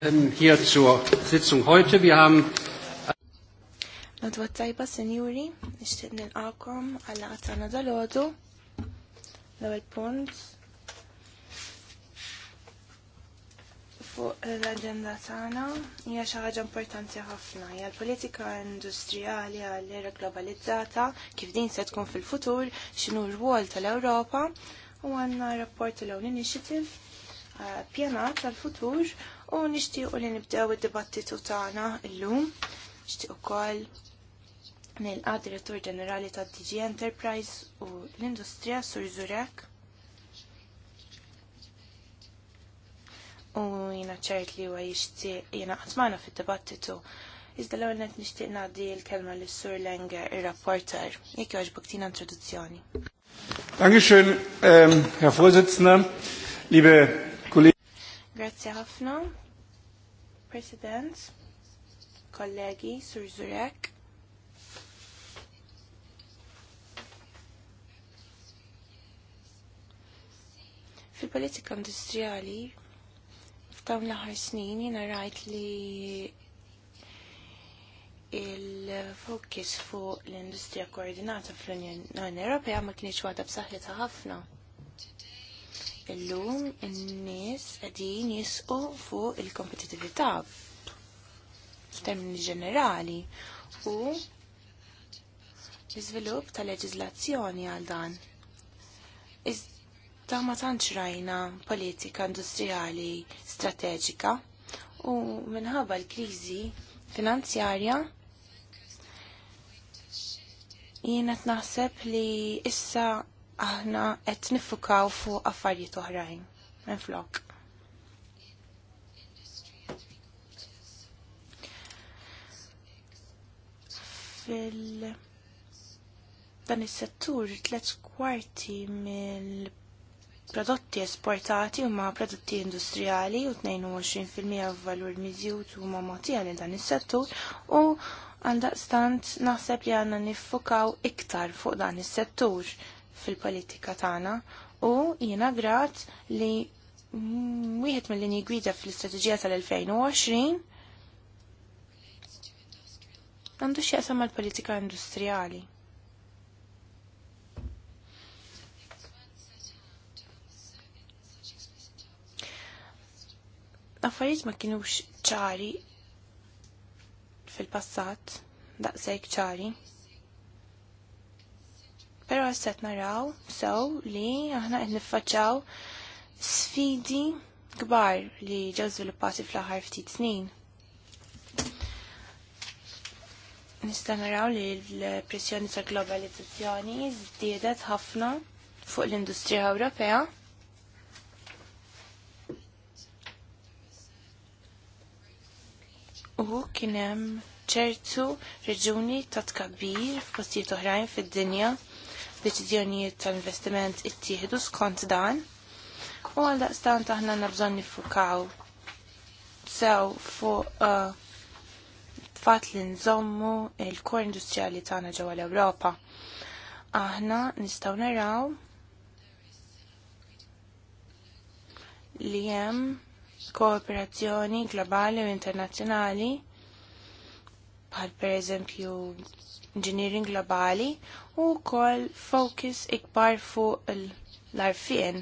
Ähm, hier zur Sitzung heute. Wir haben Nadwa tajba, senjuri, nishtiq nil-għakom għalla għatana dal-ħodu. L-għal punt. Fuq l-agenda tana, hija xi ħaġa importanti ħafna. Hija l-politika industrijali għall-era globalizzata, kif din se tkun fil-futur, x'inhu r-rwol tal-Ewropa, u għandna rapport l-Own Initiative, pjanat tal-futur u nixtiequ li nibdew id-dibattitu tagħna llum. Nixtieq ukoll nilqa' Direttur Ġenerali tad DG Enterprise u l-Industrija Sur Zurek. U jiena ċert li huwa jixtieq jiena magħna fid-dibattitu Iżda l-ewwel qed nixtieq ngħaddi l-kelma lis Sur Lenger, ir-rapporter. Jekk jogħġbok tina introduzzjoni. Dankeschön, ähm, Herr Vorsitzender, liebe Grazie ħafna, President, kollegi, Sur Zurek. Fil-politika industrijali, f'dawn l-aħħar snin jiena rajt li il-fokus fuq l-industrija koordinata fl-Unjoni Ewropea ma kienx waħda b'saħħitha ħafna. Illum in-nies qegħdin jisqu fuq il-kompetitività f'termini ġenerali u l-iżvilupp ta' leġiżlazzjoni għal dan. ta' ma tantx rajna politika industrijali strateġika u minħabba l-kriżi finanzjarja jiena naħseb li issa aħna qed niffukaw fuq affarijiet oħrajn minn flok. fil dan is-settur tliet kwarti mill prodotti esportati huma prodotti industrijali u 22% valur miżjut huma mogħtija lil dan is-settur u għandaqstant naħseb li għandna niffukaw iktar fuq dan is-settur fil-politika tagħna u jiena grat li wieħed mill-linji gwida fl-istrateġija tal-2020 għandu x'jaqsam mal-politika industrijali. Affarijiet ma kienux ċari fil-passat, daqshekk ċari. Pero għasset naraw, sew li aħna qed niffaċċaw sfidi kbar li ġew żviluppati fl-aħħar ftit snin. Nista' naraw li l-pressjoni ta' globalizzazzjoni żdiedet ħafna fuq l-industrija Ewropea. U kien hemm ċertu reġuni ta' tkabbir f'postijiet oħrajn fid-dinja deċiżjonijiet tal-investiment ittieħdu skont dan u għal daqstan taħna nabżon nifukaw sew fuq uh, fat li nżommu il-kor industriali tagħna ġewwa l-Ewropa. Aħna nistgħu naraw li hemm kooperazzjoni globali u internazzjonali bħal pereżempju engineering globali u kol focus ikbar fuq l-arfien.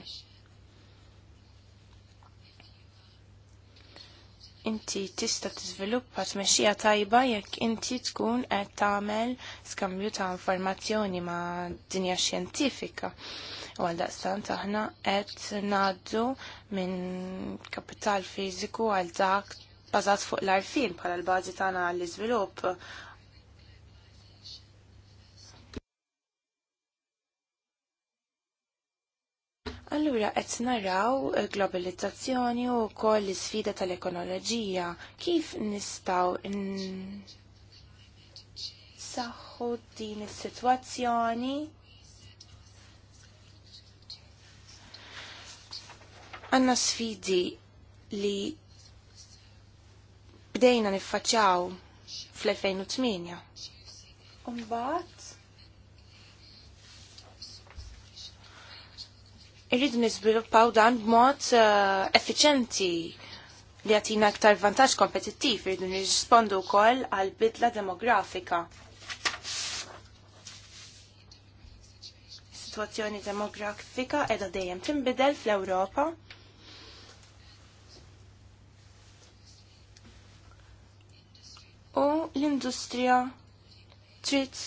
Inti tista tiżviluppa tmexxija tajba jekk inti tkun qed tagħmel skambju ta' informazzjoni ma' dinja xjentifika. U għal daqstant aħna qed ngħaddu minn kapital fiżiku għal dak bażat fuq l-arfin bħala l-bażi tagħna għall-iżvilupp Allura, qed naraw eh, globalizzazzjoni u koll l-sfida tal-ekonoloġija. Kif nistaw saħħu din is-sitwazzjoni? Għanna sfidi li bdejna niffaċċjaw fl-2008. Umbat, irridu nisviluppaw dan b'mod eh, effiċenti li għatina aktar vantaġġ kompetittiv irridu nirrispondu wkoll għal bidla demografika. Situazzjoni demografika qiegħda dejjem tinbidel fl-Ewropa. U l-industrija trid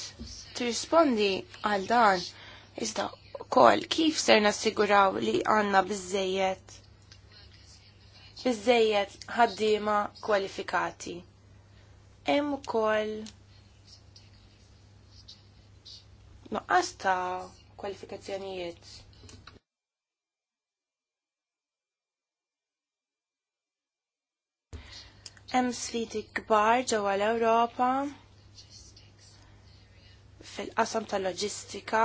tirrispondi għal dan. Iżda Koll, kif ser nassiguraw li għandna biżejjed biżejjed ħaddiema kwalifikati. Hemm ukoll noqqas ta' kwalifikazzjonijiet. Hemm sfidi kbar ġewwa l-Ewropa fil-qasam tal-loġistika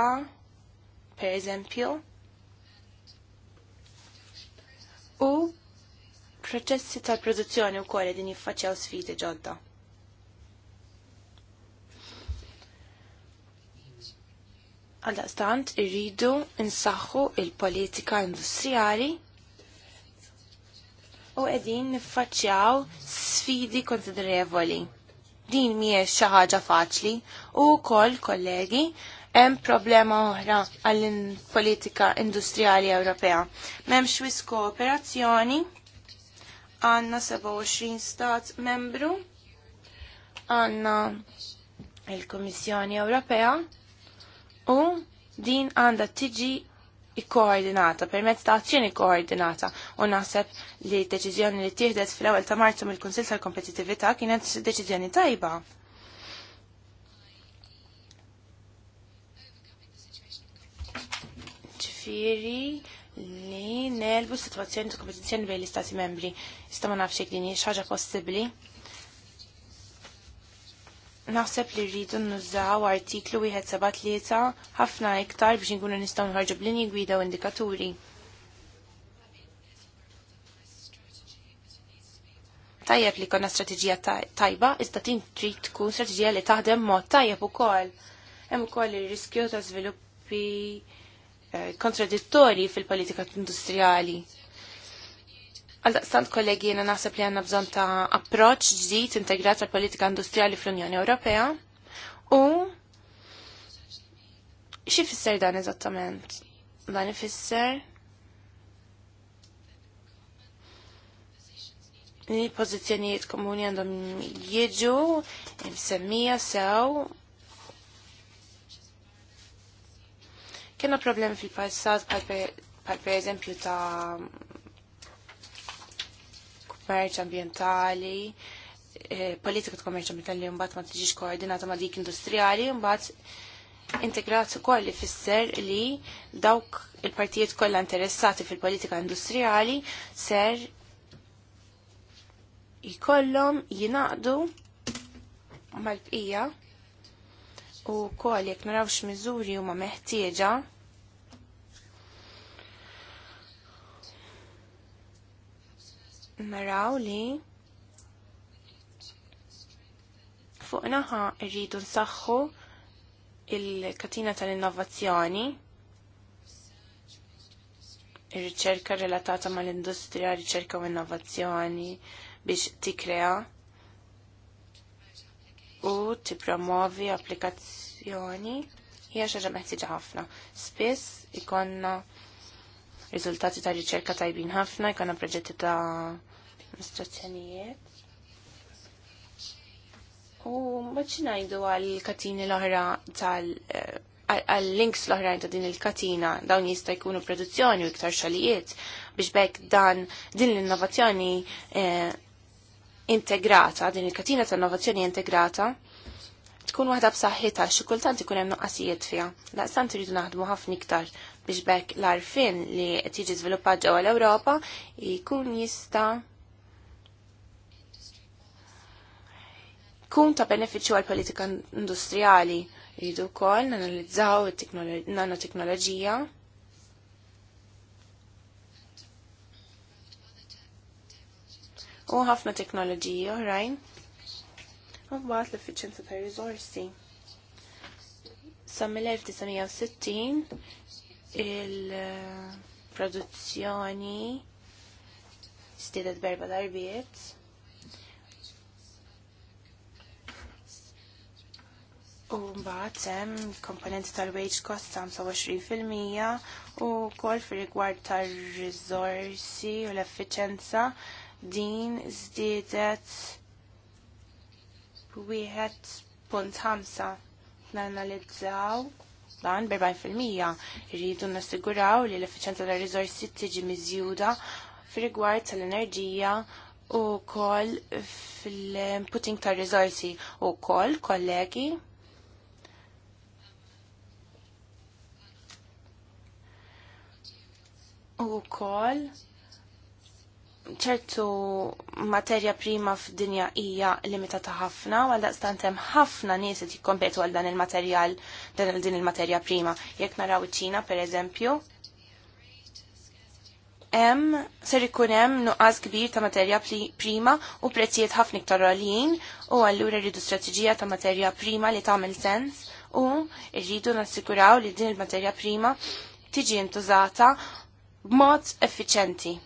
per eżempju, u proċessi tal-produzzjoni u koll din jiffaċċjaw sfidi ġodda. Għaldaqstant irridu nsaħħu il-politika industrijali u qegħdin niffaċċjaw sfidi konsiderevoli. Din mhijiex xi ħaġa faċli u wkoll kollegi Hemm problema oħra għall-politika industrijali Ewropea. M'hemmx wis kooperazzjoni għandna 27 stat membru għandna il-Kummissjoni Ewropea u din għandha tiġi ikkoordinata, permezz ta' azzjoni koordinata. U naħseb li d deċiżjoni li tieħdet fl-ewwel ta' Marzu mill-Kunsill tal-Kompetittività kienet deċiżjoni tajba. ġifiri li nelbu situazzjoni ta' kompetizzjoni bejn l-Istati membri. Ista' ma nafx din hija ħaġa possibbli. Naħseb li rridu nużaw artiklu wieħed seba' tlieta ħafna iktar biex inkunu nistgħu nħarġu b'linji gwida u indikaturi. Tajjeb li konna strateġija tajba, iżda tin trid tkun strateġija li taħdem mod tajjeb ukoll. Hemm ukoll ir-riskju ta' żviluppi Eh, kontradittori fil-politika industrijali. Għaldaqstant kollegi jena naħseb li għanna bżon ta' approċ ġdijt integrat għal politika industrijali fl-Unjoni Ewropea u X'ifisser dan eżattament? Dan ifisser li pozizjonijiet komuni għandhom jieġu, msemmija sew, Kena problemi fil-passat pal per eżempju ta' kummerċ ambientali, eh, politika ta' kummerċ ambientali mbagħad ma tiġix koordinata ma' dik industrijali mbagħad integrat ukoll li fisser li dawk il-partijiet kollha interessati fil-politika industrijali ser jkollhom jinaqdu mal-bqija u kol jek narawx miżuri huma meħtieġa naraw li fuq naħa rridu nsaħħu il-katina tal-innovazzjoni ir-riċerka relatata mal-industrija, riċerka u innovazzjoni biex tikkrea u tippromovi applikazzjoni kwistjoni hija xi ħaġa meħtieġa ħafna. Spiss ikonna riżultati ta' riċerka tajbin ħafna, ikonna proġetti ta' amministrazzjonijiet. U xi ngħidu għall katini l-oħra tal- eh, għall links l-oħrajn ta' din il-katina, dawn jista' jkunu produzzjoni u iktar xalijiet biex bekk dan din l-innovazzjoni eh, integrata, din il-katina ta' innovazzjoni integrata tkun waħda b'saħħitha xi kultant ikun hemm noqqasijiet fiha. Laqstant iridu naħdmu ħafna iktar biex bekk l-arfin li qed jiġi żviluppat ġewwa l-Ewropa jkun jista' kun ta' benefiċċju għal politika industrijali jridu wkoll nanalizzaw nanoteknoloġija u ħafna teknoloġiji oħrajn. Right? u mbagħad l-effiċjenza ta' riżorsi. Sa mill-1960 il-produzzjoni stiedet berba darbiet U mbagħad hemm komponenti tal-wage cost mija u wkoll fil rigward tar-riżorsi u l-effiċenza din żdiedet wieħed punt ħamsa nanalizzaw dan fil-mija irridu nassiguraw li l-effiċenza tal riżorsi tiġi miżjuda fir-rigward tal-enerġija u kol fil-inputting tal riżorsi u kol kollegi u kol ċertu materja prima f'dinja hija limitata ħafna, għal daqstant hemm ħafna nies qed jikkompetu għal dan il-materjal dan il din il-materja prima. Jekk naraw iċ-Ċina pereżempju, hemm ser ikun hemm nuqqas kbir ta' materja prima u prezzijiet ħafna iktar għalin u allura rridu strateġija ta' materja prima li tagħmel sens u rridu nassikuraw li din il-materja prima tiġi intużata b'mod effiċenti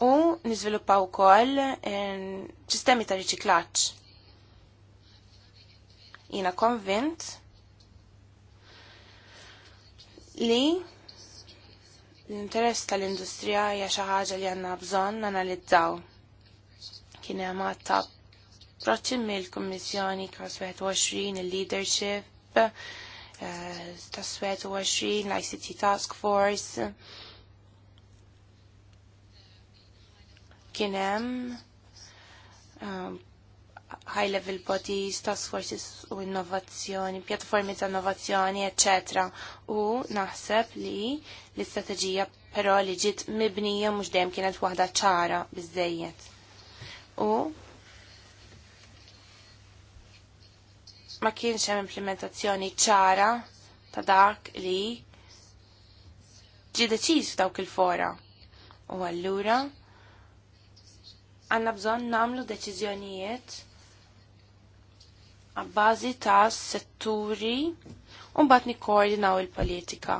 u niżviluppaw ukoll eh, sistemi ta' riċiklaġġ. Jiena konvint li l-interess tal-industrija hija xi ħaġa li għandna bżonn analizzaw. Kien hemm ta' proċċi mill-Kummissjoni kas 21 il-leadership tas 21 l-ICT Task Force kienem um, high level bodies, task forces u innovazzjoni, piattaformi ta' innovazzjoni, eccetera. U naħseb li l-istrateġija però li ġiet mibnija mhux dejjem kienet waħda ċara biżejjed. U ma kienx hemm implementazzjoni ċara ta' dak li ġi deċiż f'dawk il-fora. U allura għanna bżon namlu deċizjonijiet għabbażi ta' setturi un bat nikkoordinaw il-politika.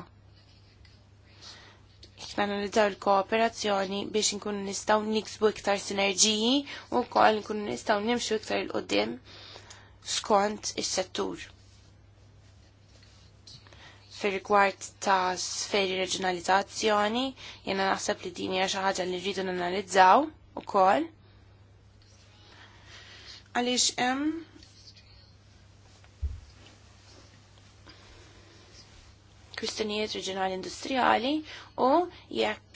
Ikna analizzaw il-kooperazzjoni biex nkunu nistaw niksbu iktar sinerġiji u kol nkunu nistaw nimxu iktar il-qoddim skont is-settur. Fir-rigward ta' sferi reġjonalizzazzjoni, jena naħseb li dini xi ħaġa li rridu nanalizzaw ukoll għalix hemm kwistjonijiet reġjonali industrijali u jekk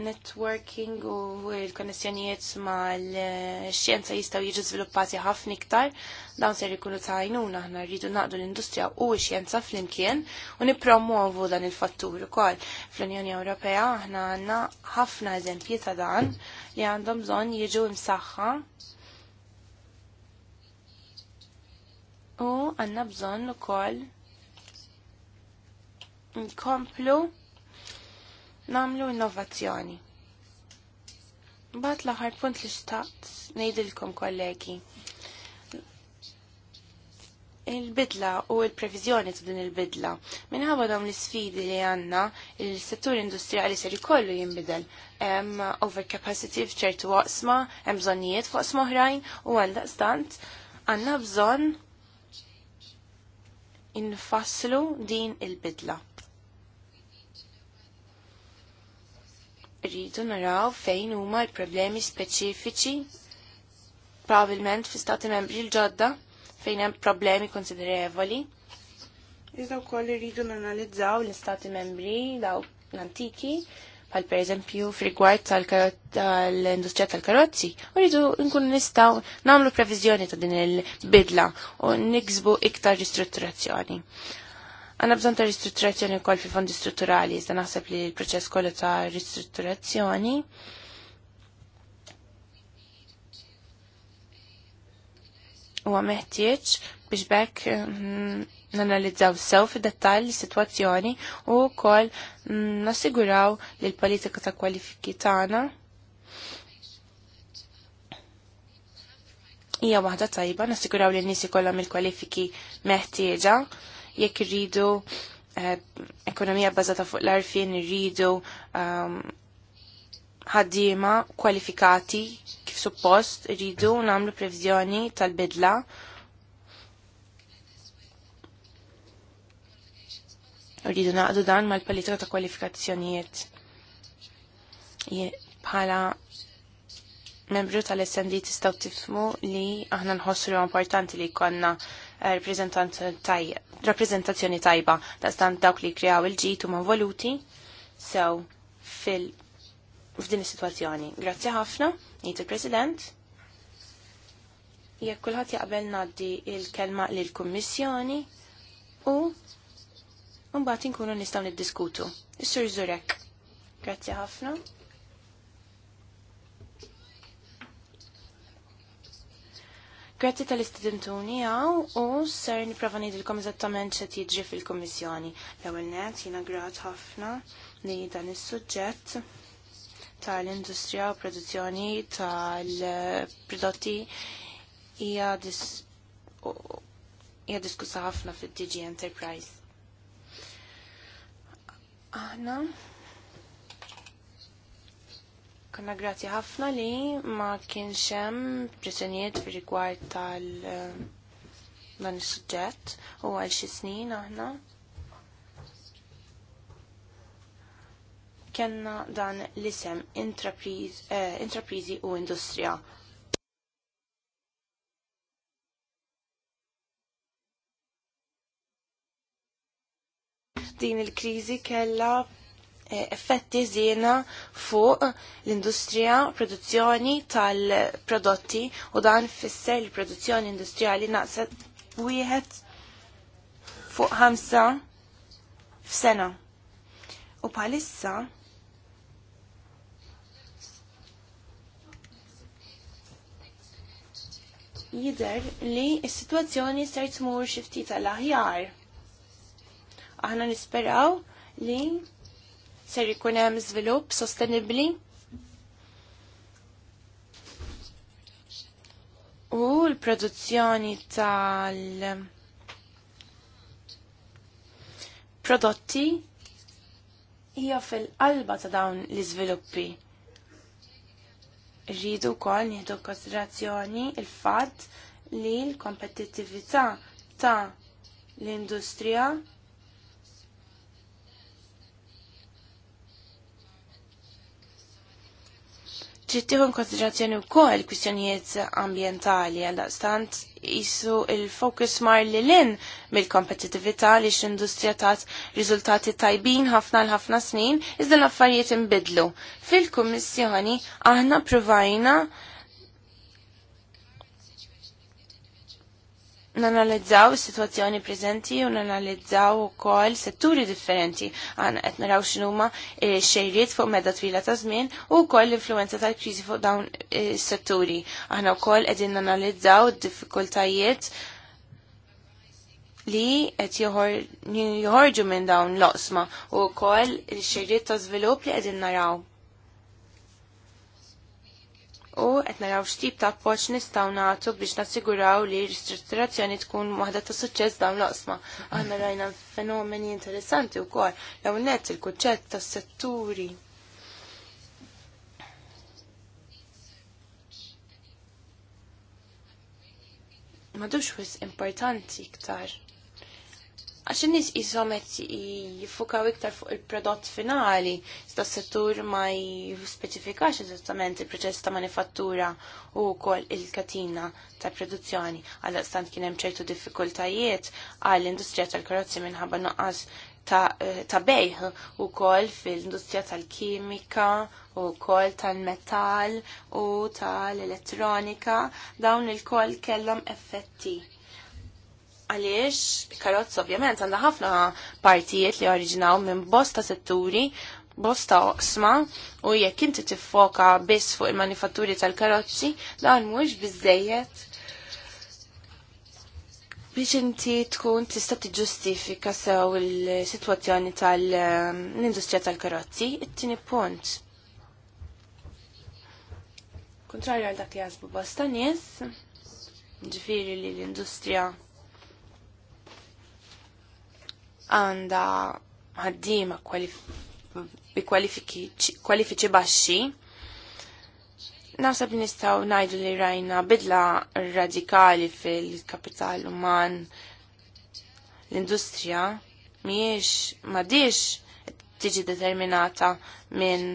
networking u l-konnessjonijiet ma l-xjenza jistaw jiġu sviluppati ħafna iktar, dawn ser ikunu tajnu naħna rridu naqdu l-industrija u x-xjenza fl-imkien u nipromuovu dan il-fattur ukoll. Fl-Unjoni Ewropea aħna għandna ħafna eżempji ta' dan li għandhom bżonn jiġu msaħħa. u għandna bżonn ukoll nkomplu namlu innovazzjoni. Bat l punt li xtaqt nejdilkom kollegi. Il-bidla u il-previżjoni ta' din il-bidla. Minħabba dawn l-sfidi li għanna, il-settur industrijali ser ikollu jinbidel. Hemm overcapacity f'ċertu waqsma, hemm bżonnijiet fuq oħrajn u għalda stant għandna bżonn infasslu din il-bidla. rridu naraw fejn huma l-problemi speċifiċi probabbilment fi stati membri l-ġodda fejn hemm problemi konsiderevoli. Iżda wkoll irridu nanalizzaw l-istati membri daw l-antiki bħal per eżempju f'rigward tal-industrija tal-karozzi, u rridu nkunu nistgħu nagħmlu previżjoni ta' din il-bidla u niksbu iktar ristrutturazzjoni. Għanna bżon ta' ristrutturazzjoni kol fi fondi strutturali, iżda naħseb li l-proċess kollu ta' ristrutturazzjoni. U għamettieċ biex bekk mm, nanalizzaw sew fi dettal li situazzjoni u kol mm, nassiguraw li l-politika ta' kwalifiki tagħna hija waħda tajba, nassiguraw li n-nies ikollhom il-kwalifiki meħtieġa jekk irridu eh, ekonomija bbażata fuq l-arfin irridu ehm, ħaddiema kwalifikati kif suppost irridu nagħmlu previżjoni tal-bidla Rridu naqdu dan mal-politika ta' kwalifikazzjonijiet. Bħala membru tal-SND tistaw tifmu li aħna nħossru importanti li konna eh, rappresentant tajjeb rappresentazzjoni tajba ta' stan dawk li kreaw il-ġitu ma' voluti sew fil f'din is-sitwazzjoni. Grazzi ħafna, jgħid il-President. Jekk kulħadd jaqbel ngħaddi il-kelma lill-Kummissjoni u mbagħad inkunu nistgħu niddiskutu. Is-Sur Zurek. Grazzi ħafna. Grazzi tal-istudentuni għaw u ser niprofa nidilkom eżattament xa tiġri fil-Komissjoni. L-ewel net jina grat ħafna li dan is-suġġett tal-industrija u produzzjoni tal-prodotti hija diskussa ħafna fid-DG Enterprise. Aħna Kanna grazzi ħafna li ma kienx hemm prisonijiet fir rigward tal eh, dan is-suġġett u għal xi snin aħna. Kenna dan l-isem eh, intraprizi u industrija din il-krizi kella effetti żiena fuq l-industrija produzzjoni tal-prodotti u dan fisser l-produzzjoni industrijali naqset wieħed fuq ħamsa f'sena. U bħalissa jider li s-situazzjoni ser tmur xifti tal-aħjar. Aħna nisperaw li ser jkun hemm żvilupp sostenibbli u l-produzzjoni tal prodotti hija fil-qalba ta' dawn l-iżviluppi. Rridu wkoll nieħdu konsiderazzjoni il-fatt li l-kompetittività ta' l-industrija in konsiderazzjoni u il kwistjonijiet ambientali għal-stant jissu il-fokus mar li l-in mill-kompetitivita li x-industrija tat riżultati tajbin ħafna l-ħafna snin iżda l-affarijiet imbidlu. Fil-Kummissjoni aħna provajna nanalizzaw situazzjoni prezenti u nanalizzaw u kol setturi differenti għan qed naraw x'numa eh, xejriet fuq medda twila ta' żmien u kol l-influenza tal-kriżi fuq dawn is-setturi. Eh, Aħna wkoll qegħdin nanalizzaw diffikultajiet li qed joħorġu minn dawn l-oqsma u wkoll xejriet ta' żvilupp li qegħdin naraw u qed naraw x'tip ta' appoġġ nistgħu nagħtu biex nassiguraw li ristrutturazzjoni tkun waħda ta' suċċess dawn l-oqsma. Aħna rajna fenomeni interessanti wkoll jew nett il-kuċċett tas-setturi. Madux wis importanti iktar għax in-nies qishom qed iktar fuq il-prodott finali, sta settur ma jispeċifikax eżattament il-proċess ta' manifattura u wkoll il-katina ta' produzzjoni. Għal stant kien hemm ċertu diffikultajiet għall industrija tal-karozzi minħabba nuqqas eh, ta' bejħ u kol fil-industrija tal-kimika u kol tal-metal u tal-elettronika dawn il-kol kellhom effetti għaliex karozz ovvjament għandha ħafna partijiet li oriġinaw minn bosta setturi, bosta oqsma u jekk inti tiffoka biss fuq il-manifatturi tal-karozzi dan mhux biżejjed biex inti tkun tista' tiġġustifika sew il-sitwazzjoni tal-industrija ehm, tal-karozzi, it-tieni punt. Kontrarju għal dak li jasbu bosta nies, ġifiri li l-industrija għanda ħaddima bi kwalifiċi baxxi. Naħseb nistaw najdu li rajna bidla radikali fil-kapital uman l-industrija miex madiex tiġi determinata minn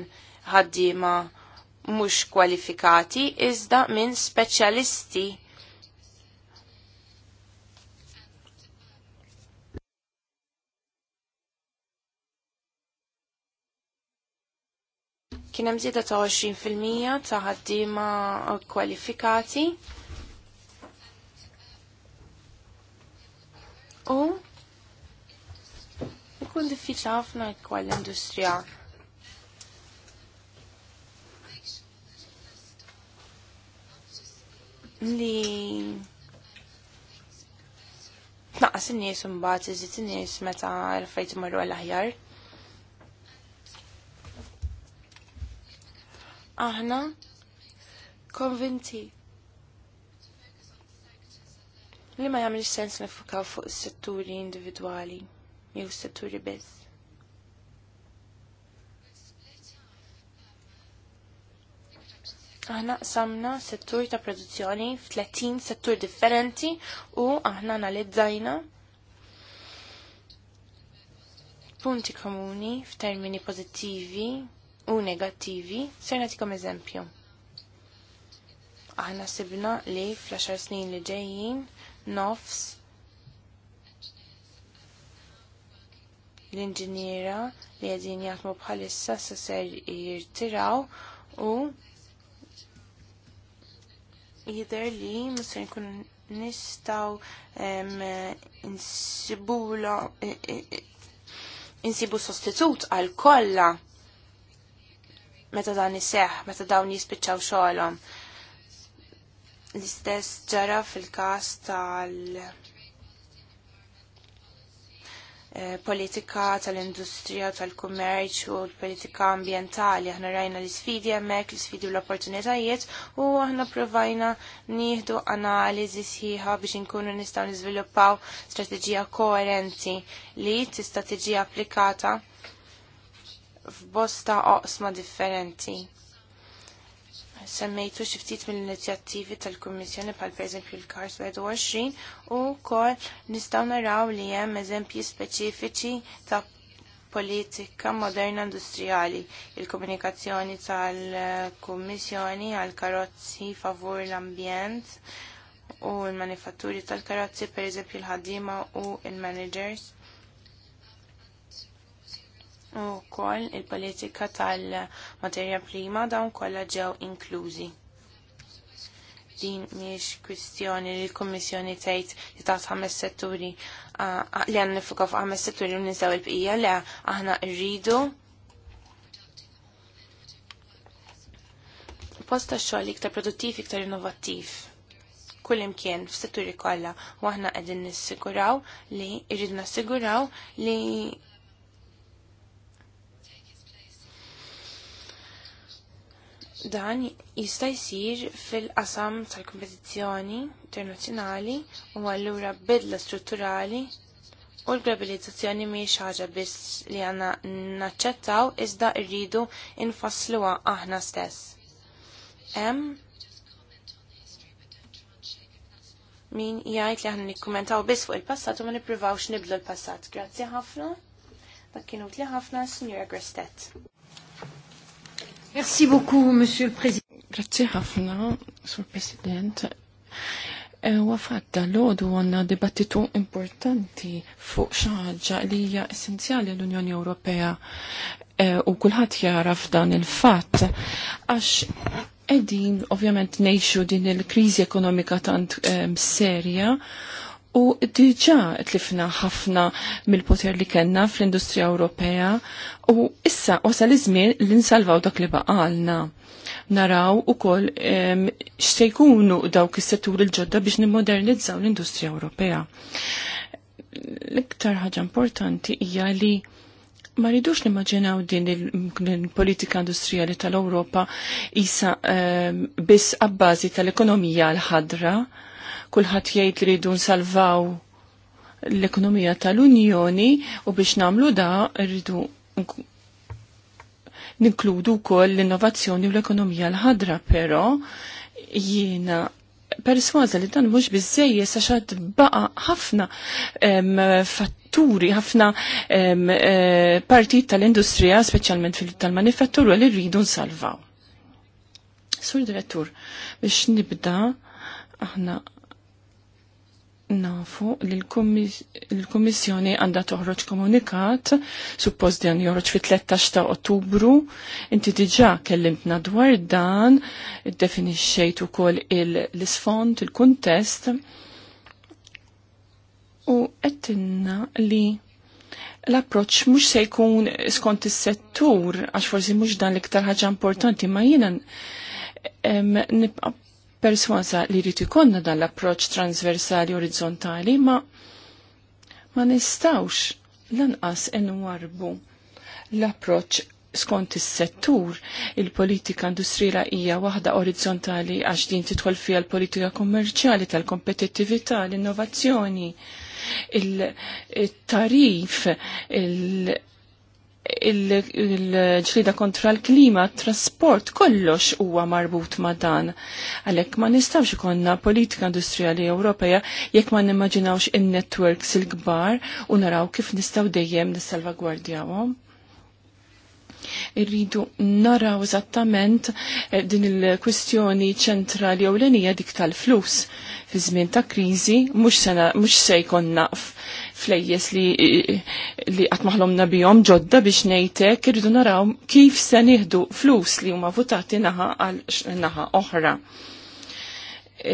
ħaddima mhux kwalifikati iżda minn speċjalisti Kien hemm żieda ta' 20% ta' ħaddiema kwalifikati. U ikun diffiċli ħafna jkoll industrija li naqas in-nies imbagħad iżid in-nies meta rfejt marru għal aħjar. aħna konvinti li ma jagħmel sens nifukaw fuq is-setturi individwali jew setturi biss. Aħna samna settur ta' produzzjoni f'30 settur differenti u aħna analizzajna punti komuni f'termini pożittivi u negattivi, ser nagħtikom eżempju. Aħna sibna li fl-10 snin li ġejjin nofs l-inġiniera li għedin jaħdmu bħalissa se ser jirtiraw u jidher li musa nkun nistaw nsibu insibu sostitut għal kollha meta dan iseħ, meta dawn jispiċċaw xogħolhom. L-istess ġara fil-każ tal- eh, politika tal-industrija tal-kummerċ u l-politika ambientali. Aħna rajna l-sfidi hemmhekk, l-sfidi u l-opportunitajiet u aħna provajna nieħdu analiżi sħiħa biex inkunu nistgħu niżviluppaw strateġija koerenti li tista' tiġi applikata f'bosta oqsma differenti. Semmejtu xiftit ftit mill-inizjattivi tal-Kummissjoni bħal pereżempju l-Kars 21 u wkoll nistgħu naraw li hemm eżempji speċifiċi ta' politika moderna industrijali, il-komunikazzjoni tal-Kummissjoni għal karozzi favur l-ambjent u l-manifatturi tal-karozzi per eżempju l-ħaddima u l-managers u koll il-politika tal-materja prima dawn kollha ġew inklużi. Din miex kwistjoni li l-Kommissjoni tgħid li taħt ħames setturi li għandna nifuka fuq ħames setturi u ninsew il-bqija le aħna rridu posta xogħol iktar produttiv, iktar innovattiv. Kull imkien f'setturi kollha u aħna qegħdin nissiguraw li rridu nassiguraw li Dan jista' jsir fil-qasam tal-kompetizzjoni internazzjonali u allura bidla strutturali u l-globalizzazzjoni mhijiex ħaġa biss li għandna naċċettaw iżda rridu nfassluha aħna stess. Hemm min jgħid li aħna nikkumentaw biss fuq il-passat u ma nippruvawx nibdlu l-passat. Grazzi ħafna. Dak kienu li ħafna, Signora Grestet. Merci beaucoup, Monsieur le Président. Grazie ħafna, Sur President. E, Wafatta l-ħodu għanna dibattitu importanti fuq xaħġa li hija essenzjali l-Unjoni Ewropea e, u kulħadd jaraf dan il-fatt għax qegħdin ovvjament ngħixu din il kriżi ekonomika tant e, serja U diġa tlifna ħafna mill-poter li kellna fl-industrija Ewropea u issa wasal iż-żmien li nsalvaw dak li baqalna. Naraw ukoll x'se jkunu dawk is-settur il-ġodda biex nimmodernizzaw l-industrija Ewropea. L-iktar ħaġa importanti hija li ma ridux nimmaġinaw din il-politika industrijali tal-Ewropa isa biss abbażi tal-ekonomija l-ħadra, kulħadd jgħid li rridu nsalvaw l-ekonomija tal-Unjoni u biex namlu da rridu ninkludu wkoll l-innovazzjoni u l-ekonomija l-ħadra, però jiena persważa li dan mhux bizzeje saċad baqa ħafna fatturi, ħafna e, partit tal-industrija, speċjalment tal-manifattur, li rridu nsalvaw. Sur direttur, biex nibda aħna nafu li l-Kommissjoni għandha toħroġ komunikat, suppost dan joħroġ fit-13 ta' Ottubru, inti diġà kellimtna dwar dan, iddefinixxejt ukoll l-isfond, il-kuntest, u għettinna li l-approċ mhux se jkun skont is-settur għax forsi mhux dan l-iktar ħaġa importanti ma jiena nibqa' perswasa li rritu ikonna dan l-approċ transversali orizzontali, ma ma nistawx lanqas enwarbu l-approċ skont is-settur il-politika industriela hija waħda orizzontali għax din tidħol fiha l-politika kummerċjali tal-kompetittività, l-innovazzjoni, il-tarif, il il-ġlida kontra l-klima, trasport, kollox huwa marbut ma' dan. Għalek ma' nistawx ikonna politika industrijali Ewropeja jekk ma' nimmaġinawx in-networks il-kbar u naraw kif nistaw dejjem nissalvagwardjawhom. Irridu naraw eżattament eh, din il-kwistjoni ċentrali ewlenija dik tal-flus fi żmien ta' kriżi mhux se jkun naqf flejjes li li qatt nabijom bihom ġodda biex ngħidlek irridu naraw kif se nieħdu flus li huma votati naħa għal naħa oħra.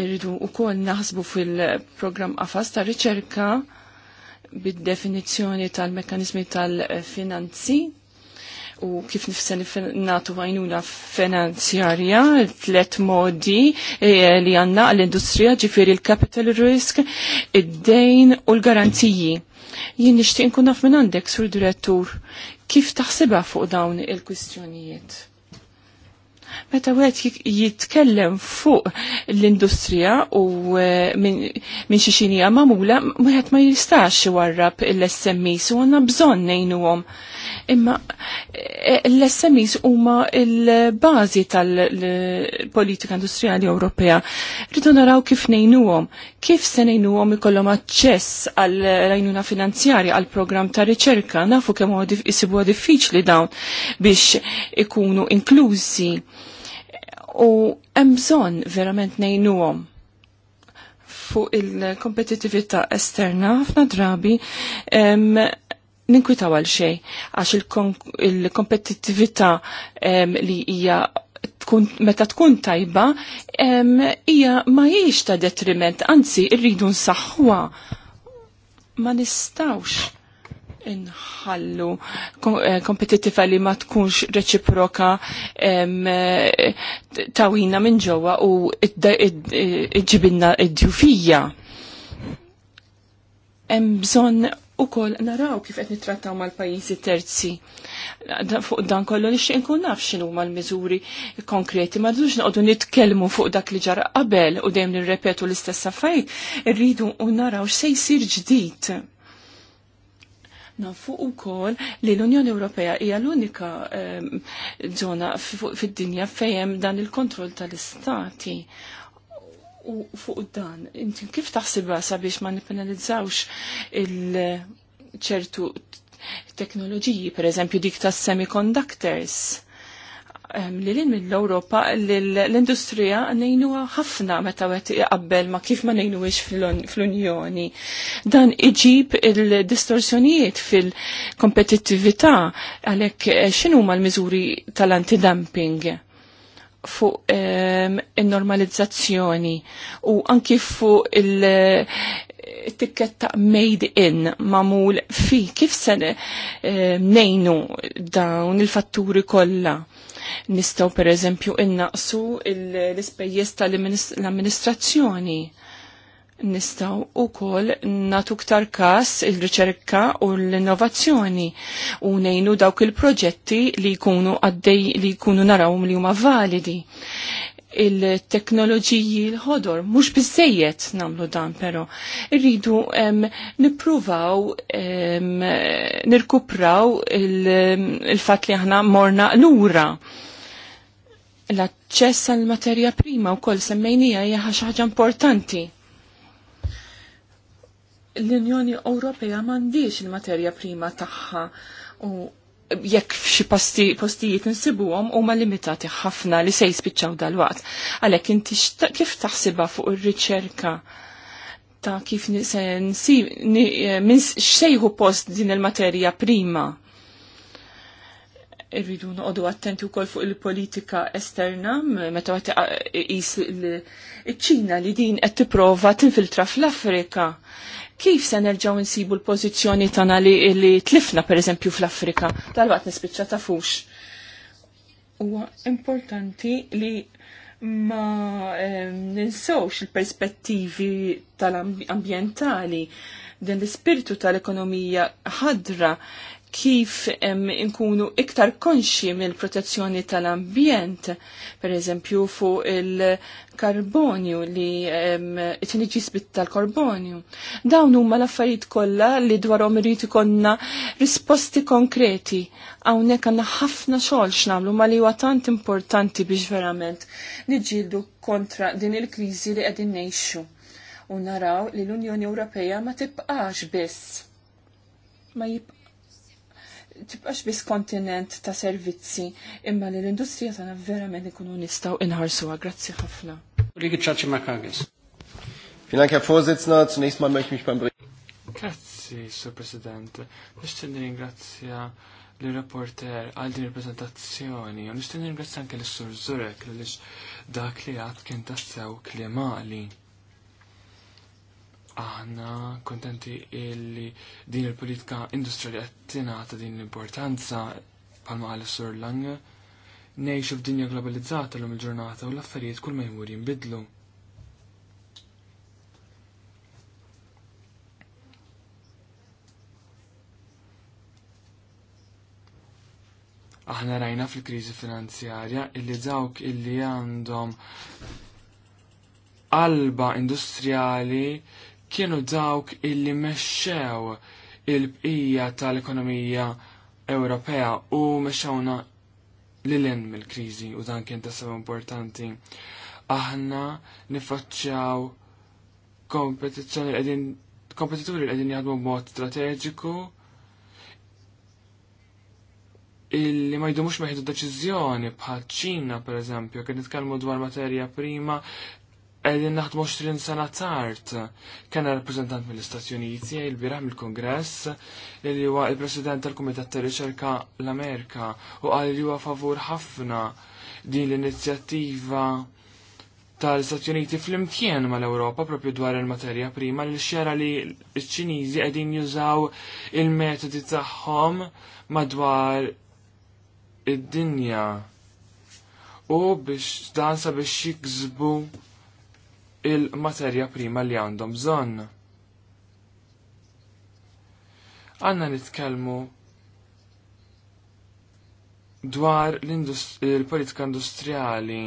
Irridu wkoll naħsbu fil-programm għafas ta' riċerka bid-definizzjoni tal mekanizmi tal-finanzi u kif nifsen natu għajnuna finanzjarja, tlet modi e, li għanna għall-industrija ġifiri il-capital risk, id-dejn u l-garanziji. Jien nishtiq nkun naf minn għandek, sur direttur, kif taħsiba fuq dawn il-kwistjonijiet? Meta għed jitkellem fuq l-industrija u e, minn xiexinija mamula, mwħed ma jistax warrab l-SMI, su għanna bżon nejnu għom. Imma eh, l-SMEs huma l-bażi tal-politika industrijali Ewropea. Rridu naraw kif ngħinuhom, kif se ngħinuhom ikollhom aċċess għal rajnuna finanzjarja għal programm ta' riċerka, nafu kemm isibuha diffiċli dawn biex ikunu inklużi. U hemm bżonn verament ngħinuhom fuq il-kompetitività esterna ħafna drabi ninkwitaw għal xej għax il-kompetittività li hija tkun meta tkun tajba hija ma jiex ta' detriment, anzi irridu nsaħħwa Ma nistawx inħallu eh, kompetitiva li ma tkunx reċiproka tawina minn ġewwa u ġibinna id-djufija. Hemm bżonn u kol naraw kif qed nittrattaw mal-pajjiżi terzi. Fuq dan kollu nixtieq nkun naf x'inhu mal-miżuri konkreti ma rridux noqogħdu nitkellmu fuq dak li ġara qabel u dejjem nirrepetu l-istess affarijiet, irridu u naraw x'se jsir ġdid. Nafu u kol li l-Unjoni Ewropea hija l-unika żona ehm, fid-dinja fejn dan il-kontroll tal-istati u fuq dan. Inti kif taħsibha sabiex ma nipenalizzawx il-ċertu teknoloġiji, per eżempju dik tas semiconductors li l mill-Europa l-industrija nejnu ħafna meta għet iqabbel ma kif ma nejnuwix fl-Unjoni. Dan iġib il-distorsjonijiet fil-kompetittività għalek eh, xinu ma l-mizuri tal-antidumping fuq ehm, il-normalizzazzjoni u anki fuq il-tikketta eh, made in mamul fi kif se ehm, nejnu dawn il-fatturi kollha. Nistaw per eżempju innaqsu l-ispejjeż tal-amministrazzjoni nistaw u kol natu ktar kas il-riċerka u l-innovazzjoni u nejnu dawk il-proġetti li jkunu għaddej li kunu naraw li huma validi. Il-teknoloġiji l-ħodor, mux bizzejiet namlu dan pero, rridu nipruvaw nirkupraw il-fat li aħna morna l-ura l-aċċess għal materja prima u kol semmejnija hija ħaġa importanti l-Unjoni Ewropea m'għandix il-materja prima tagħha u jekk f'xi postijiet insibuhom huma limitati ħafna li se jispiċċaw dal-waqt. Għalhekk inti kif taħsibha fuq ir-riċerka ta' kif minn xejħu post din il-materja prima? irridu noqogħdu attenti wkoll fuq il-politika esterna meta qed iqis iċ-Ċina li din qed tipprova tinfiltra fl-Afrika kif se nerġgħu nsibu l-pożizzjoni tagħna li, li tlifna pereżempju fl-Afrika tal-waqt nispiċċa tafux. Huwa importanti li ma ninsawx il-perspettivi tal-ambientali din l spiritu tal-ekonomija ħadra kif inkunu iktar konxi mill-protezzjoni tal-ambjent, per eżempju fuq il-karbonju li it tniġi bit tal-karbonju. Dawn huma l-affarijiet kollha li dwarhom irid ikonna risposti konkreti hawnhekk għandna ħafna xogħol x'nagħmlu ma li huwa tant importanti biex verament niġġieldu kontra din il-kriżi li qegħdin ngħixu u naraw li l-Unjoni Ewropea ma tibqax biss ma jibqa' tibqax biss kontinent ta' servizzi imma li l-industrija tagħna verament ikunu nistgħu inħarsuha. Grazzi ħafna. Kollegi Ċaċi Makagis. Vielen Dank, Herr Vorsitzender. Zunächst mal möchte ich mich beim Grazzi, Sir President. Nixtieq ringrazzja l-reporter għal din il-prezentazzjoni u nixtieq ringrazzja anke l-Sur Zurek għaliex dak li għad kien tassew klimali. Aħna kontenti illi din il-politika industriali għattina ta' din l-importanza palma għal sur lang nejxu f'dinja globalizzata l-lum il-ġurnata u l-affarijiet kull ma jmur jinbidlu. aħna rajna fil-krizi finanzjarja illi dawk illi għandhom qalba industrijali kienu dawk illi mexxew il-bqija tal-ekonomija Ewropea u mexxawna lil lin mill-kriżi u dan kien tasab importanti. Aħna nifaċċjaw kompetizzjoni qegħdin kompetituri qegħdin jaħdmu b'mod strateġiku illi ma jdumux meħdu deċizjoni bħal ċina per eżempju, kien nitkellmu dwar materja prima Għedin naħdmu 20 sena tard. Kena rappresentant mill-Istati Uniti il birah mill-Kongress li huwa il-President tal-Kumitat ta' Riċerka l-Amerika u qal li huwa favur ħafna din l-inizjattiva tal-Istati Uniti fl-imkien mal-Ewropa propju dwar il-materja prima li xera li ċ-Ċiniżi qegħdin jużaw il-metodi tagħhom madwar id-dinja u biex dan sabiex jikżbu il-materja prima li għandhom bżonn. Għanna nitkellmu dwar il-politika industriali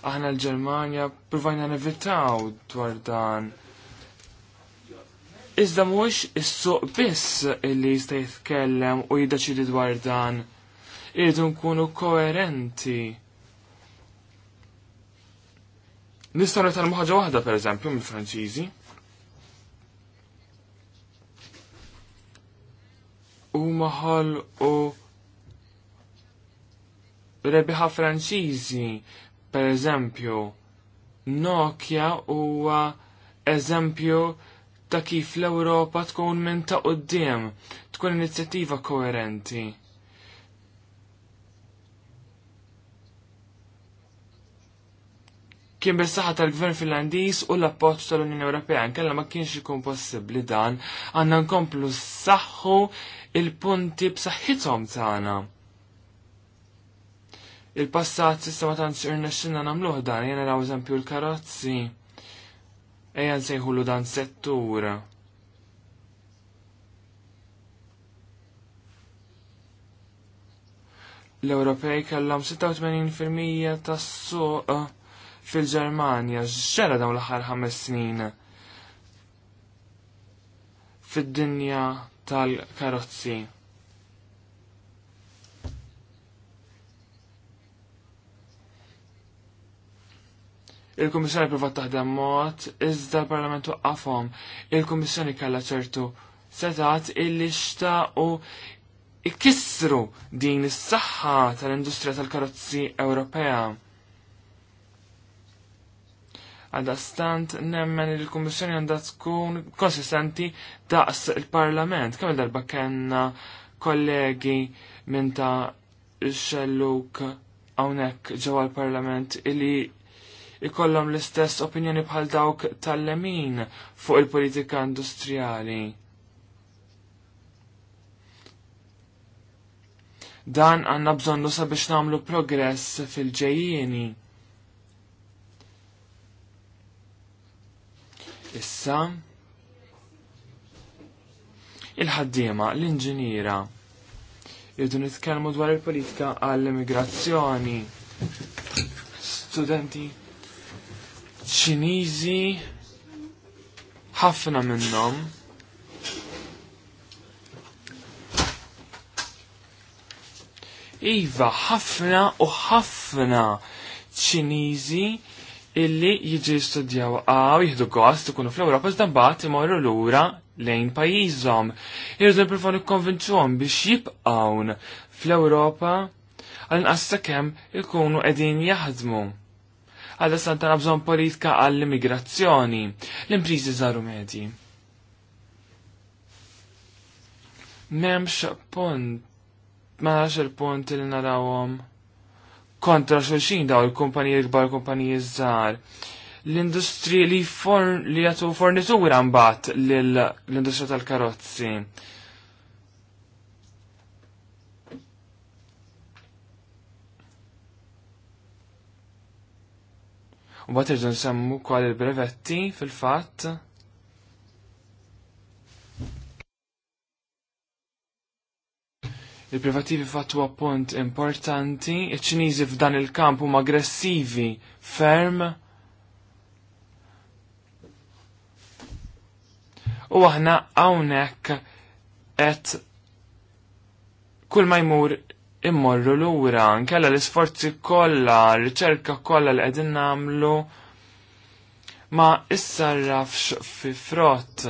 Aħna l-Ġermanja provajna nevitaw dwar dan. Iżda mhuwiex is-suq biss illi jista' jitkellem u jiddeċidi dwar dan. Irridu nkunu koerenti Nistgħu muħħġa wahda waħda pereżempju mill-Franċiżi. U maħal u rebiħa Franċiżi, pereżempju, Nokia huwa eżempju ta' kif l-Ewropa tkun minn ta' qoddim, tkun inizjattiva koerenti. kien bis tal-Gvern Finlandiż u l-appoġġ tal-Unjoni Ewropea nkella ma kienx ikun possibbli dan għandna nkomplu saħħu il-punti b'saħħithom tagħna. Il-passat sissa ma tantx irnexxinna nagħmluh dan jiena raw eżempju l-karozzi. Ejja nsejħulu dan settur. L-Ewropej kellhom 86% tas-suq fil-Ġermanja x'ġara dawn l-aħħar ħames snin fid-dinja tal-karozzi. il-Kummissjoni provat taħdem mod, iżda l-Parlament waqqafhom. Il-Kummissjoni kellha ċertu setat illi xtaqu ikissru din is-saħħa tal-industrija tal-karozzi Ewropea għadastant stant nemmen il-Kommissjoni għandha tkun konsistenti daqs il-Parlament. Kemm darba kellna kollegi minn ta' xelluk hawnhekk ġewwa l-Parlament illi ikollhom l-istess opinjoni bħal dawk tal-lemin fuq il-politika industrijali. Dan għanna bżonnu sabiex namlu progress fil ġejjeni Issa il-ħaddiema, l-inġiniera jiddu nitkellmu dwar il-politika għall-immigrazzjoni. Studenti Ċiniżi ħafna minnhom Iva, ħafna u ħafna Ċiniżi illi jiġi studjaw għaw jihdu gost ikunu fl-Europa iżda mbagħad imorru lura lejn pajjiżhom. Irridu nippruvaw nikkonvinċuhom biex jibqawn fl-Ewropa għal inqas sakemm ikunu qegħdin jaħdmu. Għadda santa nabżon politika għall-immigrazzjoni, l-imprizi żaru medji. Memx punt, ma il punt li narawhom kontra xulxin daw il-kumpaniji l gbar kumpanija żgħar. L-industri li forn li jagħtu fornitura mbagħad l-industrija tal-karozzi. U bat irġun semmu kwa il-brevetti fil-fatt. Il-privativi fattu punt importanti, il-ċinizi f'dan il-kamp huma aggressivi, ferm. U aħna hawnhekk qed kull ma jmur immorru lura, nkella l-isforzi kollha, r-riċerka kollha li qegħdin nagħmlu ma issarrafx fi frott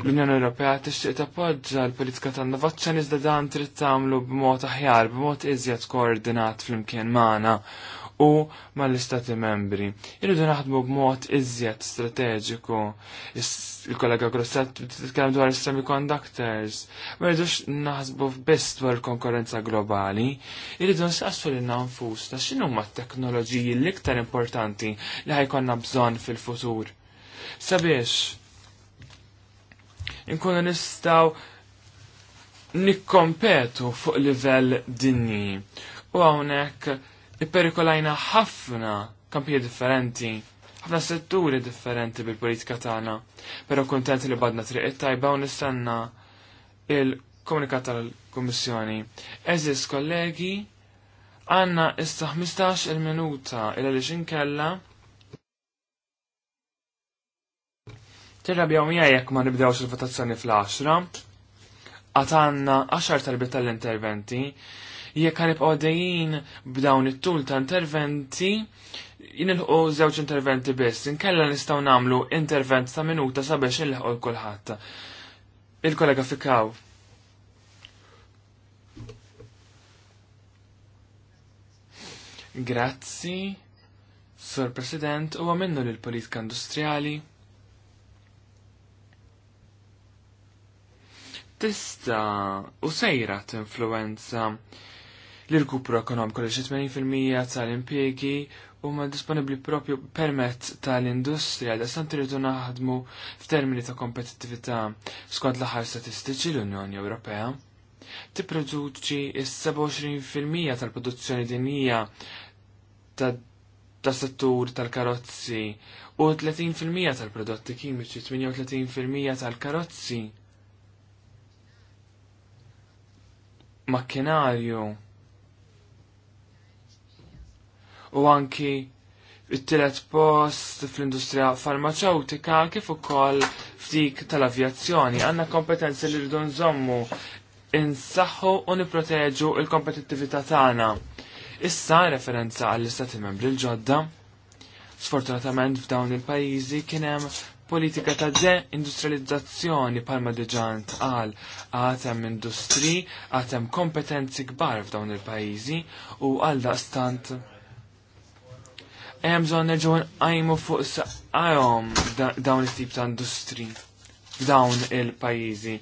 L-Unjoni Ewropea tixtieq tappoġġa l-politika ta' innovazzjoni iżda dan trid tagħmlu b'mod aħjar, b'mod iżjed koordinat flimkien magħna u mal-istati membri. Irridu naħdmu b'mod iżjed strateġiku. Il-kollega Grosset titkellem dwar is-semiconductors. Ma rridux naħsbu biss dwar konkurrenza globali. Irridu nsaqsu lil ta' x'inhu huma t-teknoloġiji l-iktar importanti li ħajkonna bżonn fil-futur. Sabiex Inkunu nistaw nikkompetu fuq livell dinji. U hawnhekk ipperikolajna ħafna kampija differenti, ħafna setturi differenti bil-politika tagħna. Però kuntent li badna triq it-tajba u nistenna il-komunikat tal-Kummissjoni. Eżis kollegi, għanna issa 15 il-minuta il għaliex inkella Tirrabjaw mija jekk ma nibdewx il-votazzjoni fl-10, għatanna 10 tarbit tal-interventi, jekk għan għodajin b'dawn it-tul ta' interventi, jinilħu zewċ interventi biss, inkella nistgħu nagħmlu intervent ta' minuta sabiex l kulħadd. Il-kollega fikaw. Grazzi, Sur President, u għamennu l-politika industrijali. tista u sejra t-influenza l-irkupru ekonomiku li 80% tal u huma disponibbli propju permezz tal-industrija da sant irridu naħdmu f'termini ta' kompetittività skont l-aħħar statistiċi l-Unjoni Ewropea. Tipproduċi is-27% tal-produzzjoni dinija ta' ta' settur tal-karozzi u 30% tal-prodotti kimiċi, 38% tal-karozzi makkinarju u anki it-tielet post fl-industrija farmaceutika kif ukoll f'dik tal-avjazzjoni għandna kompetenzi li rridu nżommu insaħħu u nipproteġu il-kompetittività tagħna. Issa referenza għall istati membri l-ġodda. Sfortunatament f'dawn il-pajjiżi kien hemm politika ta' industrializzazzjoni palma deġant għal għatem industri, għatem kompetenzi kbar f'dawn il-pajizi u għal daqstant hemm bżonn nerġgħu nqajmu fuq saqajhom dawn il tip ta' industri f'dawn il-pajjiżi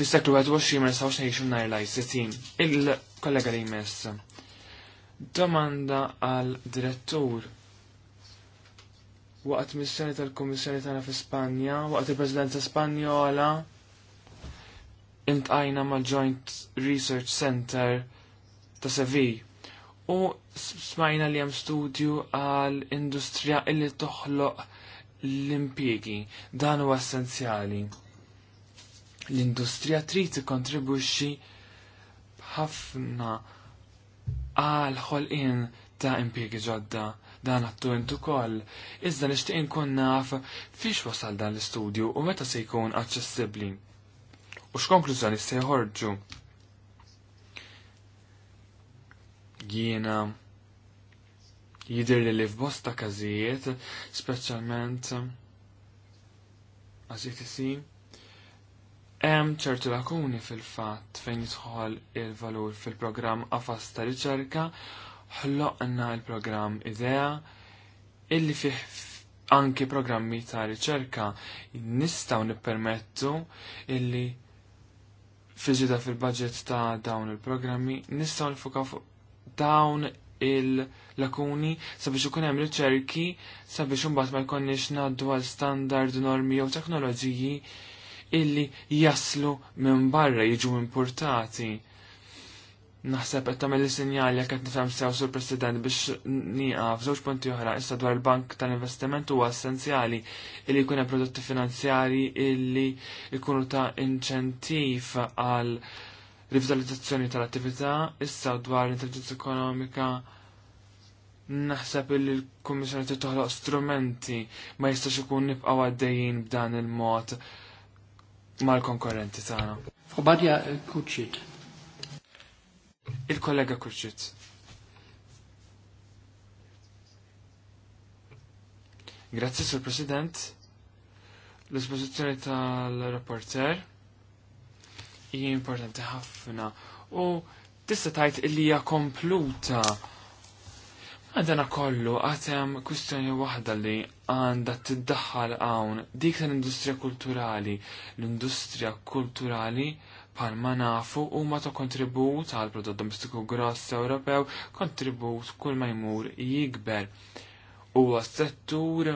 fis-seklu 21 ma nistgħux ngħixu nhar l-ICT. Il-kollega li jmess. Domanda għal direttur waqt missjoni tal-Kummissjoni tagħna fi Spanja, waqt il-Presidenza Spanjola, intqajna mal-Joint Research Center ta' Sevi u smajna li hemm studju għal industrija illi toħloq l impjiegi Dan huwa essenzjali. L-industrija trid tikkontribwixxi ħafna għal ħolqien ta' impjiegi ġodda dan attuent ukoll. koll. Iżda nixtieq inkun naf fiex wasal dan l-istudju u meta se jkun aċċessibbli. U x'konklużjoni se jħorġu. Jiena jidir li f'bosta każijiet, speċjalment għażiet isim, Hemm ċertu lakuni fil-fatt fejn jidħol il-valur fil-programm qafas ta' riċerka, ħloqna il-programm idea illi fih anki programmi ta' riċerka nistaw nippermettu illi fiġida fil-budget ta' dawn il-programmi nistaw nifuka fuq dawn il-lakuni sabiex ikun hemm riċerki sabiex imbagħad ma jkollniex ngħaddu għal standard normi jew teknoloġiji illi jaslu minn barra jiġu importati. Naħseb qed tagħmel sinjali jekk qed nifhem sew sur President biex nieqaf żewġ punti oħra issa dwar il-bank tal-investiment huwa essenzjali illi jkun hemm prodotti finanzjari illi jkunu ta' inċentiv għal rivitalizzazzjoni tal-attività issa dwar l-intelligenza ekonomika naħseb illi l-Kummissjoni toħloq strumenti ma jistax ikun nibqgħu għaddejjin b'dan il-mod mal-konkurrenti tagħna. Fobadja eh, Kuċċit. Il-kollega Kuċċit. Grazzi sur President. L-espożizzjoni tal-rapporter hija importanti ħafna u tista' tgħid illi hija kompluta Għadana kollu għatem kustjoni wahda li għanda t-daħħal għawn dik tal-industrija kulturali. L-industrija kulturali pal nafu u ma ta' kontribut għal prodott domestiku gross Ewropew, kontribut kull ma jmur jikber. U settur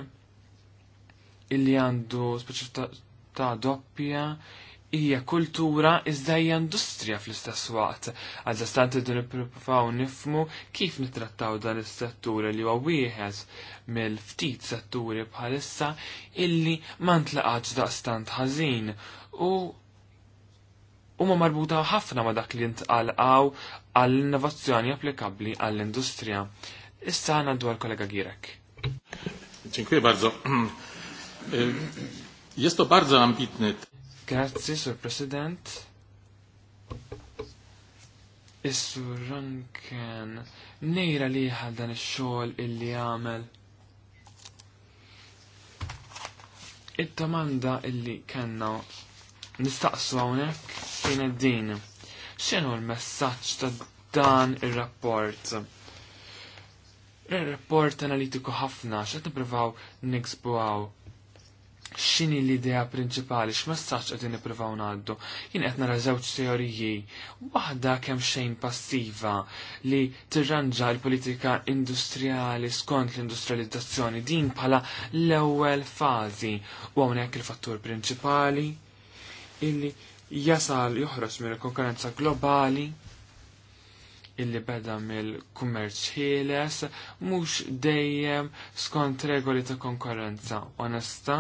illi għandu ta' doppja hija kultura iżda hija industrija fl-istess waqt. Għal-dastant iddu nippruvaw nifmu kif nittrattaw dan is-settur li huwa wieħed mill-ftit setturi bħalissa illi ma ntlaqatx daqstant ħażin u huma marbuta ħafna ma dak li ntqalqaw għall-innovazzjoni applikabbli għall-industrija. Issa għana dwar kollega Girek. Dziękuję bardzo. Jest to bardzo ambitny. Grazzi, Sur President. Is-Sur Ranken, nejra liħal dan ix-xogħol illi għamel. il domanda illi kellna nistaqsu hawnhekk kienet din. X'inhu l-messaġġ ta' dan ir-rapport? Ir-rapport analitiku ħafna x'qed nippruvaw niksbuaw x'inhi l-idea prinċipali messaċ għedin nippruvaw ngħaddu. Jien qed nara żewġ teoriji, waħda kemm xejn passiva li tirranġa l-politika industrijali skont l-industrializzazzjoni din bħala l-ewwel fażi u hawnhekk il-fattur prinċipali illi jasal joħroġ mill-konkurrenza globali illi beda mill-kummerċ ħieles mhux dejjem skont regoli ta' konkurrenza onesta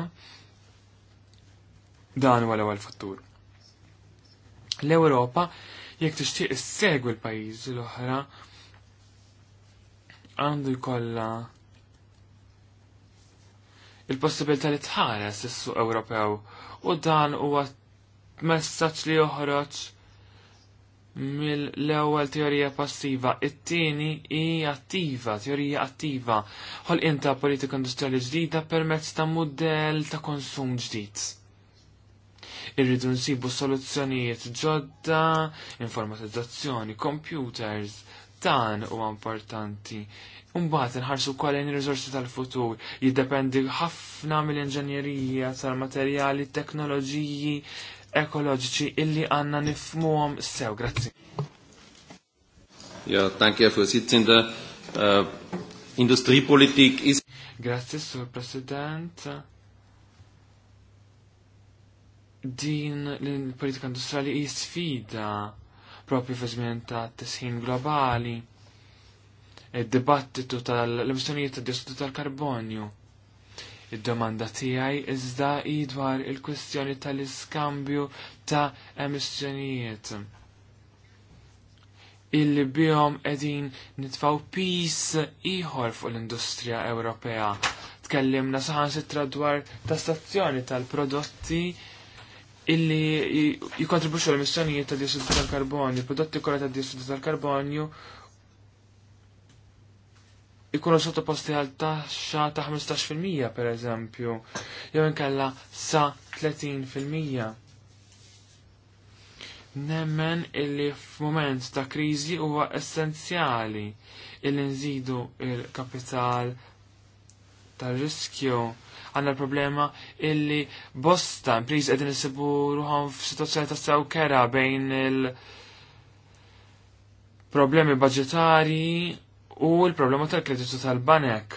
Dan huwa l-ewwel fattur. L-Ewropa jekk tixtieq issegwi l-pajjiżi l-oħra għandu jkollha il-possibilità li tħares is-suq Ewropew u dan huwa messaġġ li joħroġ mill-ewwel teorija passiva, it-tieni hija attiva, teorija attiva, ħol inta politika industrijali ġdida permezz ta' mudell ta' konsum ġdid. Irridu nsibu soluzzjonijiet ġodda, informatizzazzjoni, computers, dan huwa importanti. Umbagħad nħarsu wkoll lejn ir tal-futur jiddependi ħafna mill-inġenjerija tal-materjali, teknoloġiji ekoloġiċi illi għandna nifmuhom sew. Grazzi. Ja, tanki għafu äh, Industriepolitik is. Grazzi, Sur President din l-politika industriali jisfida sfida propju fiżmien ta' tisħin globali, id-dibattitu tal-emissjonijiet ta' diossidu tal-karbonju. Id-domanda tiegħi iżda hi dwar il-kwistjoni tal-iskambju ta' emissjonijiet illi bihom qegħdin nitfaw pis ieħor fuq l-industrija Ewropea. Tkellimna saħan sitra dwar tassazzjoni tal-prodotti illi jikontribuċu l-emissjonijiet ta' diossidu tal-karbonju, prodotti kollha ta' diossidu tal-karbonju ikunu sottoposti għal taxxa ta' 15% per eżempju, jew inkella sa 30%. Nemmen illi f'mument ta' kriżi huwa essenzjali illi nżidu il-kapital tar-riskju għanna l-problema illi bosta impriż qegħdin isibu ruħhom f'sitwazzjoni ta' sew kera bejn il- problemi budgetari u l-problema tal-kreditu tal-banek.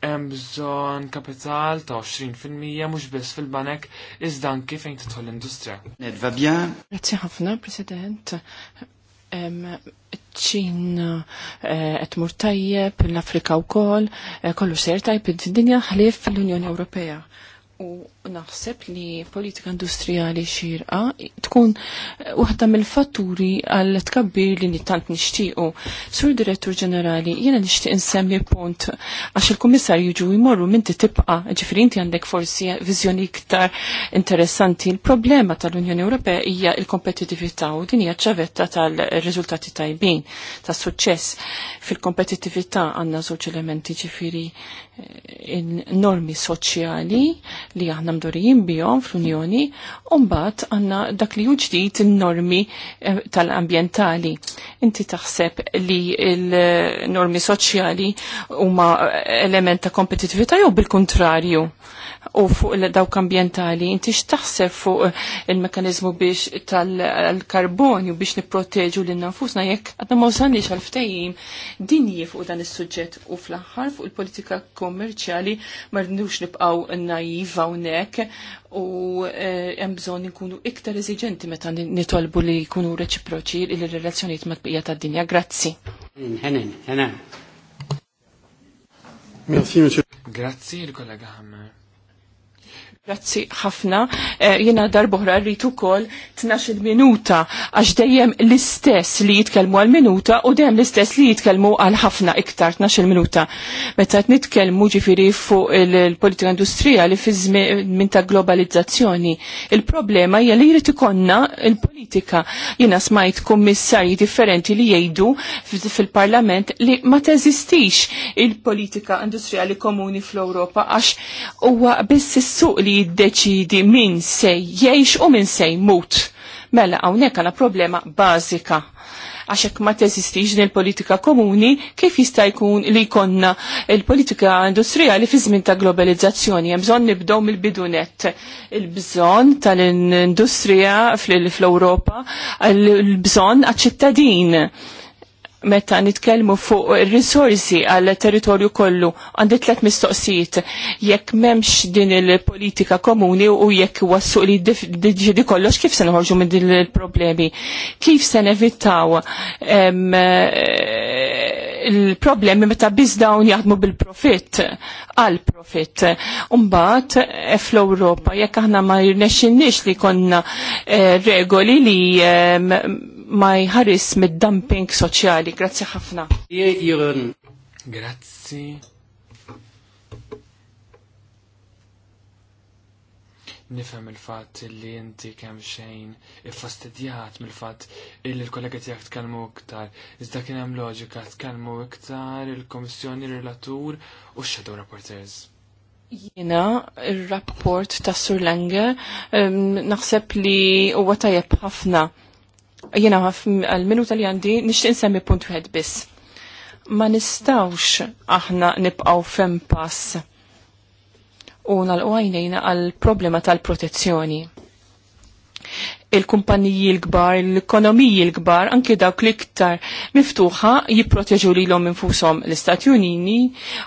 Hemm bżonn kapital ta' 20% mhux biss fil-banek iżda anki fejn tidħol l-industrija. Grazzi ħafna, President ċin qed eh, mur tajjeb, l-Afrika wkoll, eh, kollu ser id-dinja ħlief fil unjoni Ewropea. U naħseb li politika industrijali xirqa tkun waħda mill-fatturi għal tkabbir li nittant nixtiequ. Sur Direttur Ġenerali, jiena nixtieq insemmi punt għax il-Kummissarju ġu jmorru minti tibqa' Ġifri inti għandek forsi viżjoni iktar interessanti. Il-problema tal-Unjoni Ewropea hija l-kompetitività u din hija ċavetta tal-riżultati tajbin, tas-suċċess. Fil-kompetitività għandna żewġ elementi ġifieri eh, normi soċjali li aħna aħna mdurijin bihom fl-Unjoni, umbat għanna dak li ġdid normi eh, tal-ambientali. Inti taħseb li l-normi soċjali huma element ta' kompetitività jew bil-kontrarju u fuq il-dawk ambientali, inti x'taħseb fuq il-mekanizmu biex tal-karbonju biex nipproteġu lil nafusna jekk għadna ma wsalniex għal ftejim dinji fuq dan is-suġġett u fl-aħħar fuq il-politika kommerċjali ma rridux nibqgħu naiva hawnhekk u eh, hemm bżonn inkunu iktar eżiġenti meta nitolbu li jkunu reċiproċi il-relazzjonijiet mat bija tad-dinja. Grazzi. Grazzi il collega Hammer. Grazzi ħafna. Eh, jena darbohra rritu kol 12 minuta għax dejjem l-istess li jitkelmu għal minuta u dejjem l-istess li jitkelmu għal ħafna iktar 12 minuta. Meta nitkelmu ġifiri fuq il-politika industrijali fi minn ta' globalizzazzjoni. Il-problema hija li jrid ikonna il-politika. Jena smajt kummissarji differenti li jgħidu fil-parlament li ma teżistix il-politika industrijali komuni fl-Ewropa għax huwa biss is-suq li jiddeċidi min se jgħix u min se jmut. Mela hawnhekk għala problema bażika għaxek ma teżistix il-politika komuni kif jista' jkun li jkollna il-politika industrijali fi żmien ta' globalizzazzjoni. Hemm bżonn nibdew mill-bidunet il-bżonn tal-industrija fl-Ewropa, il-bżonn għaċ-ċittadin meta nitkellmu fuq risorsi għal territorju kollu għandi tlet mistoqsijiet jekk memx din il-politika komuni u jekk wassu li di kollox kif se nħorġu minn din il-problemi kif se nevitaw eh, il-problemi meta bizdawn jaħdmu bil-profit għal profit Umbat eh, fl-Europa jekk aħna ma jirnexxinniex li konna eh, regoli li ma jħaris mid-dumping soċjali. Grazzi ħafna. Grazzi. nifhem il-fatt li inti kemm xejn iffastidjat mill-fatt illi l-kollega tiegħek tkellmu iktar. Iżda kien hemm loġika tkellmu iktar il-Komissjoni Relatur u x-Shadow Reporters. Jiena il rapport ta' Sur Lange naħseb li huwa tajjeb ħafna Jena għaf għal-minuta li għandi nishtin semmi punt wieħed biss. Ma nistawx aħna nibqaw fem pass u nal-għajnejna għal-problema tal-protezzjoni. il kumpanniji l-gbar, l-ekonomiji l-gbar, anki dawk l-iktar miftuħa jipproteġu li l-om infusom l-Istati Unini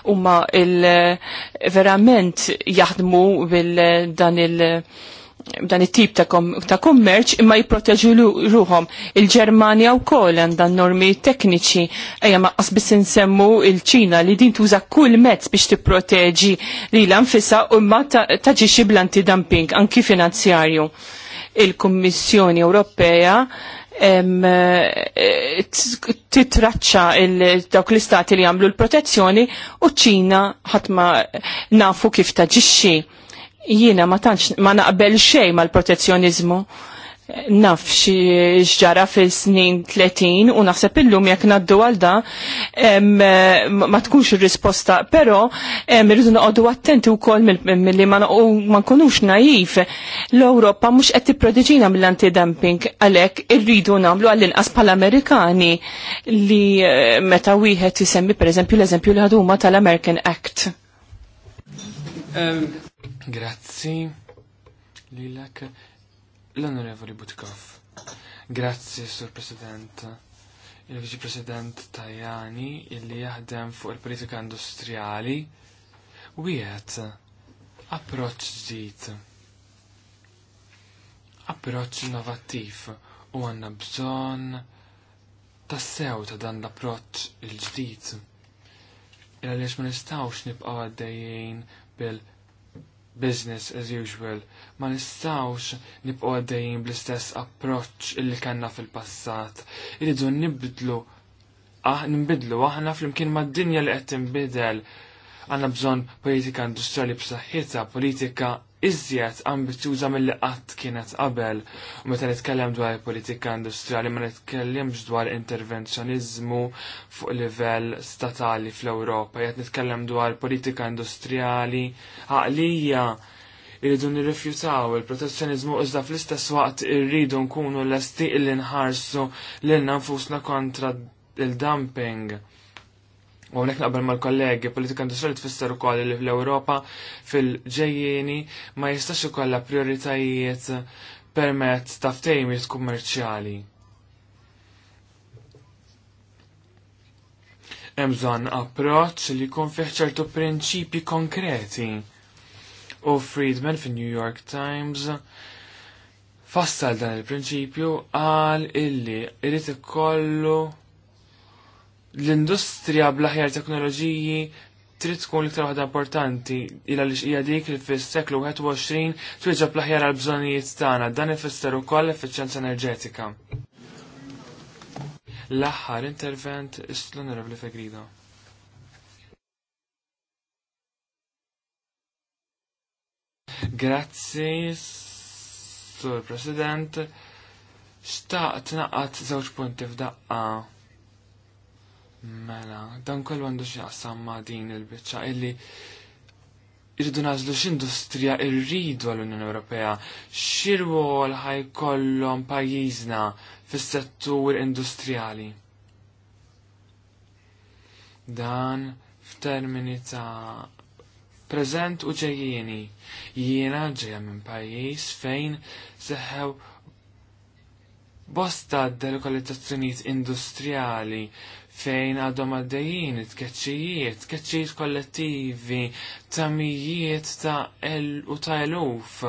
u ma il-verament jaħdmu bil-dan il- dan it-tip ta' kummerċ imma jipproteġu ruhom. il u wkoll għandha normi tekniċi ejja ma qasbis insemmu il-Ċina li din tuża kull mezz biex tipproteġi l nfisha u ma taġixxi bl-antidumping anki finanzjarju. Il-Kummissjoni Ewropea eh, titraċċa dawk l-istati li għamlu l-protezzjoni u ċina ħatma nafu kif taġixxi Jiena ma tantx ma naqbel xejn mal-protezzjonizmu. Naf xġara fil-snin 30 u naħseb illum jekk naddu għal da ma tkunx ir-risposta, però irridu noqogħdu attenti wkoll milli ma nkunux naif. L-Ewropa mhux qed tipprodiġina mill-antidumping għalhekk irridu nagħmlu għall-inqas bħal-Amerikani li eh, meta wieħed isemmi pereżempju l-eżempju li ħaduma tal-American Act. Grazzi lilek l-Onorevoli Butkov. Grazzi, Sur President. Il-Viċi President Tajani illi jaħdem fuq il-politika industrijali wieħed approċċ ġdid. Approċċ innovattiv u għandna bżonn tassew ta' dan l-approċċ il-ġdid. Il għaliex ma nistawx nibqgħu għaddejjin bil- business as usual. Ma nistawx nibqo għaddejjim bl-istess approċċ illi kanna fil-passat. Iridu nibdlu ah, nbidlu aħna ma mad-dinja li qed tinbidel. Għandna bżonn politika industriali b'saħħitha, politika iżjed ambizjuża mill-li qatt kienet qabel. U meta nitkellem dwar politika industrijali ma nitkellimx dwar intervenzjonizmu fuq livell statali fl-Ewropa, qed nitkellem dwar politika industrijali għaqlija irridu nirrifjutaw il-protezzjonizmu iżda fl-istess waqt irridu nkunu l estiq li nħarsu l-innanfusna kontra il-dumping. il il dumping U għonek naqbel mal-kollegi, politika industriali tfisser u koll li fl-Europa fil-ġejjeni ma jistax ikolla prioritajiet permezz ta' ftejmiet kummerċjali. Hemm bżonn approċċ li jkun fih ċertu prinċipji konkreti. U Friedman fin-New York Times fassal dan il-prinċipju għal illi irrid ikollu L-industrija bl-aħjar teknoloġiji trid tkun l-iktar waħda importanti ila li hija dik li fis-seklu 21 twieġeb bl-aħjar għal bżonnijiet tagħna dan ifisser ukoll effiċjenza enerġetika. L-aħħar intervent l-Onorevoli Fegrida. Grazzi, Sur President. Xtaqt naqat żewġ punti f'daqqa Mela, dan kollu għandu x'jaqsam ma' din il-biċċa illi irridu nażlu x'industrija rridu għall-Unjoni Ewropea, x'irwol ħajkollhom pajjiżna fis-settur industrijali. Dan f'termini ta' preżent u ġejjieni. Jiena ġejja minn pajjiż fejn seħħew bosta delokalizzazzjonijiet industrijali fejn għadhom għaddejjin, tkeċċijiet, tkeċċijiet kollettivi, ta' mijiet ta' el u ta' eluf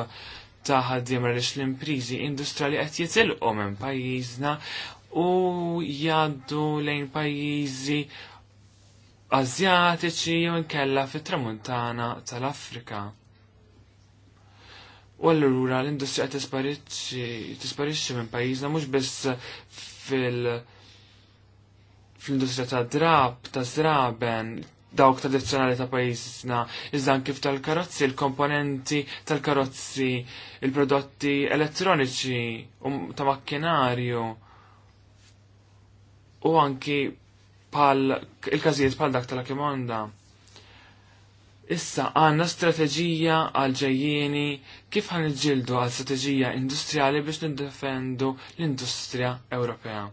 ta' ħaddim għalix l-imprizi industriali qed jitilqu minn pajjiżna u jgħaddu lejn pajjiżi Azjatiċi u nkella fit-tramuntana tal-Afrika. U allura l-industrija tisparixxi minn pajjiżna mhux biss fil- fl-industrija ta' drab, ta' zraben, dawk tradizzjonali ta' pajjiżna, iżda kif tal-karozzi, il-komponenti tal-karozzi, il-prodotti elettroniċi um, ta' makkinarju u anki pal il-każijiet pal dak tal-akimonda. Issa għanna strateġija għal ġejjieni kif għan iġildu għal strateġija industrijali biex nindefendu l-industrija Ewropea.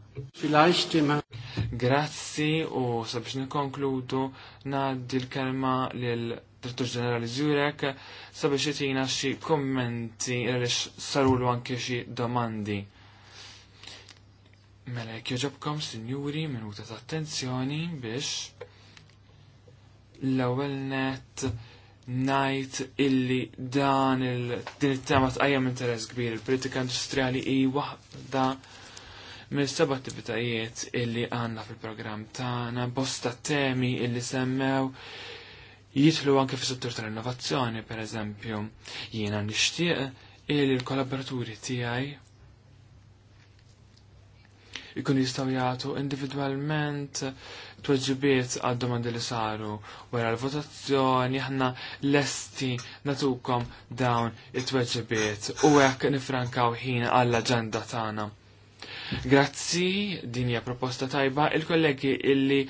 Grazzi u sabiex nikonkludu naddi l-kelma l Direttur Ġenerali Zurek sabiex jitina xi kommenti għaliex sarulu anke xi domandi. Mela jekk joġobkom, sinjuri, minuta ta' attenzjoni biex L-ewwel net najt illi dan il-din it-tema tqajjem interess kbir. Il-politika industrijali hi waħda mill seba' attivitajiet illi għandna fil-programm tagħna bosta temi illi semmew jitlu anke fis-settur tal-innovazzjoni, per eżempju. Jiena nixtieq illi l-kollaboraturi tiegħi Ikun jistaw jagħtu individwalment tweġibiet għad domandi li saru wara l-votazzjoni aħna lesti natukom dawn it-tweġibiet u hekk nifrankaw ħin għall-aġenda tagħna. Grazzi, din hija proposta tajba, il-kollegi illi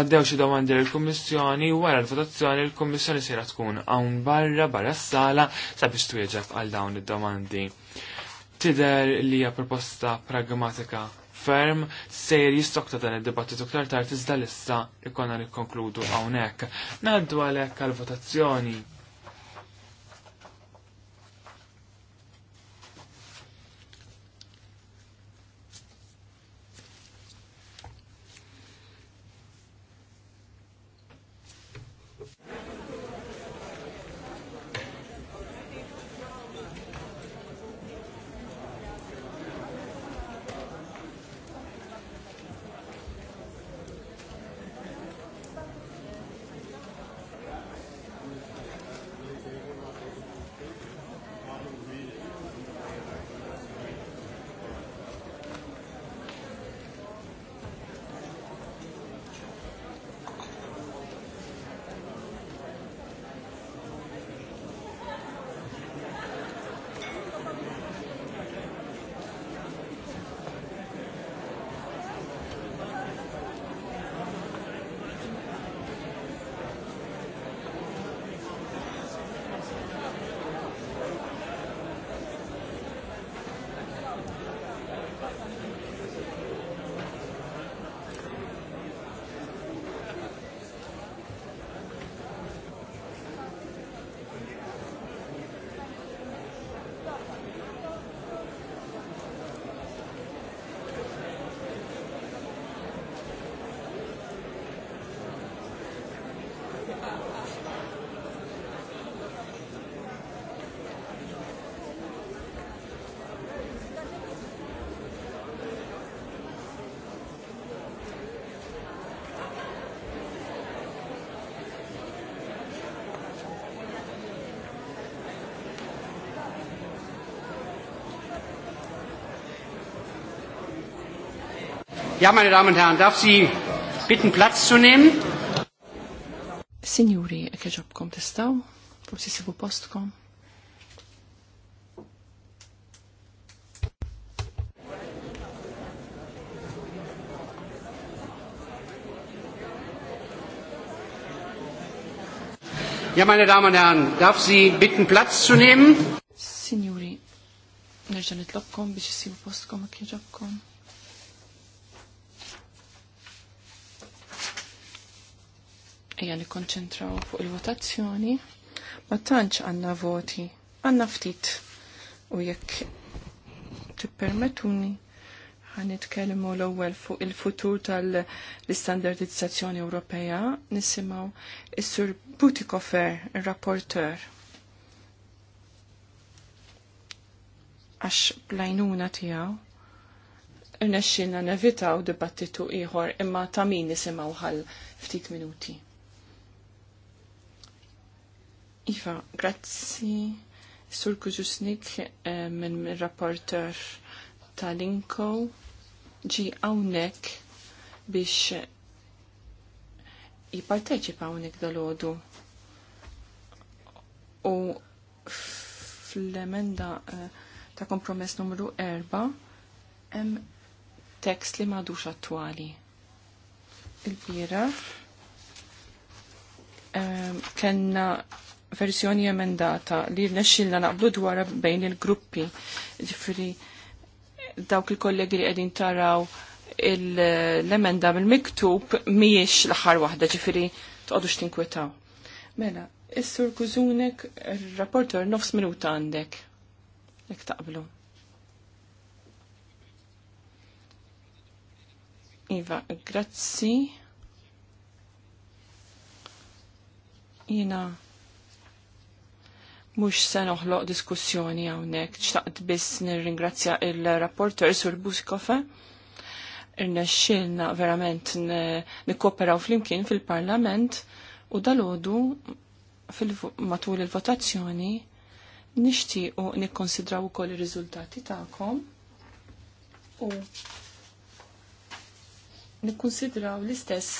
għaddew xi domandi l-Kummissjoni wara l-votazzjoni l-Kummissjoni sejra tkun hawn barra barra s-sala sabiex twieġeb għal dawn id-domandi tider li hija proposta pragmatika ferm sejr jistokta dan id-dibattitu ktar tard iżda lissa ikonna nikkonkludu hawnhekk. Ngħaddu għalhekk għal votazzjoni Ja, meine Damen und Herren, darf Sie bitten, Platz zu nehmen? Signori, che kħeġobkom tistaw, forsi sibu postkom. Ja, meine Damen und Herren, darf Sie bitten, Platz zu nehmen? Signori, nerġan nitlobkom biex jisibu postkom, kħeġobkom. Ejja nikkonċentraw fuq il-votazzjoni. Ma tantx għandna voti, għandna ftit. U jekk tippermettuni ħanitkellmu l-ewwel fuq il-futur tal-istandardizzazzjoni Ewropea nisimgħu is-Sur Butikofer, ir-rapporteur. Għax blajnuna tiegħu irnexxina nevitaw dibattitu ieħor imma ta' min nisimgħu ħall ftit minuti. Iva, grazzi Sur Kużusnik eh, minn min rapporter tal-Inko ġi għawnek biex jiparteċipa għawnek dal-ħodu. U fl-emenda eh, ta' kompromess numru 4 hemm tekst li madux attwali. Il-bira eh, kenna verżjoni emendata li rnexxilna naqblu dwar bejn il-gruppi. Ġifieri dawk il-kollegi li qegħdin taraw l-emenda mill-miktub mhijiex l-aħħar waħda, ġifieri tqogħdux tinkwetaw. Mela, is-sur Kużunek, ir-rapporter nofs minuta għandek. Jekk taqblu. Iva, grazzi. Jina Mux se noħloq diskussjoni għawnek, ċtaqt biss nir-ringrazzja il-rapporter sur Busikofe, irnexxilna verament nikkoperaw flimkien fil-parlament u dalodu matul il-votazzjoni nixtiequ nikkonsidraw ukoll ir-riżultati tagħkom u nikkonsidraw l-istess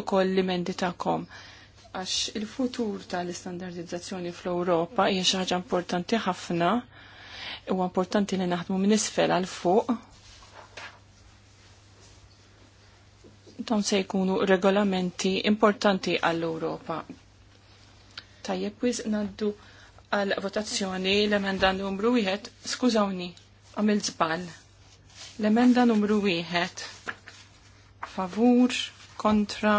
ukoll l-imendi tagħkom għax il-futur tal-istandardizzazzjoni fl-Ewropa hija xi ħaġa importanti ħafna u importanti li naħdmu minn isfel għal fuq. Dawn se jkunu regolamenti importanti għall-Ewropa. Tajjeb wis naddu għal votazzjoni l-emenda numru wieħed, skużawni, għamil żball. L-emenda numru wieħed favur kontra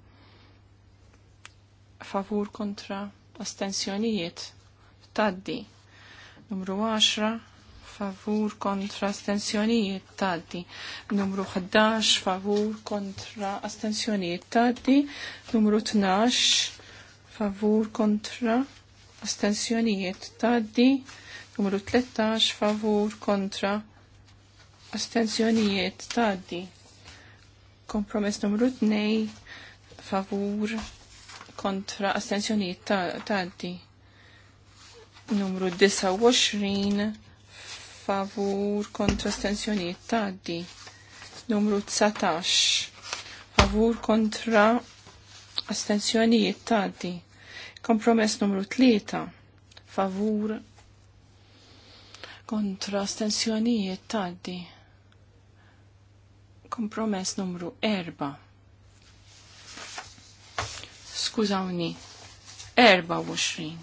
favur kontra astensjonijiet taddi. Numru 10 favur kontra astensjonijiet taddi. Numru 11 favur kontra astensjonijiet taddi. Numru 12 favur kontra astensjonijiet taddi. Numru 13 favur kontra astensjonijiet taddi. Kompromess numru 2 favur kontra astensjoniet tanti. Numru 29 favur kontra astensjoniet tanti. Numru 19 favur kontra astensjoniet tanti. Kompromess numru 3 favur kontra astensjoniet tanti. Kompromess numru 4 skużawni, 24.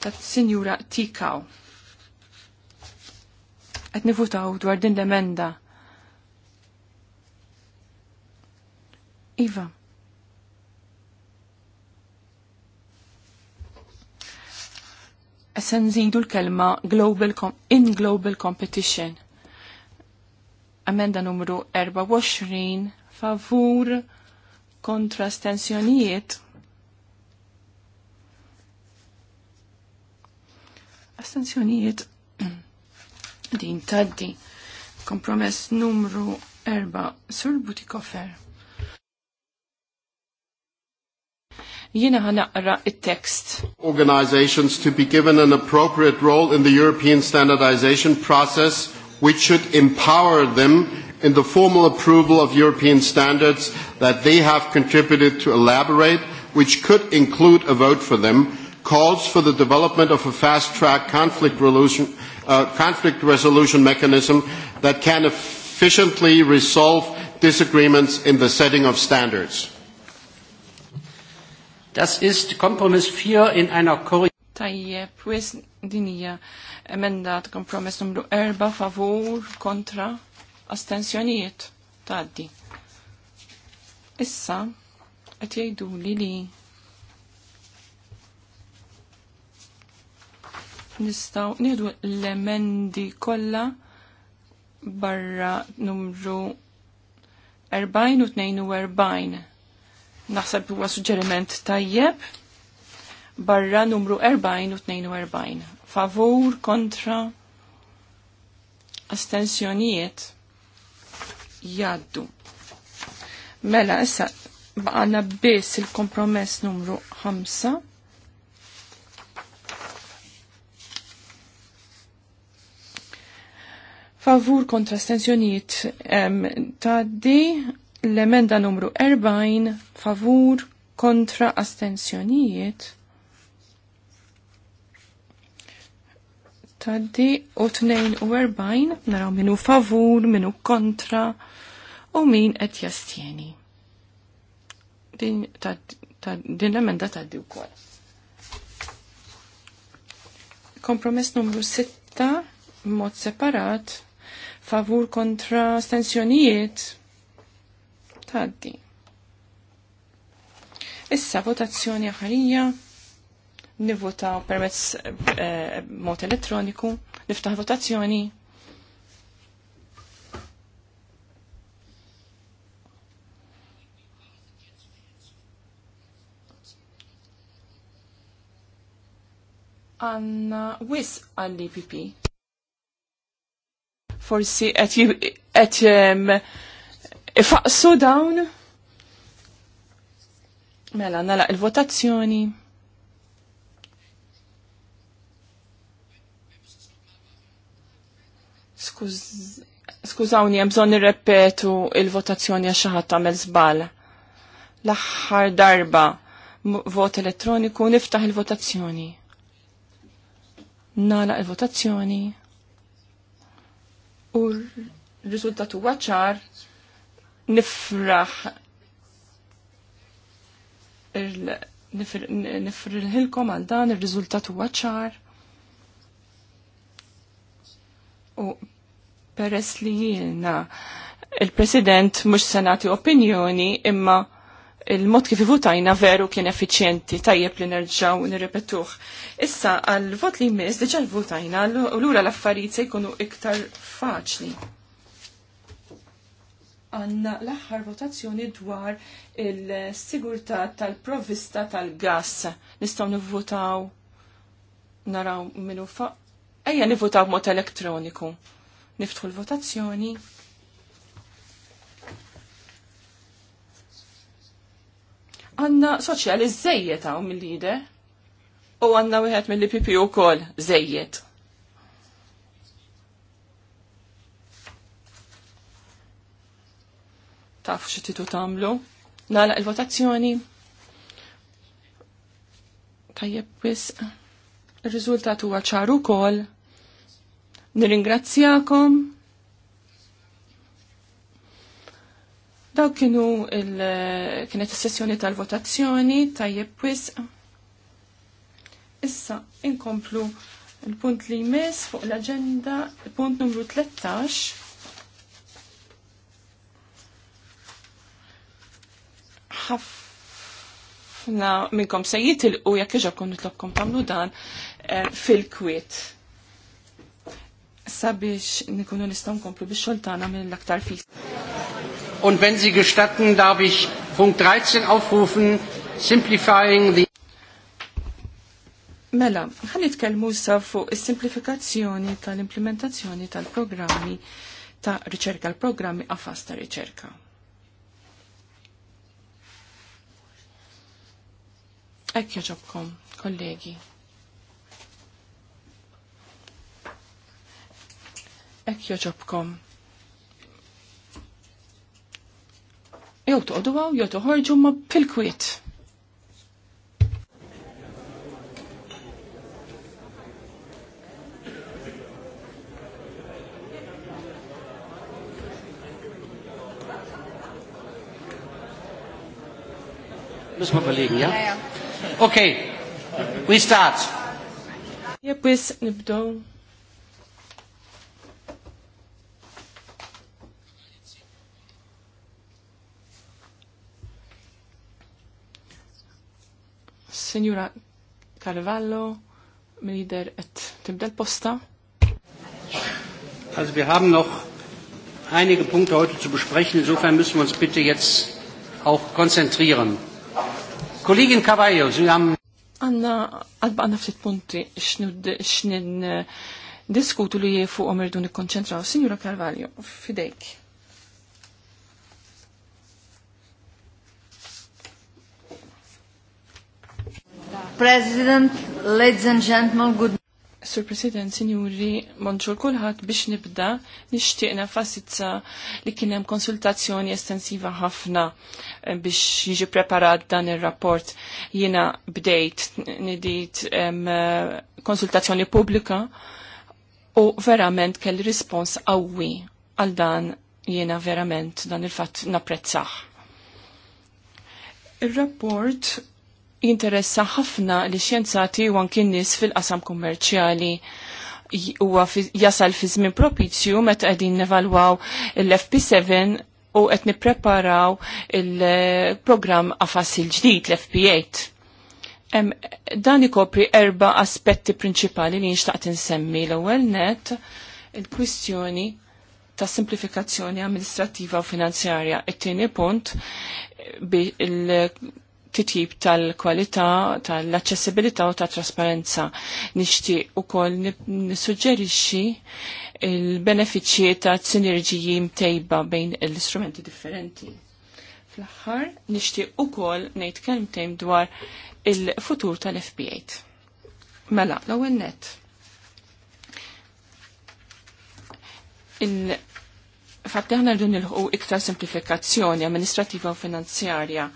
Ta' sinjura Tikaw. Qed nifutaw dwar din l-emenda. Iva. Essen nżidu l-kelma global in global competition. Amenda numru 24 favur kontra astensjonijiet. din taddi kompromess numru 4 sur Butikofer. Jiena ħanaqra it tekst Organizations to be given an appropriate role in the European standardization process which should empower them in the formal approval of European standards that they have contributed to elaborate, which could include a vote for them, calls for the development of a fast-track conflict, uh, conflict resolution mechanism that can efficiently resolve disagreements in the setting of standards. Das ist Kompromiss 4 in einer Korrektur. Tajjeb, wis dinija emenda ta' kompromess numru 4 Favor, kontra astensjonijiet taddi. Issa, qed jajdu li li nistaw nieħdu l-emendi kollha barra numru 40 u 42. Naħseb huwa suġġeriment tajjeb barra numru 40 u 42. Favur kontra astensjonijiet jaddu. Mela, issa, baqana biss il-kompromess numru 5. Favur kontra stenzjoniet taddi l-emenda numru 40, favur kontra astensjonijiet taddi u tnejn u erbajn, naraw minu favur, minu kontra u min qed jastjeni. Din, din l-emenda taddi u kol. Kompromess numru 6 mod separat favur kontra stensjonijiet taddi. Issa votazzjoni aħarija nivvotaw permezz eh, mod elettroniku, niftaħ votazzjoni. Anna wis għall-IPP. Forsi qed qed ehm, ifaqsu dawn. Mela, nalaq il-votazzjoni. Skużawni, hemm bżonn nirrepetu il-votazzjoni għax xi ħadd tagħmel żball. L-aħħar darba vot elettroniku niftaħ il-votazzjoni. Nala il-votazzjoni. U r-riżultat huwa ċar nifraħ nifrilħilkom għal dan ir-riżultat huwa ċar. U peress li jiena il-President mhux senati opinjoni imma il-mod kif votajna veru kien effiċjenti tajjeb li nerġaw nirrepetuh. Issa għal-vot li jmiss diġà votajna lura l-affarijiet se jkunu iktar faċli. Għanna l-aħħar votazzjoni dwar il-sigurtà tal-provvista tal-gas. Nistgħu nivvotaw naraw minu fa' Ejja nivutaw mod elektroniku. Niftħu l-votazzjoni. Għanna soċjali zzejiet għaw mill-lider. U għanna wieħed mill-PP u kol zzejiet. Tafu xe titu tamlu. Nala il-votazzjoni. Tajjeb wisq. Il-riżultat huwa ċaru kol. Nirringrazzjakom. Dawk kienu kienet is-sessjoni tal-votazzjoni tajjeb wisq. Issa inkomplu il-punt li jmiss fuq l-agenda, il-punt numru 13. ħafna minnkom se jitilqu jekk kun nitlobkom tagħmlu dan Eh, fil-kwit. Sabiex nikunu nistaw nkomplu biex xoltana minn l-aktar fis. Und wenn Sie gestatten, darf ich Punkt 13 aufrufen, simplifying the... Mela, ħan nitkellmu sa fuq is-simplifikazzjoni tal-implementazzjoni tal-programmi ta' riċerka l-programmi għafas ta' riċerka. Ekkja ġobkom, kollegi. ek joġobkom. Jow toqdu għaw, jow toħorġu ma fil-kwiet. Müssen wir überlegen, ja? ja, we start. Jepwis nibdow. Senjura Carvalho, mill et qed tibdel posta. Also wir haben noch einige Punkte heute zu besprechen. Insofern müssen wir uns bitte jetzt auch konzentrieren. Kollegin Cavallo, Sie haben... Anna, għadba għanna ftit punti xnin eh, diskutu li fuqom irdu nikkonċentraw. Signora Carvalho, fidejk. President, ladies and gentlemen, good Sur President, Sinjuri, bonġur kulħadd biex nibda nixtieq nefasizza li kien hemm konsultazzjoni estensiva ħafna eh, biex jiġi preparat dan ir-rapport. Jiena bdejt nidit eh, konsultazzjoni pubblika u verament kelli rispons qawwi għal dan jiena verament dan il-fatt napprezzaħ. Il-rapport jinteressa ħafna li xjenzati u anki nies fil-qasam kummerċjali huwa jasal fi żmien propizju meta qegħdin nevalwaw l-FP7 u qed nippreparaw il-programm għafas il-ġdid l-FP8. Dan ikopri erba aspetti prinċipali li nixtaqt insemmi l-ewwel net il-kwistjoni ta' simplifikazzjoni amministrativa u finanzjarja. It-tieni punt bi titjib tal-kwalità, tal-aċċessibilità u tal trasparenza Nixtieq ukoll nissuġġerixxi il-benefiċċji ta' sinerġiji mtejba bejn l-istrumenti differenti. Fl-aħħar nixtieq ukoll ngħid kelmtejn dwar il-futur tal-FB8. Mela, l-ewwel net. Il-fatt aħna rridu nilħu iktar simplifikazzjoni amministrativa u finanzjarja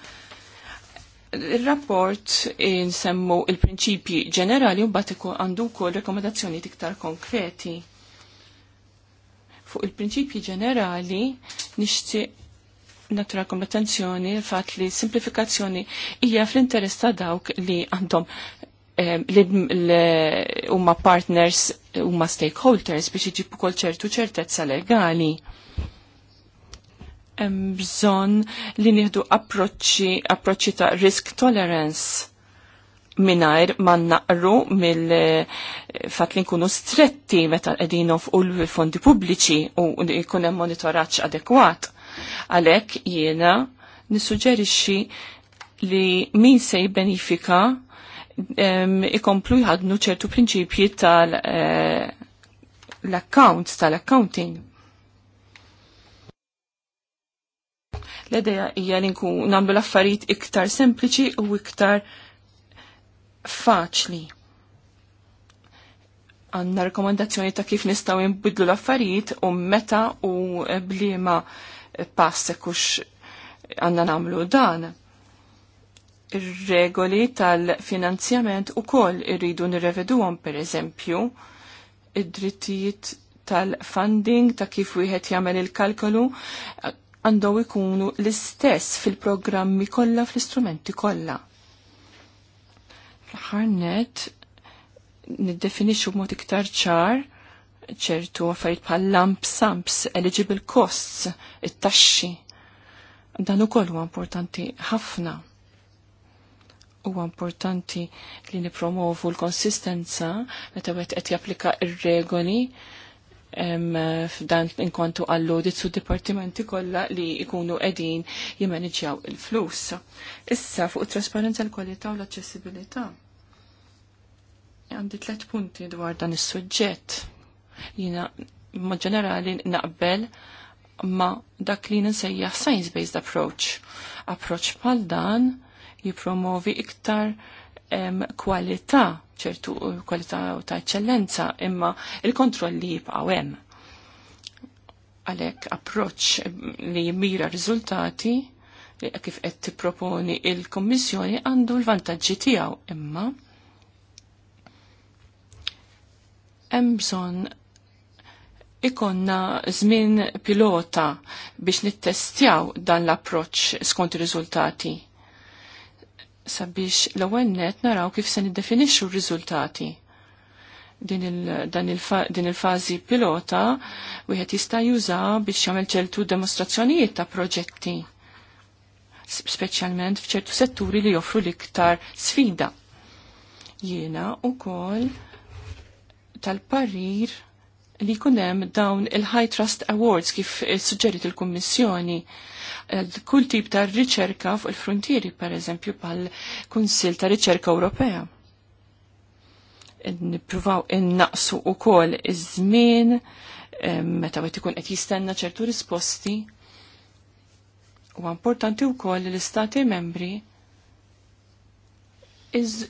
Il-rapport nsemmu il-prinċipji ġenerali u batiku għandu kol rekomendazzjoni tiktar konkreti. Fuq il-prinċipji ġenerali nixti natura l fat li simplifikazzjoni hija fl-interess ta' dawk li għandhom ehm, li huma partners huma stakeholders biex iġibu kol ċertu ċertezza legali hemm bżonn li nieħdu approċċi approċċi ta' risk tolerance minajr ma naqru mill-fat eh, li nkunu stretti meta qegħdin u l-fondi pubbliċi u jkun hemm monitoraġġ adekwat. Għalhekk jiena nissuġġerixxi li min se jibbenifika ikomplu jħadnu ċertu prinċipji tal- eh, accounts tal-accounting L-idea hija li nkun nagħmlu l-affarijiet iktar sempliċi u iktar faċli. Għandna rekomendazzjoni ta' kif nistgħu nbidlu l-affarijiet u meta u bliema pass kux għandna nagħmlu dan. Ir-regoli tal-finanzjament u koll irridu nirreveduhom pereżempju id-drittijiet tal-funding ta' kif wieħed jagħmel il-kalkolu għandaw ikunu l-istess fil-programmi kollha fl-istrumenti kollha. Fl-ħarnet niddefinixxu b'mod iktar ċar ċertu affarijiet bħal lamp samps, eligible costs, it-taxxi. Dan ukoll huwa importanti ħafna. Huwa importanti li nipromovu l-konsistenza meta wieħed qed japplika ir-regoli f'dan inkontu għall-audit su dipartimenti kollha li jkunu qegħdin jimmanġjaw il-flus. Issa fuq trasparenza l-kwalità u l-aċċessibilità. Għandi tliet punti dwar dan is-suġġett. Jiena ma' ġenerali naqbel ma dak li nsejjaħ science-based approach. Approach bħal dan jipromovi iktar kwalità ċertu eh, kwalità ta' eccellenza, imma il-kontrolli jibqaw hemm. Għalhekk approċċ eh, li jmira riżultati kif qed tipproponi il-Kommissjoni għandu l-vantaġġi tiegħu imma hemm bżonn ikonna żmien pilota biex nittestjaw dan l-approċċ skont ir-riżultati sabiex l-ewwel net naraw kif se niddefinixxu r-riżultati. Din il-fażi il pilota wieħed jista' juża biex jagħmel ċertu demostrazzjonijiet ta' proġetti, speċjalment f'ċertu setturi li joffru l-iktar sfida. Jiena wkoll tal-parir li kunem dawn il-High Trust Awards kif suġġerit il-Kommissjoni. Eh, kull tip ta' riċerka fuq il-frontieri, per eżempju, pal kunsil ta' riċerka Ewropea. Nipruvaw innaqsu u kol iż-żmien, eh, meta għet ikun qed jistenna ċertu risposti. U importanti wkoll li l-istati membri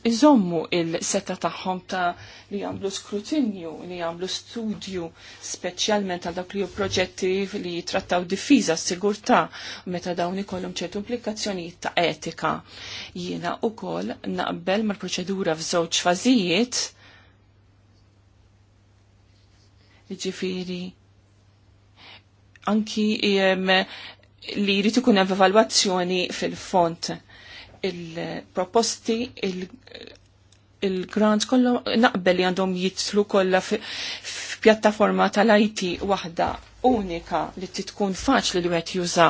iżommu il-seta tagħhom ta' li jagħmlu skrutinju, li jagħmlu studju speċjalment għal dak li ju proġetti li jitrattaw diffiża s-sigurtà meta dawn ikollhom ċertu implikazzjonijiet ta' etika. Jiena wkoll naqbel mal-proċedura f'żewġ fażijiet ġifiri anki jem, li jrid ikun evalwazzjoni fil-font il-proposti il-grants kollu naqbel li għandhom jitlu kollha f'pjattaforma tal-IT waħda unika li titkun faċli li wieħed juża.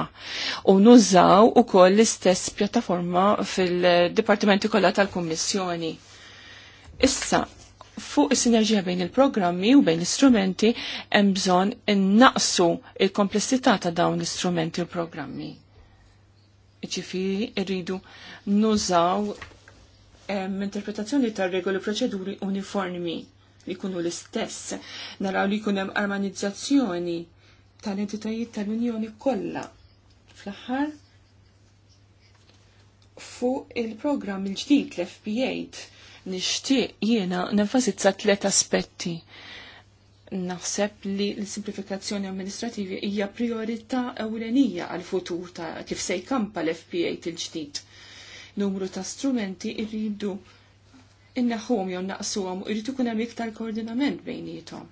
U nużaw ukoll l-istess pjattaforma fil-dipartimenti kollha tal-Kummissjoni. Issa, fuq is-sinerġija bejn il-programmi u bejn l-istrumenti hemm bżonn innaqsu il-komplessità ta' dawn l-istrumenti u programmi ċifiri irridu nużaw interpretazzjoni tar regoli proċeduri uniformi li kunu l-istess. Naraw li kunem armonizzazzjoni tal-entitajiet tal-Unjoni kollha. Fl-aħħar, fuq il-programm il-ġdid fpa 8 nixtieq jiena nenfasizza tliet aspetti naħseb li l-simplifikazzjoni amministrativi hija priorità ewlenija għal futur ta' kif se jkampa l-FPA il-ġdid. Numru ta' strumenti irridu innaħħom jew naqsuhom u irridu kun hemm iktar koordinament bejnietom.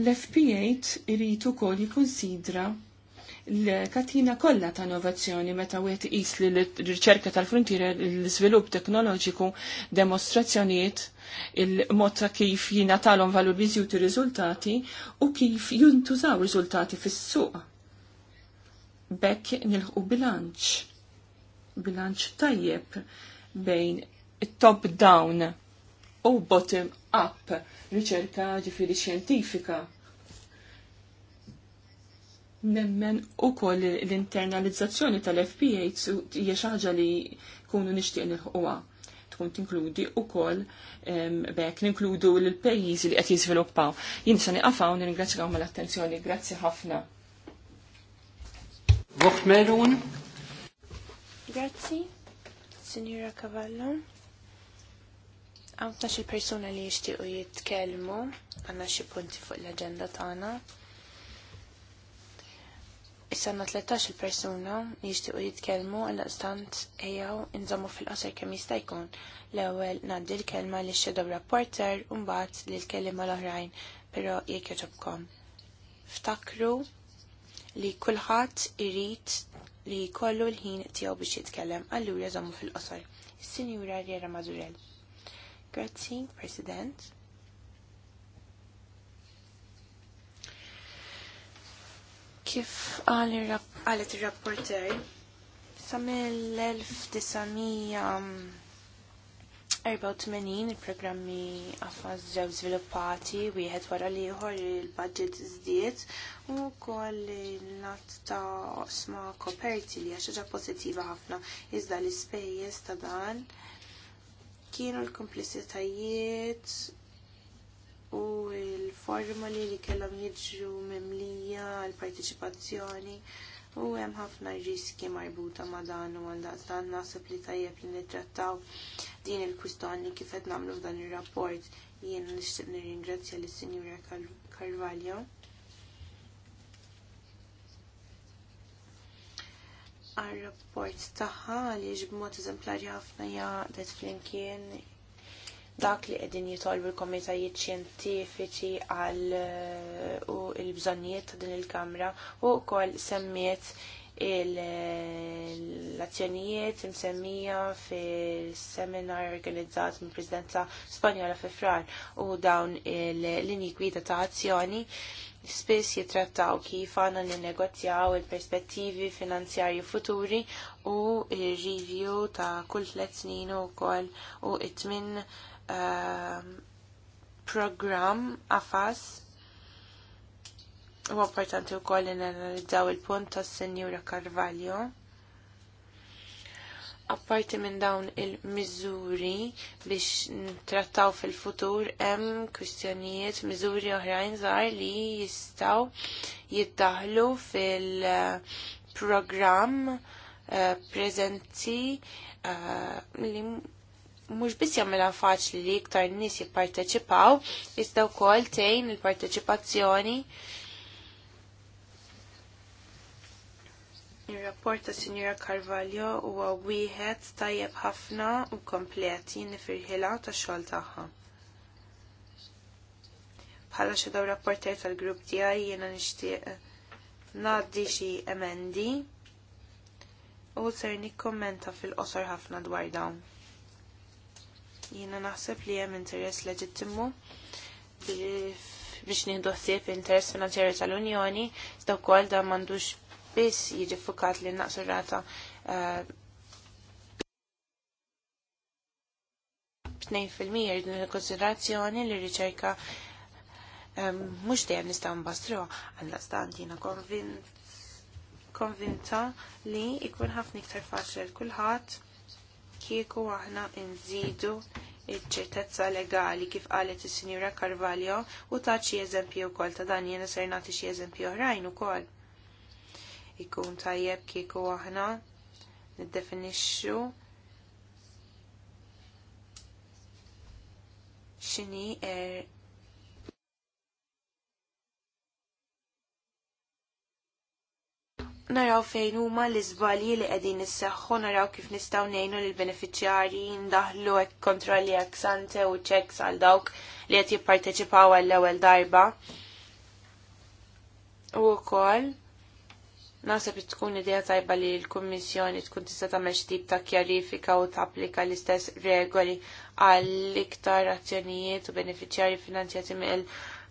L-FP8 ukoll jikkonsidra l-katina kollha ta' innovazzjoni meta wieħed iqis li l-riċerka tal-frontiera l-iżvilupp teknoloġiku demostrazzjonijiet il-mod ta' kif jina talhom valur ir-riżultati u kif jintużaw riżultati fis-suq. Bekk nilħu bilanċ. Bilanċ tajjeb bejn top down u bottom up riċerka ġifiri xjentifika Nemmen u koll l-internalizzazzjoni tal-FPA hija xaħġa li kunu nixtieq nilħuha. Tkun tinkludi u koll bek ninkludu l-pajjiżi li qed jiżviluppaw. Jinsa se niqafaw nirringrazzjaw mal-attenzjoni. Grazzi ħafna. Waħmerun. Grazzi, Signora Cavallo. Għamtna xie persuna li jixtiequ jitkellmu għandna xi punti fuq l-aġenda tagħna. Issanna 13 persuna u jitkelmu għal-istant ejaw inżammu fil-qasar kem jistajkun. L-ewel naddi l-kelma li x-shadow rapporter un-bat li l-kelima l-oħrajn, pero jek joġobkom. Ftakru li kulħadd irid li jkollu l-ħin tiegħu biex jitkellem, allura jżommu fil qasar Is-Sinjura Riera Mazurel. Grazzi, President. Kif għalet il-rapporter, samil l-1984 il-programmi għafas ġew sviluppati wieħed wara jħor il-budget zdiet u koll il-nat ta' sma koperti li għaxħaġa pozittiva ħafna iżda l-ispejjeż ta' dan kienu l komplicitajiet u l-formuli li kellhom jiġu mimlija għal partiċipazzjoni u hemm ħafna riski marbuta ma' dan u għal dan naħseb li tajjeb li nittrattaw din il-kwistjoni kif qed nagħmlu f'dan ir-rapport jien nixtieq nirringrazzja lis-Sinjura Carvalho. għal-rapport taħħa li ġbmot eżemplari ħafna jaqdet flimkien dak li qegħdin jitolbu l-komitajiet xjentifiċi għal uh, u l-bżonnijiet ta' din il-kamra u wkoll semmiet uh, l-azzjonijiet imsemmija fil-seminar organizzat mill Presidenza Spanjola fi frar u dawn l-linji gwida ta' azzjoni spiss jitrattaw kif għana ninnegozjaw il-perspettivi finanzjarji futuri u il-review ta' kull tliet snin u kol u it-tmin Um, program għafas u importanti u koll analizzaw il-punt tas senjura Carvalho. Apparti minn dawn il-miżuri biex trattaw fil-futur hemm kwistjonijiet miżuri oħrajn żgħar li jistgħu jiddaħlu fil-programm uh, eh, preżenti uh, eh, li mhux biss jagħmilha faċli li iktar nies jipparteċipaw, iżda wkoll tgħin il-parteċipazzjoni. Ir-rapport ta' Sinjura Carvalho huwa wieħed tajjeb ħafna u komplet jien nifirħilha tax-xogħol tagħha. Bħala xi daw rapporter tal-grupp tiegħi jiena nixtieq ngħaddi xi emendi u ser nikkommenta fil-qosor ħafna dwar dawn. Jiena naħseb li hemm interess leġittimu biex nieħdu ħsieb interess finanzjarju tal-Unjoni, iżda wkoll da m'għandux biss jiġi fukat li naqsu rata b'tnejn eh, fil-mija l konsiderazzjoni li riċerka eh, mhux dejjem nistaw nbastruha għandha stant jiena konvinta li ikun ħafna iktar faċli l kulħadd kieku aħna nżidu iċ-ċertezza legali kif qalet is-Sinjura Carvalho u ta' xi eżempju wkoll ta' dan jiena ser nagħti xi eżempju oħrajn ukoll. Ikun tajjeb kieku aħna niddefinixxu x'inhi er naraw fejn huma l-iżbalji li qegħdin isseħħu naraw kif nistgħu ngħinu lill beneficjarji ndaħlu hekk kontrolli ex ante u checks għal dawk li qed jipparteċipaw għall-ewwel darba. U wkoll li tkun idea tajba li l-Kummissjoni tkun tista' tagħmel tip ta' kjarifika u tapplika l-istess regoli għall iktar azzjonijiet u benefiċjarji finanzjati mill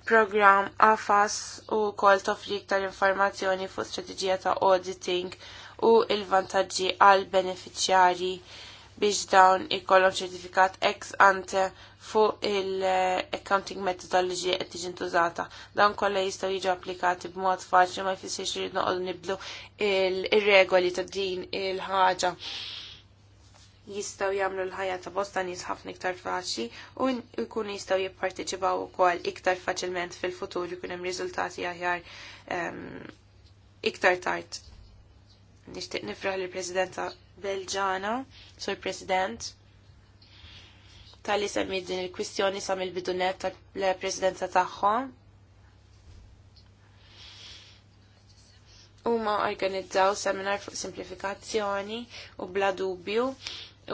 program AFAS u kol toffri tal informazzjoni fuq strategija ta' auditing u il-vantagġi għal beneficjari biex dawn ikollhom ċertifikat ex ante fuq il-accounting methodology qed tiġi ntużata. Dawn kollha jistgħu jiġu applikati b'mod faċli ma jfissirx irid noqogħdu niblu il-regoli ta' din il-ħaġa. il ħaġa jistaw jamlu l-ħajja ta' bosta nis ħafna iktar faċli u jkun jistaw jipparteċipaw ukoll iktar faċilment fil-futur jkun hemm riżultati aħjar ehm, iktar tard. Nixtieq nifraħ li prezidenta Belġana, sur President, tal-li semmi din il-kwistjoni sam il-bidunet tal-presidenza tagħhom huma organizzaw seminar fuq simplifikazzjoni u bla dubju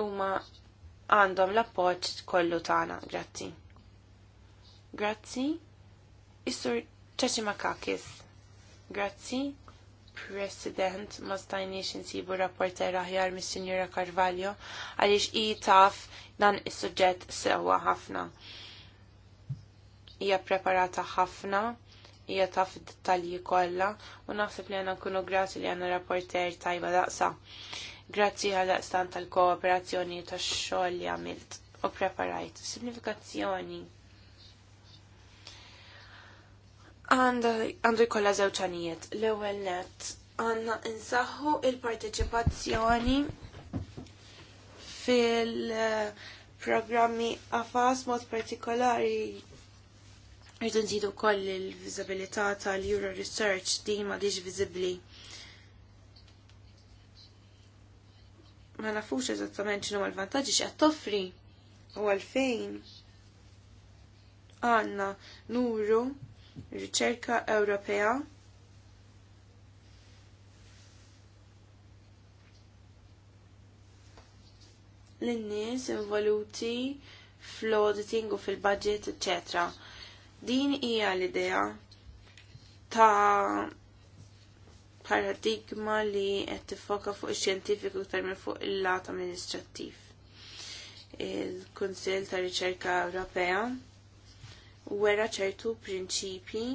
huma għandhom l-appoġġ kollu tagħna. Grazzi. Grazzi. Is-sur Makakis. Grazzi. President ma stajniex insibu rapporter aħjar mis sinjura Carvalho għaliex i taf dan is-suġġett sewwa ħafna. Hija preparata ħafna, hija taf id-dettalji kollha u naħseb li għandna nkunu grati li għandna rapporter tajba daqsa. Grazzi għal stan tal-kooperazzjoni tax-xogħol li għamilt u preparajt. Simplifikazzjoni. Għandu jkollha żewġ L-ewwel net għandna insaħħu il-parteċipazzjoni fil-programmi għafas mod partikolari Irdu nżidu koll il-vizibilità tal-Euro Research din ma diġ viżibli ma nafux eżattament x'inhu l-vantaġġi x'qed toffri u għalfejn għanna nuru riċerka Ewropea l-nies involuti fl-auditing u fil-budget, eccetera. Din hija l-idea ta' paradigma li qed tifoka fuq ix-xjentifiku iktar minn fuq il-lat amministrattiv. Il-Kunsill ta' Riċerka Ewropea wera ċertu prinċipji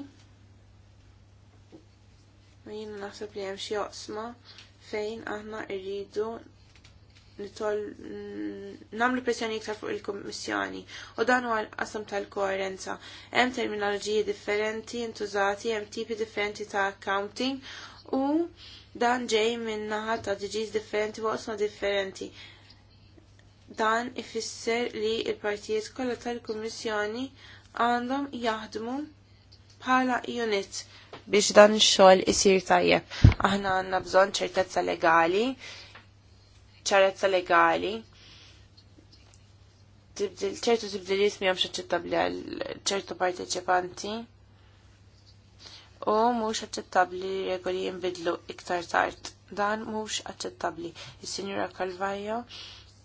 u jiena naħseb li hemm xi oqsma fejn aħna rridu nitol namlu pressjoni iktar fuq il kummissjoni u dan huwa qasam tal-koerenza. Hemm terminoloġiji differenti intużati, hemm tipi differenti ta' accounting u dan ġej minn naħa ta' diġiż differenti waqsma differenti. Dan ifisser li il-partijiet kollha tal-Kummissjoni għandhom jaħdmu bħala unit biex dan ix-xogħol isir tajjeb. Aħna għandna bżonn ċertezza legali, ċarezza legali, ċertu tibdil ismi għamx ċittabli għal ċertu parteċipanti u mhux aċċettabbli regoli jinbidlu iktar tard. Dan mhux aċċettabbli. Is-Sinjura Calvajo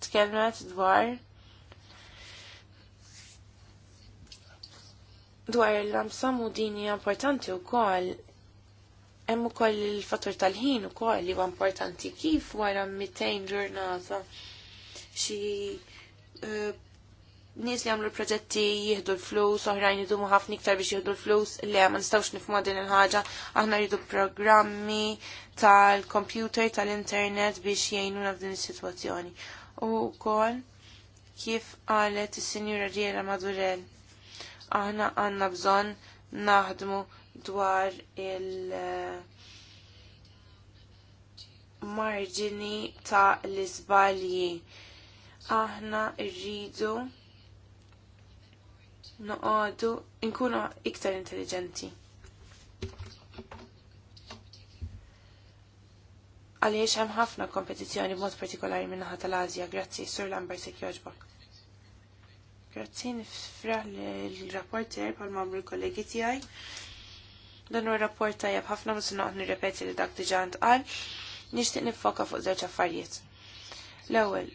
tkellmet dwar dwar il lamsam u dini importanti u kol hemm ukoll il-fattur tal-ħin ukoll li huwa importanti kif wara 200 ġurnata xi eh, nies li għamlu l-proġetti jihdu l-flus, oħrajn jidu ħafna iktar biex jihdu l-flus, li ma nistawx nifmu din il-ħaġa, aħna jidu programmi tal-computer, tal-internet biex jgħinuna f'din is-sitwazzjoni. U kol, kif qalet is senjura Riera Madurell, aħna għanna bżon naħdmu dwar il- marġini ta' l-izbalji. Aħna rridu noqogħdu nkunu iktar intelligenti. Għaliex hemm ħafna kompetizzjoni b'mod partikolari minn naħa tal-Asja, grazzi Sur Lambert se jogħġbok. Grazzi nifra l-rapporter pal mamru l-kollegi tiegħi. Dan huwa rapport tajjeb ħafna ma se nirrepeti li dak diġà ntqal. Nixtieq nifoka fuq żewġ affarijiet. L-ewwel,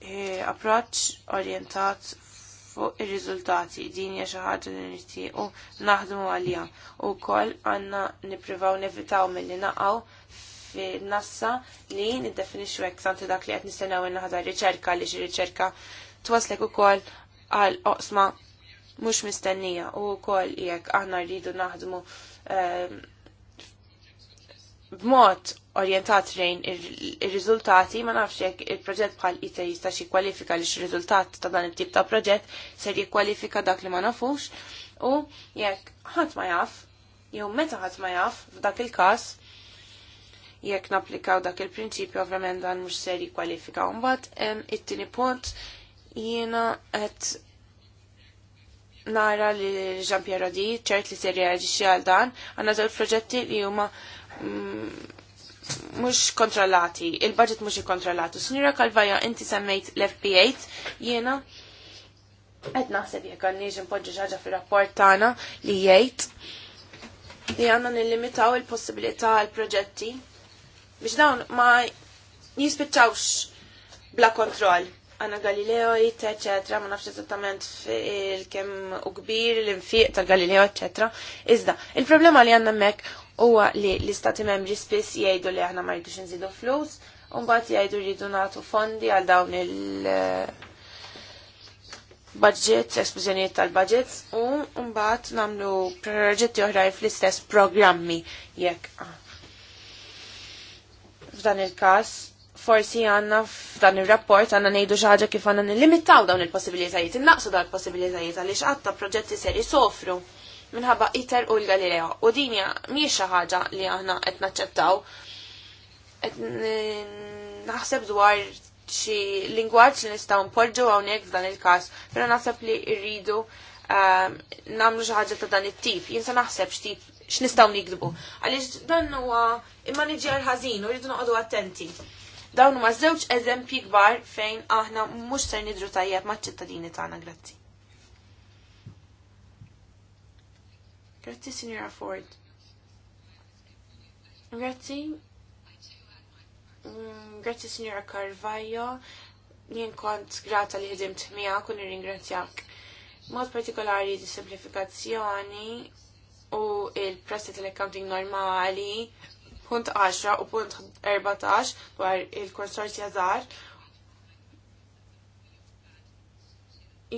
eh, approċ orientat fuq ir-riżultati din hija xi ħaġa li nixtiequ naħdmu għalija. Ukoll għandna nippruvaw nevitaw milli naqgħu fin-nassa li niddefinixxu hekk santi dak li qed nistennew innaħda riċerka li xi riċerka twaslek ukoll għal oqsma mhux mistennija u wkoll jekk aħna rridu naħdmu ehm, b'mod orientat rejn ir-riżultati ma nafx jekk il-proġett bħal jista' xi kwalifika li x-riżultat ta' dan it-tip ta' proġett ser jikkwalifika dak li ma nafux u jekk ħadd ma jaf jew meta ħadd ma jaf f'dak il-każ jekk napplikaw dak il-prinċipju ovvjament dan mhux ser jikkwalifika. Mbagħad it-tieni punt jiena qed nara li Jean Pierre Rodi ċert li ser reaġixxi għal dan għandna żewġ proġetti li huma mux mm, kontrollati, il-budget mux kontrollatu. Snira Kalvaja, inti semmejt l-FP8, jena għed naħseb jek għanni podġi ġaġa fil-rapport tana li jgħid li għanna nillimitaw il-possibilità għal-proġetti biex dawn ma jispiċċawx bla kontroll. Għanna Galileo, eccetera, ma nafx eżattament fil kem u kbir l-infiq ta' Galileo, eccetera. Iżda, il-problema li għanna mek huwa li l-istati membri spiss jgħidu li aħna ma rridux nżidu flus, u mbagħad jgħidu rridu nagħtu fondi għal dawn il- budget, esplużjoniet tal-budgets u mbagħad nagħmlu proġetti oħrajn fl-istess programmi jekk. F'dan il-każ forsi għanna f'dan il-rapport għanna nejdu ħaġa kif għanna nillimitaw dawn il-possibilitajiet, innaqsu dawn il-possibilitajiet għalix għatta proġetti seri sofru minħabba ITER u l-Galileo. U dinja mhijiex xi ħaġa li aħna qed naċċettaw. Naħseb dwar xi lingwaġġ li nistgħu nporġu hawnhekk f'dan il-każ, però naħseb li rridu ehm, nagħmlu xi ħaġa ta' dan it-tip. Jien se naħseb x'tip x'nistgħu nikdbu. Għaliex dan huwa immaniġjar ħażin u rridu noqogħdu attenti. Dawn huma żewġ eżempji kbar fejn aħna mhux ser nidru tajjeb maċ-ċittadini tagħna, grazzi. Grazzi, Signora Ford. Grazzi. Mm, grazie Signora Carvajo. Jien kont grata li ħedimt mija kun ringrazzjak. Mod partikolari di simplifikazzjoni u il-prassi tal-accounting normali punt 10 u punt 14 dwar il-konsorzja żgħar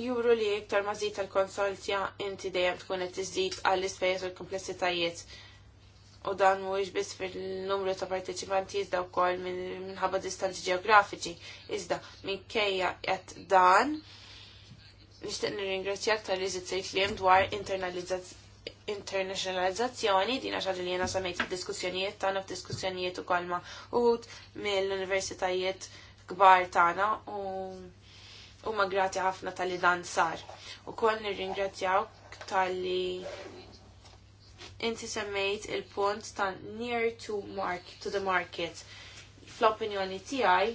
juru li iktar mażid tal-konsolzja inti dejjem tkun qed tiżdid għall ispejjeż u l-komplessitajiet. U dan mhuwiex biss fil-numru ta' parteċipanti iżda wkoll minħabba distanzi ġeografiċi. Iżda minkejja qed dan nixtieq nirringrazzjak tal iżid sejt li hemm dwar internazzjonalizzazzjoni din għax li jena samejt diskussjonijiet tagħna f'diskussjonijiet ukoll ma' uħud mill-universitajiet kbar tagħna u u ma grati ħafna tal-li dan sar. U koll nirringrazzjawk tal-li inti semmejt il-punt ta' near to, mark, to the market. Fl-opinjoni tiegħi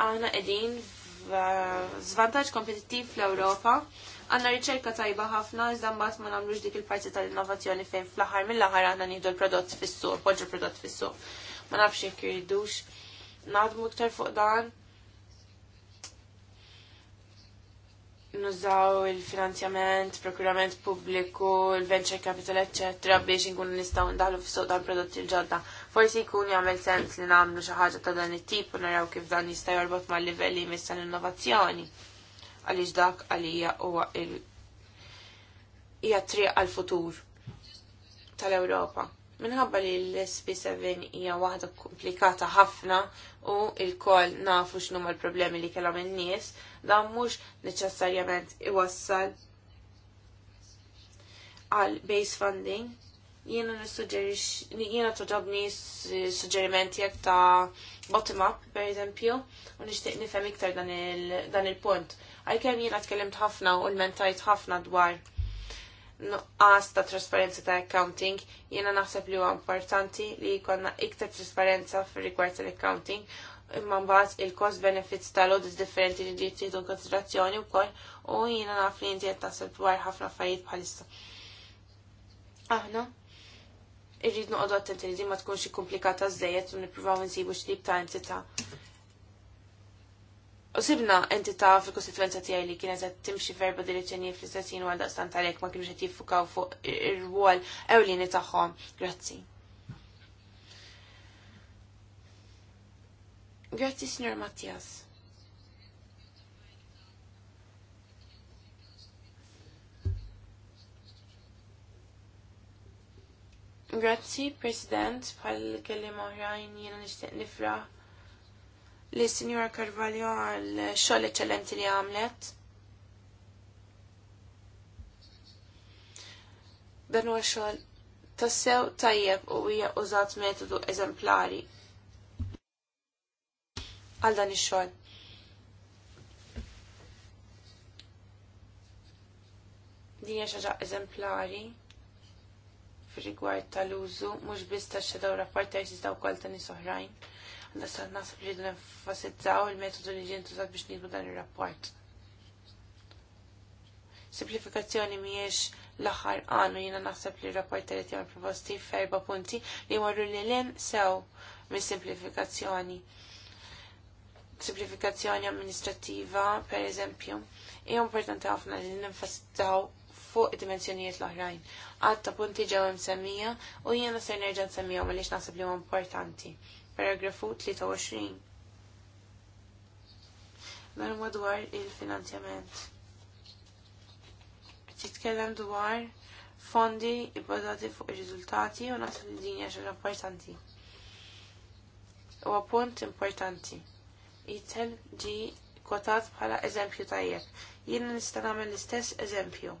għana qegħdin zvantaġġ kompetittiv fl-Ewropa għanna riċerka tajba ħafna, iżda mbagħad ma nagħmlux dik il-parti tal-innovazzjoni fejn fl-aħħar mill ħar għanna nidu l-prodott fissu, poġġu l-prodott fis-suq. Ma nafx jekk iridux naħdmu iktar fuq dan nużaw il-finanzjament, prokurament pubbliku, il-venture capital, etc. biex nkunu nistgħu ndaħlu fis-suq tal-prodotti l-ġodda. Forsi jkun jagħmel sens li nagħmlu xi ħaġa ta' dan it-tip u naraw kif dan jista' jorbot mal-livelli missa l-innovazzjoni. Għaliex dak għalija huwa il hija triq għall-futur tal-Ewropa. Minħabba li l-SP7 hija waħda komplikata ħafna u l koll nafu x'numa l-problemi li kellhom in-nies, dan mhux neċessarjament iwassal għal base funding. Jiena nissuġġerixxi jiena toġobni suġġerimenti jekk ta' bottom up, per eżempju, u nixtieq nifhem iktar dan il-punt. Għalkemm jiena tkellimt ħafna u l-mentajt ħafna dwar nuqqas ta' trasparenza ta' accounting, jiena naħseb li huwa importanti li jkollna iktar trasparenza fir rigward tal-accounting imma mbagħad il-cost benefits tal-odds differenti li ġiet tieħdu konsiderazzjoni wkoll u jiena naf li inti qed taħseb dwar ħafna affarijiet bħalissa. Aħna irrid noqogħdu attenti li din ma tkunx ikkumplikata żejjed u nippruvaw insibu x'tip ta' entità. U sibna entità fil-kostituenza tiegħi li kienet qed timxi verba direzzjoni fl-istessin għal daqstant għalhekk ma kienux qed jiffukaw fuq ir-rwol ewlieni tagħhom. Grazzi. Grazzi, signor Mattias. Grazzi, President, pal kellim oħrajn jiena nixtieq nifra. li Signora Carvalho għal xogħol eċċellenti li għamlet. Dan huwa xogħol tassew tajjeb u hija użat metodu eżemplari għal dan ix-xogħol. Din hija xi eżemplari fir-rigward tal-użu mhux biss tax-xedaw rapporter iżda wkoll ta' nies oħrajn. sa nasab rridu nenfasizzaw il-metodu li ġien tużat biex nidbu dan ir-rapport. Simplifikazzjoni mhijiex l-aħħar qanu jiena naħseb li r-rapporti qed jagħmel proposti f'erba' punti li jmorru lil hemm sew mis-simplifikazzjoni simplifikazzjoni amministrativa, per eżempju, hija importanti ħafna li ninfestaw fuq id-dimensjonijiet l-oħrajn. Għadta punti ġew hemm semmija u jiena ser nerġa' nsemmihom għaliex naħseb li huma importanti. Paragrafu 23. Dan huwa dwar il-finanzjament. Titkellem dwar fondi ibbażati fuq ir-riżultati u naħseb li din hija xi importanti. Huwa punt importanti jitem ġi kotat bħala eżempju tajjeb. Jien nista' nagħmel l-istess eżempju.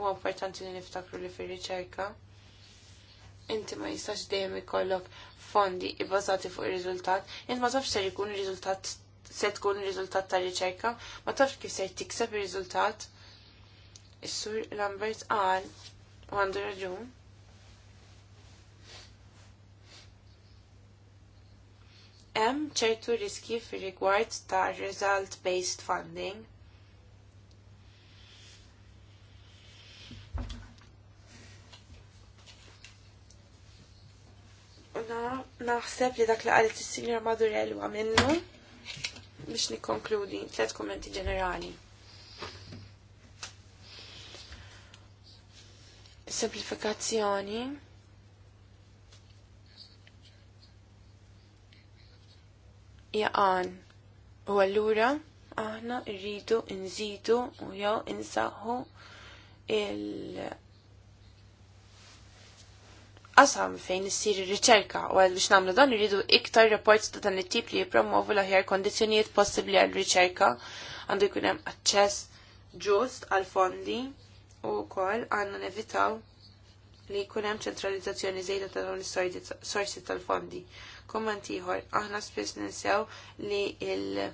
Huwa importanti li niftakru li fir-riċerka inti ma jistax dejjem ikollok fondi ibbażati fuq ir-riżultat, Jien ma tafx se jkun ir-riżultat se tkun ir-riżultat ta' riċerka, ma tafx kif se tikseb ir-riżultat. Is-sur Lambert qal u għandu raġun hemm ċertu riski fir-rigward ta' result based funding. Una naħseb li dak li qalet is-Sinjor Madurell huwa minnu biex nikkonkludi tliet kummenti ġenerali. Simplifikazzjoni jaqan u allura aħna rridu nżidu u jew insaħħu il qasam fejn issir ir-riċerka u għal biex nagħmlu dan irridu iktar reports ta' dan it-tip li jippromovu l-aħjar kondizzjonijiet possibbli għal riċerka għandu jkun hemm aċċess ġust għal fondi u wkoll għandna nevitaw li jkun hemm ċentralizzazzjoni żejda ta' dawn is-sorsi tal-fondi. Komment ieħor, aħna spiss ninsew li il-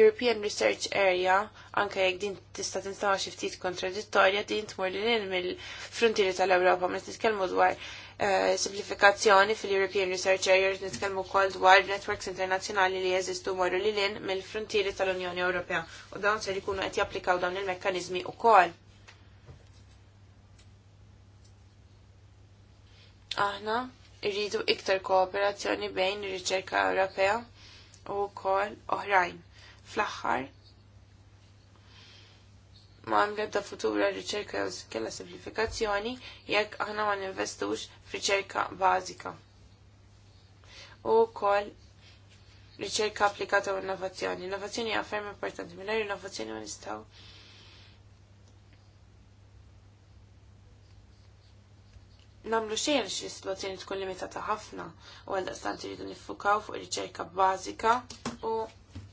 European Research Area, anke jekk din tista' tinstama xi ftit kontradittorja, din tmur li l-in mill-frontieri tal-Ewropa meta nitkellmu dwar eh, simplifikazzjoni fil-European Research Area nitkellmu wkoll dwar networks internazzjonali li jeżistu morru li l-in mill-frontieri tal-Unjoni Ewropea u dawn se jkunu qed japplikaw dawn il-mekkaniżmi wkoll. Aħna irridu iktar kooperazzjoni bejn ir-riċerka Ewropea u wkoll oħrajn. Fl-aħħar ma għamlebda futura riċerka jew kella simplifikazzjoni jekk aħna ma ninvestux f'riċerka bażika. U wkoll riċerka applikata u innovazzjoni. Innovazzjoni hija ferm importanti, mingħajr innovazzjoni ma nistgħu namlu xejn xi situazzjoni tkun limitata ħafna u għal daqstant iridu niffukaw fuq riċerka bażika u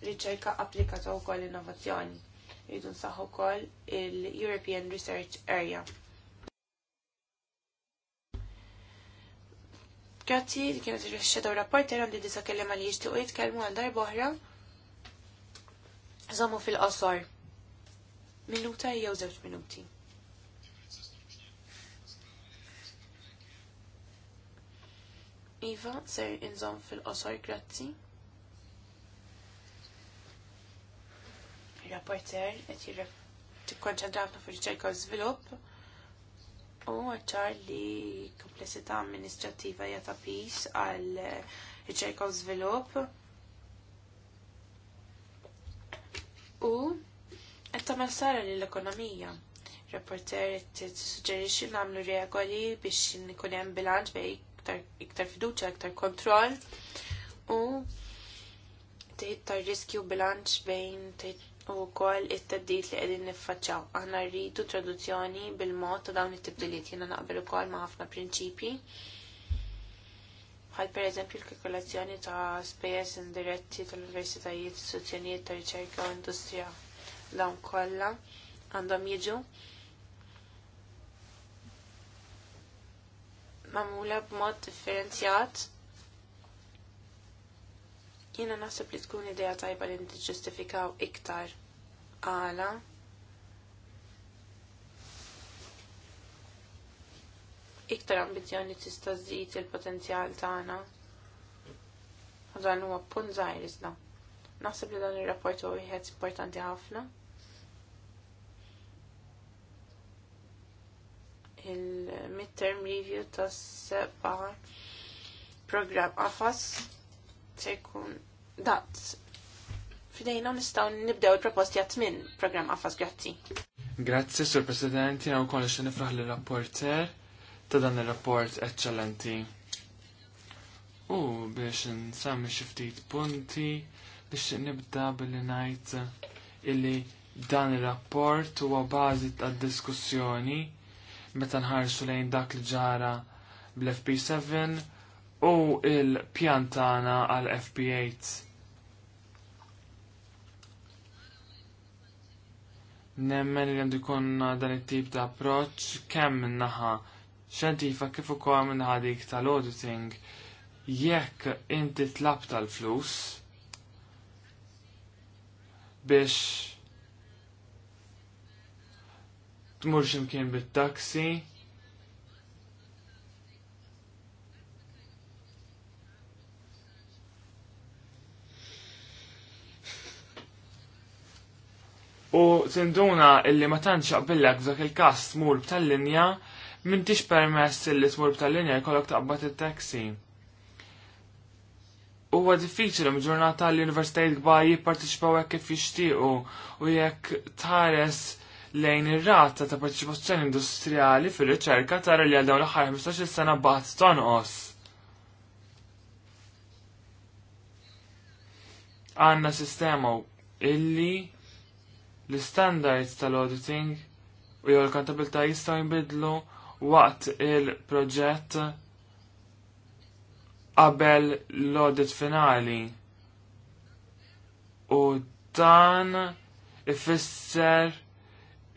riċerka applikata wkoll innovazzjoni. Iridu nsaħħu wkoll il-European Research Area. Grazzi li kienet ir-xedaw rapporter għandi disa kellema għal jixtiequ jitkellmu għal darba oħra. Żommu fil-qosor. Minuta jew żewġ minuti. Iva, ser inżom fil-qosor, grazzi. Rapporter, et tikkonċentrafna fil-ċerka u svilupp. U għacċar li komplessità amministrativa jata pis għal ċerka u svilupp. U għed tamel sara li l-ekonomija. Reporter suġġerixi namlu regoli biex nikunem hemm bilanċ bejk iktar iktar fiduċa, iktar kontroll u tejt tar riskju bilanċ bejn u kol it-teddit li għedin niffaċċaw. Aħna rridu traduzzjoni bil-mod ta' dawn it-tibdiliet jena naqbel u kol ma' ħafna prinċipi. Għal per eżempju l-kalkolazzjoni ta' spejes indiretti tal-universitajiet, istituzzjonijiet ta' riċerka u industrija dawn kollha għandhom jiġu mamula b'mod differenzjat. Jiena naħseb li tkun idea tajba li niġġustifikaw iktar għala. Iktar ambizjoni tista' żid il-potenzjal tagħna. dan huwa punt żgħir iżda. Naħseb li dan ir-rapport huwa wieħed importanti ħafna. il-midterm review tas seba program AFAS se jkun dat fidejna nistaw nibdew il-proposti għatmin program AFAS grazzi. Grazzi, Sur President, għaw koll xe nifraħ l-rapporter ta' dan il-rapport eccellenti. U biex nsammi xiftit punti biex nibda billi najt illi dan il-rapport huwa bażi tad-diskussjoni meta nħarsu lejn dak li ġara bl-FP7 u il pjantana għal FP8. Nemmen li għandu jkun dan it-tip ta' approċċ kemm minnaħa xentifa kif ukoll minnaħa dik tal-auditing jekk inti tlab tal-flus biex tmurx imkien bit taxi U tinduna illi ma tantx qabillek f'dak il-każ tmur b'tal-linja m'intix permess illi tmur b'tal-linja jkollok taqbad it-taxi. Huwa diffiċli mġurnata l universitajiet kbar jipparteċipaw hekk kif jixtiequ u jekk tħares lejn ir-rata ta' parteċipazzjoni industrijali fir-riċerka tara li għal dawn l-aħħar 15 sena bagħad tonqos. Għanna sistema illi l-standards tal-auditing u jew l kantabilta jistgħu jinbidlu waqt il-proġett qabel l-audit finali. U dan ifisser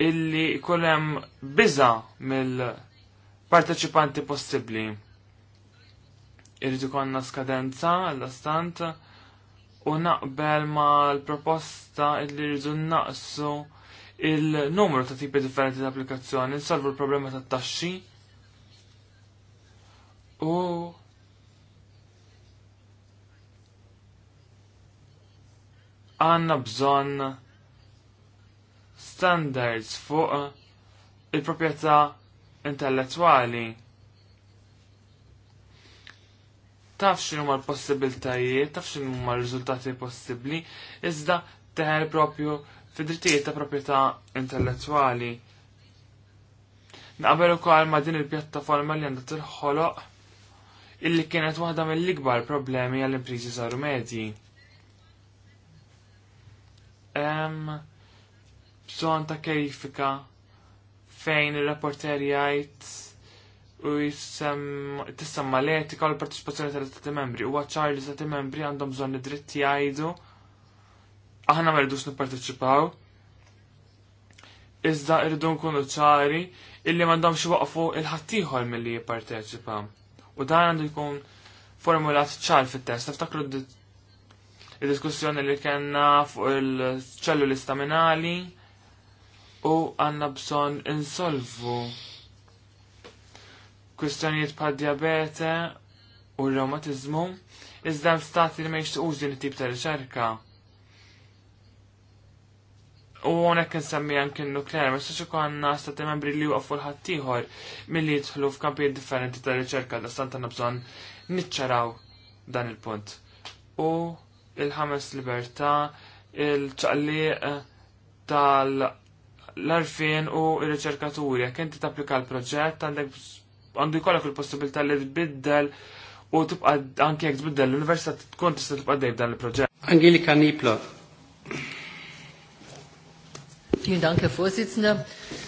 illi kolem biza mill-parteċipanti possibli. Irridu konna skadenza għall-astant u naqbel ma l-proposta illi rridu naqsu il-numru ta' tipi differenti ta' applikazzjoni, nsolvu l-problema ta' taxxi u għanna bżonn standards fuq il-proprjetà intellettwali. Taf x'inhu l-possibiltajiet, taf huma r-riżultati possibbli, iżda teħel propju fidritijiet ta' proprjetà intellettwali. Naqbel ukoll ma' din il-pjattaforma li għandha tilħoloq illi kienet waħda mill-ikbar problemi għall-impriżi saru medji. Um, bżon ta' kerifika fejn il-rapporter jgħid u jissem l-etika u l partisipazzjoni tal-istati membri. U għacċar li stati membri għandhom bżon li dritti jgħidu aħna ma rridux nipparteċipaw. Iżda rridu nkunu ċari illi m'għandhomx waqfu il mill milli jipparteċipa. U dan għandu jkun formulat ċar fit-test. Niftakru id-diskussjoni li kellna fuq il-ċelluli staminali u għanna bżon insolvu kwistjonijiet pa' diabete u reumatizmu, iżda l-stati li meċt użin din tip ta' riċerka. U għonek nsemmi anke nuklear, ma s-saxu għanna stati membri li fuq ħaddieħor milli jidħlu f'kampijiet differenti ta' riċerka da' stant għanna bżon niċċaraw dan il-punt. U il-ħames libertà, il-ċaqli eh, tal- l arfien u il-reċerkaturi, jek inti tapplika l-proġett għandek għandu jkollok il-possibilità li tbiddel u tibqa' anke jek tbiddel l-università tkun tista' tibqa' dejb dan il-proġett. Angelika Nipla. Vielen Dank, Herr Vorsitzender.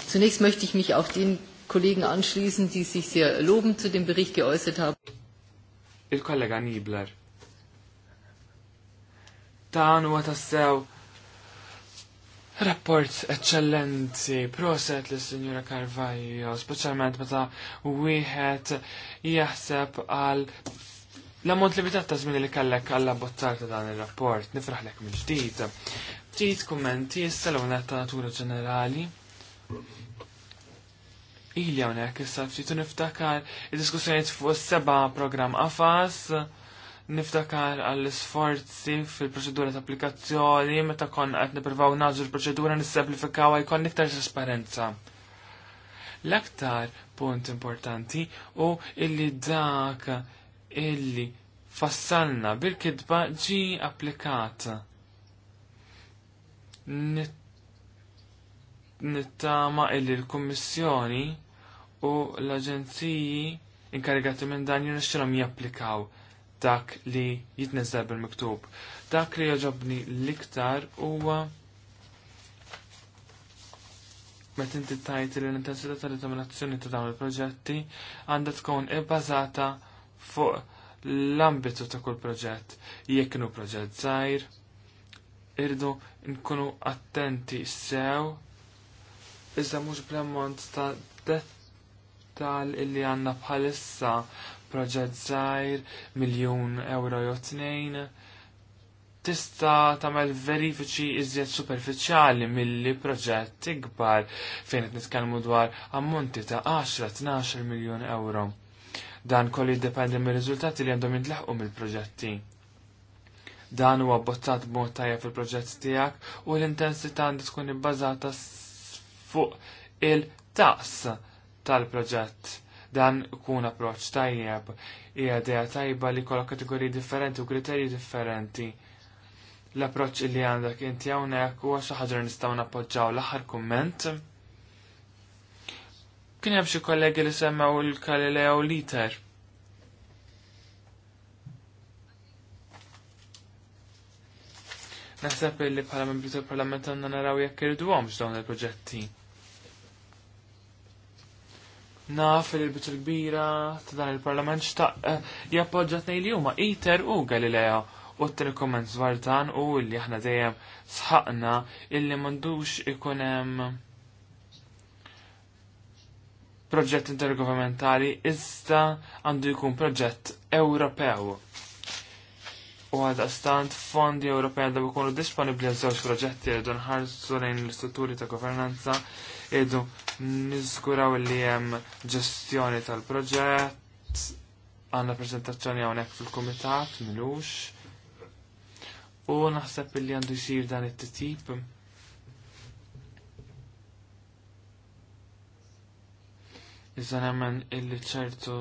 Zunächst möchte ich mich auch den Kollegen anschließen, die sich sehr lobend zu dem Bericht geäußert haben. Il-kollega Nibler. Dan huwa għatassew. Rapport eccellenti, proset li signora Carvajo, specialment meta wieħed jaħseb għal l-ammont bitat ta' żmien li kellek għalla bottar ta' dan ir-rapport, nifraħlek minn ġdid. Ftit kummenti issa l ta' natura ġenerali. Ili hawnhekk issa ftit niftakar id-diskussjonijiet fuq seba' programm AFAS niftakar għall sforzi fil-proċedura ta' applikazzjoni, meta kon qed nippruvaw nażu l-proċedura nissemplifikaw għajkon iktar trasparenza. L-aktar punt importanti u illi dak illi fassalna bil-kidba ġi applikat. Nittama illi l-Kummissjoni u l-Aġenziji inkarigati minn dan jirnexxilhom japplikaw dak li jitnezzar bil-miktub. Dak li jaġobni l-iktar huwa meta inti tajt li l-intensità tal-determinazzjoni ta' dawn il-proġetti għandha tkun ibbażata fuq l-ambitu ta' kull proġett. Jekk inhu proġett żgħir, irridu nkunu attenti sew iżda mhux bl-ammont ta' dettal illi għandna bħalissa proġett żgħir, miljun euro jew tnejn, tista' tagħmel verifiċi iżjed superfiċjali milli proġett ikbar fejn qed nitkellmu dwar ammonti ta' 10-12 miljun euro. Dan kolli jiddependi mir-riżultati li għandhom jintlaħqu mill-proġetti. Dan huwa bottat b'mod tajjeb fil-proġett tiegħek u l-intensità għandha tkun ibbażata fuq il-taqs tal-proġett Dan kun approċ tajjeb, hija idea tajba li kolla kategoriji differenti u kriterji differenti. L-approċ li għandak inti hawnhekk huwa xi ħaġa nistgħu nappoġġaw l-aħħar kumment. Kien hemm xi kollegi li semmew il-Galileo Liter. Naħseb li bħala membri tal-Parlament għandna naraw jekk irdu dawn il-proġetti naf li l-biċ il-kbira ta' dan il-parlament xtaq eh, jappoġġa tnej li huma ITER u Galileo u t-telekomment zvartan dan u li aħna dejjem sħaqna illi m'għandux ikun hemm proġett intergovernmentali iżda għandu jkun proġett Ewropew. U għadastant fondi Ewropej għandu jkunu disponibli għal żewġ proġetti għadu nħarsu lejn l-istrutturi ta' governanza Edu, niżguraw li hemm ġestjoni tal-proġett, għandna prezentazzjoni hawnhekk fil-kumitat milux. U naħseb li għandu jsir dan it tip Iżda għemmen illi ċertu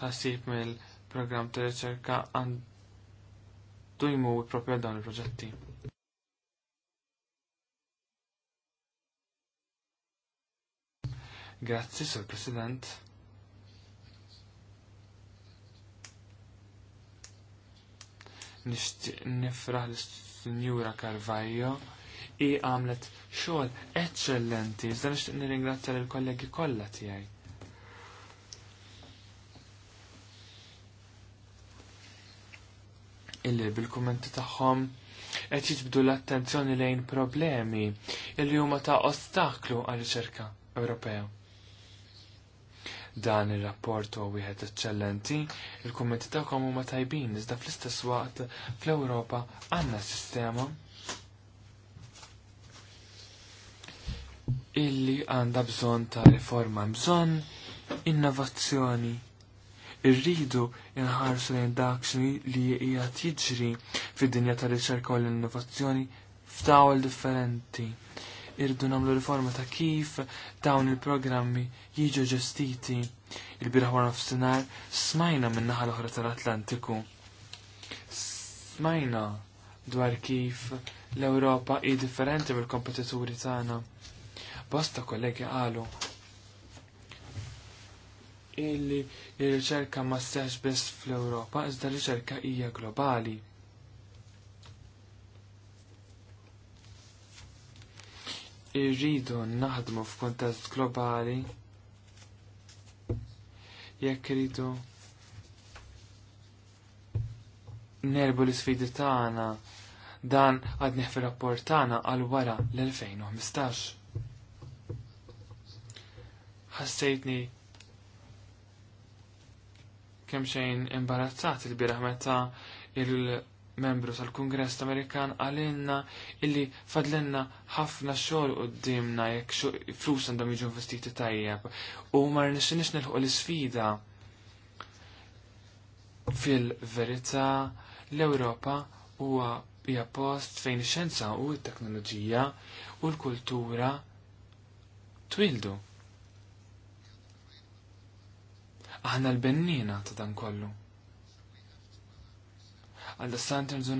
tasib mill-programm ta' riċerka għandu jmu propju dan il-proġetti. Grazzi, Sur President. Nishtiq nifraħ l-Sinjura Carvajo i għamlet xogħol eċċellenti, iżda nixtieq nirringrazzja lill kollegi kollha tiegħi. Illi bil-kummenti tagħhom qed jiġbdu l-attenzjoni lejn problemi illi huma ta' ostaklu għal riċerka Ewropea dan ir-rapport u wieħed eċċellenti, il-kummenti tagħkom huma tajbin iżda fl-istess waqt fl-Ewropa għandna sistema illi għandha bżonn ta' riforma bżonn innovazzjoni irridu inħarsu lejn dak li hija jiġri fid-dinja tar-riċerka u l-innovazzjoni f'dawl differenti. Irdu nagħmlu riforma ta' kif dawn il-programmi jiġu ġestiti il-biraħ wara Sinar smajna minnaħal naħa l-oħra tal-Atlantiku. Smajna dwar kif l-Ewropa i differenti mill-kompetituri tagħna. Bosta kollegi qalu illi il-riċerka ma stax biss fl-Ewropa, iżda r-riċerka hija globali. irridu naħdmu f'kuntest globali jekk irridu nerbu l-isfidi tagħna dan għad neħfi rapport tagħna għal wara l-2015. Ħassejtni kemm xejn imbarazzat il-biraħ meta il- membru tal-Kungress Amerikan għalinna illi fadlenna ħafna xogħol qudiemna jekk flus għandhom jiġu investiti tajjeb u ma rnexxinix nilħu l-isfida fil-verità l-Ewropa huwa hija post fejn ix-xjenza u t-teknoloġija u l-kultura twildu. Aħna l-bennina ta' dan kollu għal standards u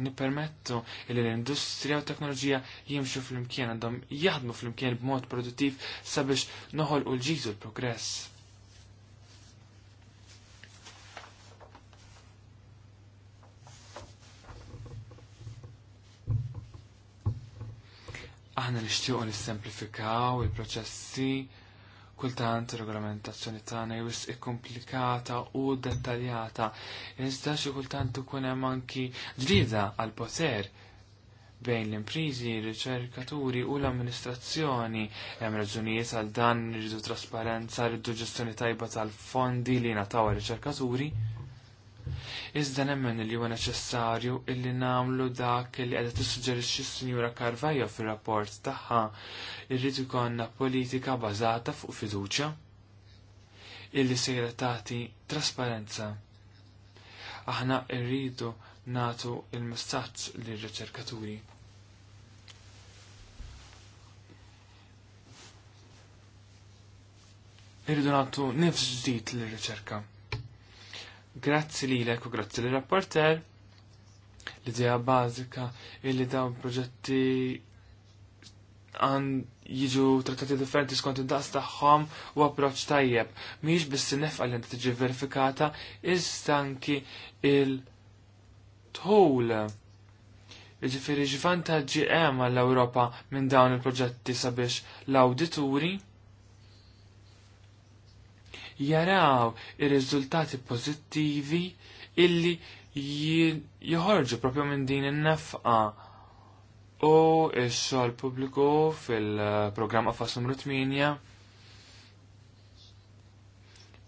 nipermettu mm, li l-industrija u teknoloġija jimxu fl-imkien għandhom jaħdmu fl-imkien b'mod produttiv sabiex noħol u l ġizu l-progress. Aħna nixtiequ nissemplifikaw il-proċessi kultant regolamentazzjoni tagħna jwis ikkomplikata u dettaljata. Iżda xi kultant ikun hemm anki ġlida għal poter bejn l-imprizi, riċerkaturi u l-amministrazzjoni. Hemm raġunijiet għal dan irridu trasparenza, rridu ġestjoni tajba tal-fondi li nataw għal riċerkaturi. Iżda nemmen li huwa neċessarju illi nagħmlu dak li qiegħda tissuġġerixxi s-Sinjura Karvajo fir-rapport tagħha irrid ikollna politika bażata fuq fiduċja illi sejra tagħti trasparenza. Aħna rridu natu il-messaġġ lir-riċerkaturi. Irridu nagħtu nifs ġdid lir-riċerka. Grazzi li l u grazzi li rapporter L-idea bazika illi dawn proġetti għan jiġu trattati differenti skont id-daqs tagħhom u approċċ tajjeb. Mhijiex bissi nefqa li tiġi verifikata, istanki anki il tħol Iġifiri x'vantaġġi hemm għall-Ewropa minn dawn il-proġetti sabiex l-awdituri jaraw ir-riżultati pożittivi illi jħorġu propju minn din in-nefqa u x-xogħol pubbliku fil-programm Affas numru 8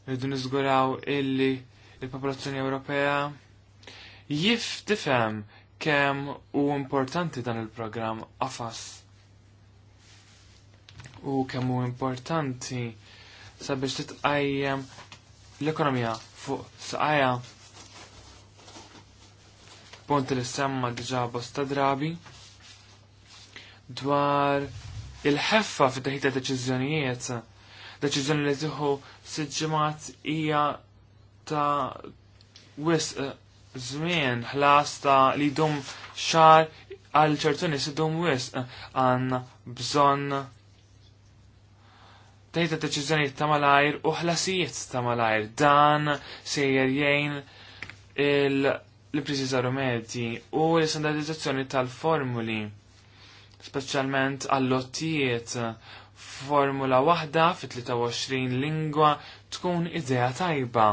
rridu niżguraw illi il-popolazzjoni Ewropea jif tifhem kemm u importanti dan il-programm Affas u kemm u importanti sabiex titqajjem l-ekonomija fuq saqajja punt li semma diġa bosta drabi dwar il-ħeffa fit teħita deċiżjonijiet deċiżjoni li tieħu siġġimat hija ta' wisq eh, żmien ħlas ta' li jdum xar għal ċertuni nies idum wisq eh, għandna bżonn teħita deċiżjonijiet ta' malajr u ħlasijiet ta' malajr. Dan sejjer jgħin l-impriżi żaru medji u l-standardizzazzjoni tal-formuli, speċjalment għall-lottijiet. Formula waħda fit-23 lingwa tkun idea tajba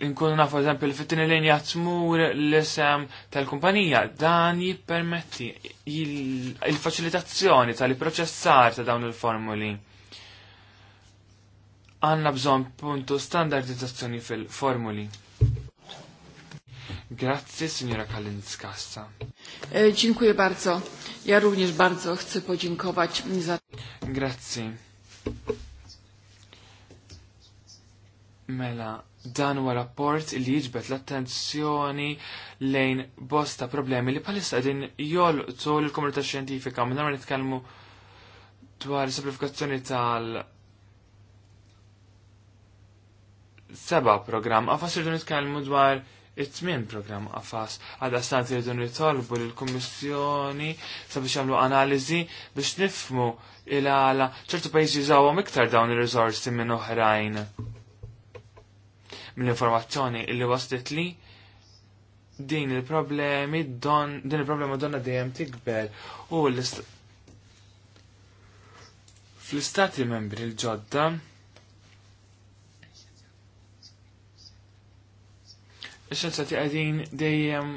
nkunu nafu eżempju li fit-tieni linja tmur l-isem tal-kumpanija dan jippermetti il-faċilitazzjoni tal-proċessar ta' dawn il-formuli. Għanna bżon puntu standardizzazzjoni fil-formuli. Grazie, signora Kalinskassa. E, dziękuję bardzo. Ja również bardzo chcę podziękować za... Grazie. Mela, Dan huwa rapport li jiġbet l-attenzjoni lejn bosta problemi li palissa din jolqtu l-komunità xjentifika minn ma nitkellmu dwar simplifikazzjoni tal- seba program għafas irridu nitkellmu dwar it-tmien program għafas għadha stant irridu nitolbu lill-Kummissjoni sabiex jagħmlu analiżi biex nifmu il-għala ċertu pajjiżi jużawhom iktar dawn ir rizorsi minn oħrajn mill-informazzjoni illi waslet li din il-problemi don din il-problema donna dejjem tikber u l fl-istati membri l-ġodda ix-xenzati qegħdin dejjem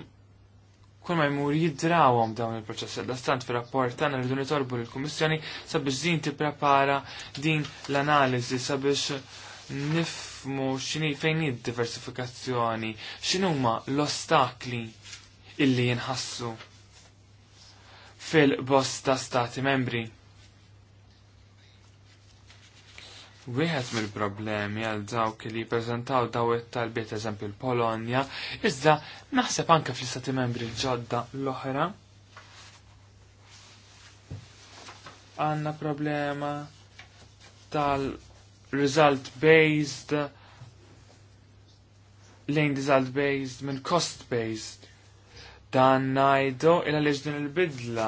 kull ma jmur jidrawhom dawn il-proċess l-astant fir-rapport tagħna rridu nitolbu lill-Kummissjoni sabiex din tipprepara din l-analiżi sabiex nif nifmu xini fejn id-diversifikazzjoni, x'inhuma l-ostakli illi jinħassu fil-bosta stati membri. Wieħed mill-problemi għal dawk li jippreżentaw daw it-talbiet eżempju l-Polonja, iżda naħseb anke fl-istati membri ġodda l-oħra. Għanna problema tal- result based lejn result based minn cost based dan najdu il għaliex din il-bidla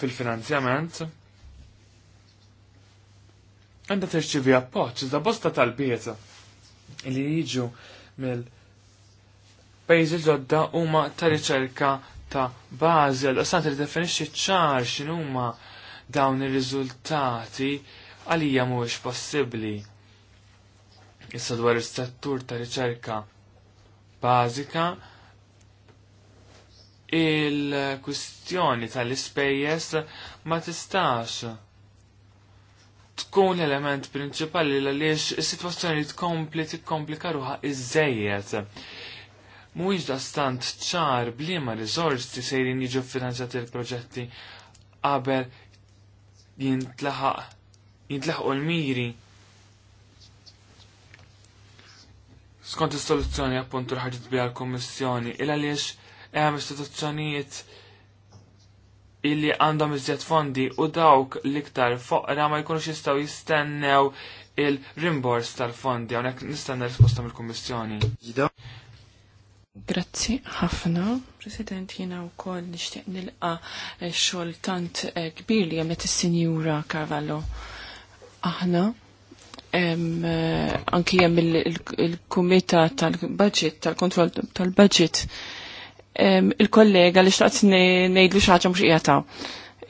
fil-finanzjament għanda terċivi appoċ da bosta tal-bieta li jiġu mill pejzi ġodda huma ta' riċerka ta' bażi għal-qasant li definixxi ċar x'inhuma dawn ir-riżultati għalija mhuwiex possibbli. Issa dwar is-settur ta' riċerka bażika il-kwistjoni tal-ispejjeż ma tistax tkun l-element prinċipali għaliex is-sitwazzjoni tkompli tikkomplika ruha iżejjed. Mhuwiex dastant ċar bliema riżorsi sejrin jiġu finanzjati l-proġetti qabel jintlaħaq jidlaħu l-miri. Skont is-soluzzjoni appuntu l ħagġit bija l-Kommissjoni il għaliex hemm istituzzjonijiet illi għandhom iżjed fondi u dawk l-iktar foqra ma jkunux jistgħu jistennew il-rimbors tal-fondi hawnhekk nistenna risposta mill-Kummissjoni. Grazzi ħafna, President, jina u koll nishtiq nilqa xoltant eh, kbir li għamet il-Sinjura Carvalho. Aħna eh, anki jem il-kumita tal-budget, tal-kontroll tal-budget, il-kollega li xtaqt nejdlu xaħġa mux iħata.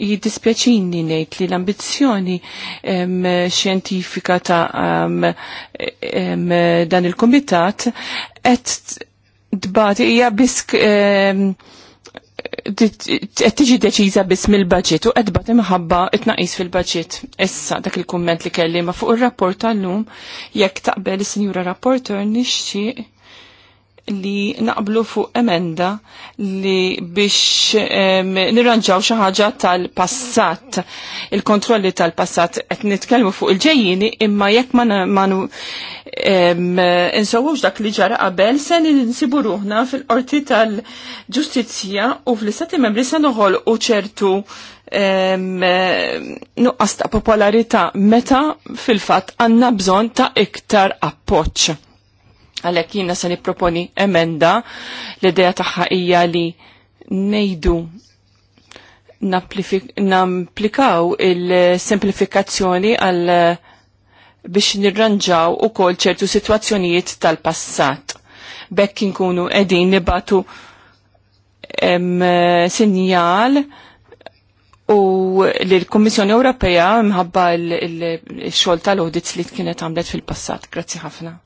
Jiddispjaċini nejt li l-ambizjoni xjentifika ta' dan il-komitat et dbati hija bisk tiġi deċiża biss mill-baġit u qed bad imħabba tnaqis fil-baġit. Issa dak il-kumment li kelli ma fuq ir-rapport tal-lum jekk taqbel is-Sinjura Rapporter nixtieq li naqblu fuq emenda li biex um, nirranġaw xi ħaġa tal-passat, il-kontrolli tal-passat qed nitkellmu fuq il-ġejjini imma jekk ma manu um, insowux dak li ġara qabel se nsibu ruħna fil-qorti tal-ġustizzja u fl-istati membri se noħolqu ċertu um, nuqqas ta' popolarità meta fil-fatt għandna bżonn ta' iktar appoġġ Għalhekk jiena se nipproponi emenda l-idea tagħha hija li nejdu namplikaw il-semplifikazzjoni għal biex nirranġaw u kol ċertu situazzjonijiet tal-passat. Bekk inkunu edin nibatu sinjal u li l-Kommissjoni Ewropea mħabba l-xol tal-audits li kienet għamlet fil-passat. Grazzi ħafna.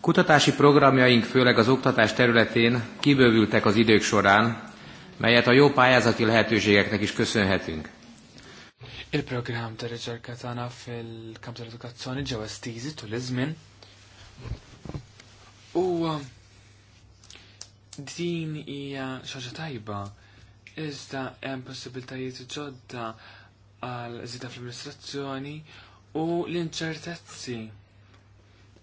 Kutatási programjaink főleg az oktatás területén kibővültek az idők során, melyet a jó pályázati lehetőségeknek is köszönhetünk. Il-program ta' riċerka tagħna fil-kamp tal-edukazzjoni ġewwa stiżi tul iż-żmien. U din hija xaġa tajba iżda hemm possibiltajiet ġodda għal żieda fl-amministrazzjoni u l-inċertezzi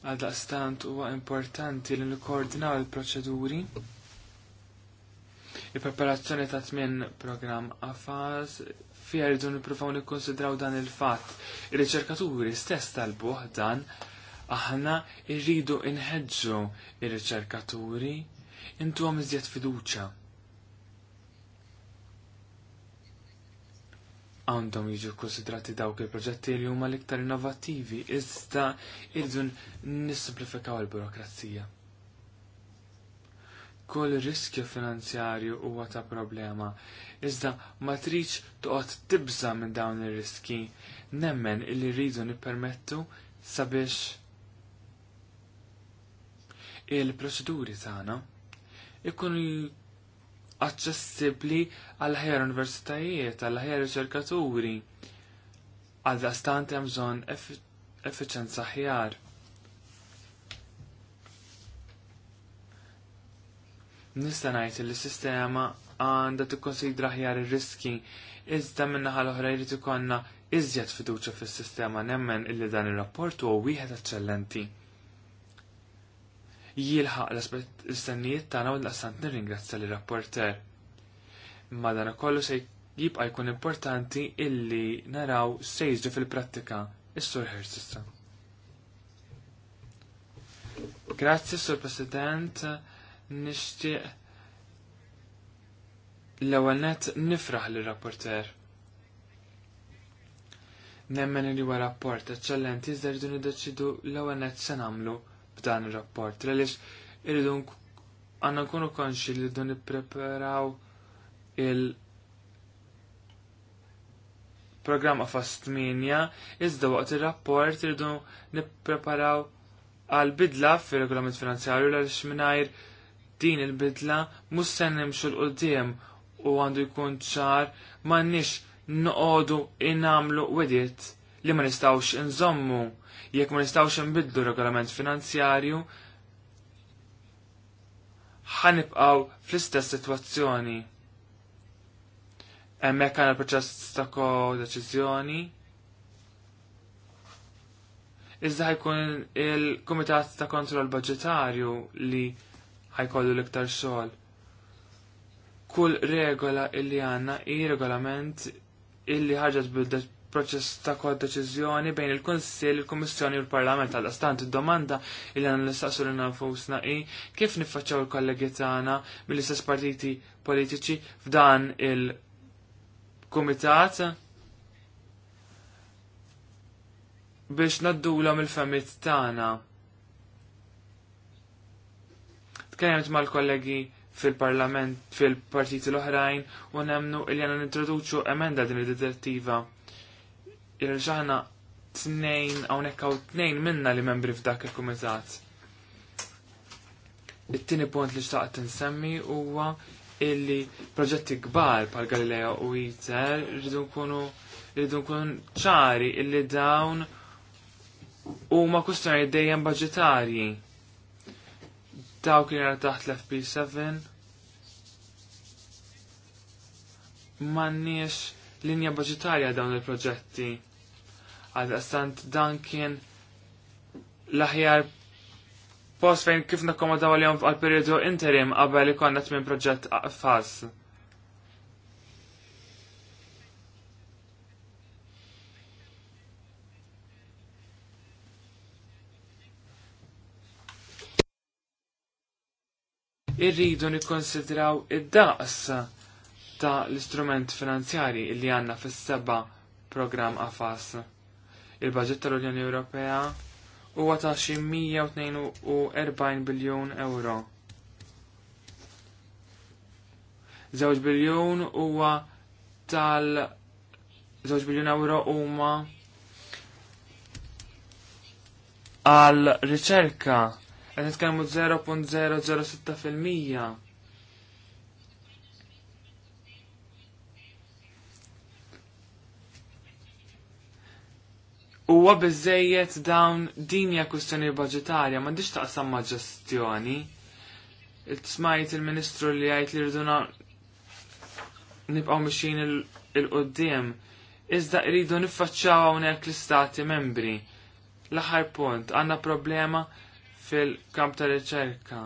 Għaldaqstant huwa importanti li nikkoordinaw il-proċeduri. Il-preparazzjoni ta' tmien programm għafas fija rridu nippruvaw nikkonsidraw dan il-fatt. il riċerkaturi stess tal-buħ dan aħna irridu inħedġu il riċerkaturi intu għom iżjed fiduċa għandhom jiġu konsidrati dawk il-proġetti li huma l-iktar innovattivi, iżda irridu nissimplifikaw il-burokrazija. Kull riskju finanzjarju huwa ta' problema, iżda ma trix toqgħod tibża minn dawn ir-riski, nemmen illi rridu nippermettu sabiex il-proċeduri tagħna ikunu aċċessibbli għal ħajja universitajiet, għal ħajja riċerkaturi, għal dastant hemm bżonn effiċenza ħjar. Nista' ngħid li s-sistema għandha tikkonsidra ħjar ir-riski iżda minnaħa l-oħra jrid ikollna iżjed fiduċa fis-sistema nemmen illi dan ir-rapport huwa wieħed eċċellenti jilħaq l istanniet tagħna u l assant nirringrazzja l rapporter Madana kollu se jibqa' jkun importanti illi naraw se fil-prattika is-sur Herzista. Grazzi, Sur President, nixtieq l-ewwel net nifraħ li rapporter nemmen li huwa rapport eċċellenti iżda rridu niddeċidu l-ewwel qed se nagħmlu b'dan ir-rapport. Għaliex irridu għanna nkunu konxi li dun nippreparaw il- programm għafast minja, iżda waqt il-rapport irridu nippreparaw għal bidla fir regolament finanzjarju l minajr din il-bidla mus sen nimxu l-qoddim u għandu jkun ċar ma nix noqodu inamlu wedjiet li ma nistawx nżommu jekk ma nistawx nbiddu regolament finanzjarju ħanibqaw fl-istess situazzjoni. Hemmhekk għandna proċess ta' ko-deċiżjoni. Iżda ħajkun il-Kumitat ta' Kontroll Budġetarju li ħajkollu l-iktar xogħol. Kull regola illi għandna i regolament illi ħarġet proċess ta' kod deċiżjoni bejn il-Kunsill, il-Kummissjoni u l-Parlament għal stant id-domanda il għan l-istaqsu l nfusna i kif niffaċċaw il-kollegi tagħna mill-istess partiti politiċi f'dan il-Kumitat biex naddulhom il-femit tagħna. Tkellimt mal-kollegi fil-parlament, fil-partiti l-oħrajn, u nemnu il-jana nintroduċu emenda din id-direttiva jirġaħna tnejn, nejn għaw tnejn minna li membri f'dak il-komitat. It-tini punt li xtaqt nsemmi huwa illi proġetti kbar pal Galileo u ITER rridu nkunu ċari illi dawn huma kustjoni dejjem budgetarji. Dawk li għar taħt l-FP7 m'għandniex linja budgetarja dawn il-proġetti. Għal-sant dan kien l-aħjar post fejn kif nakkomodaw l-jom għal-periodu interim qabel konna minn proġett fas. irridu nikkonsidraw id-daqs ta' l-istrument finanzjari li għanna fis-seba program AFAS. Il-budget tal-Unjoni Ewropea huwa ta' xi 142 biljun euro. 2 biljun huwa tal żewġ biljun euro huma għal riċerka qed nitkellmu 0.006 fil-mija huwa biżejjed dawn dinja kwistjoni budġetarja m'għandix taqsam ma' ġestjoni. Smajt il-Ministru li jgħid li rridu nibqgħu mixin il-qudiem. Iżda rridu niffaċċaw hawnhekk l-istati membri. L-aħħar punt għandna problema fil-kamp ta' riċerka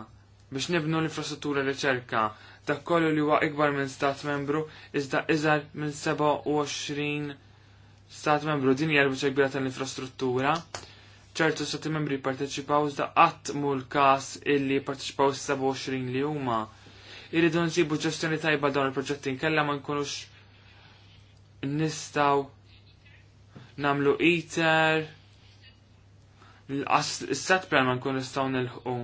biex nibnu l-infrastruttura riċerka dak kollu li huwa ikbar minn stat membru iżda iżgħar minn 27 stat membru din jarbu ċegbira tal-infrastruttura. ċertu stati membri parteċipaw iżda qatt mul kas każ illi parteċipaw 27 li huma. Irridu nsibu ġestjoni tajba dawn il-proġetti nkella ma nkunux nistaw namlu iter l sat plan ma nkun nistaw nilħu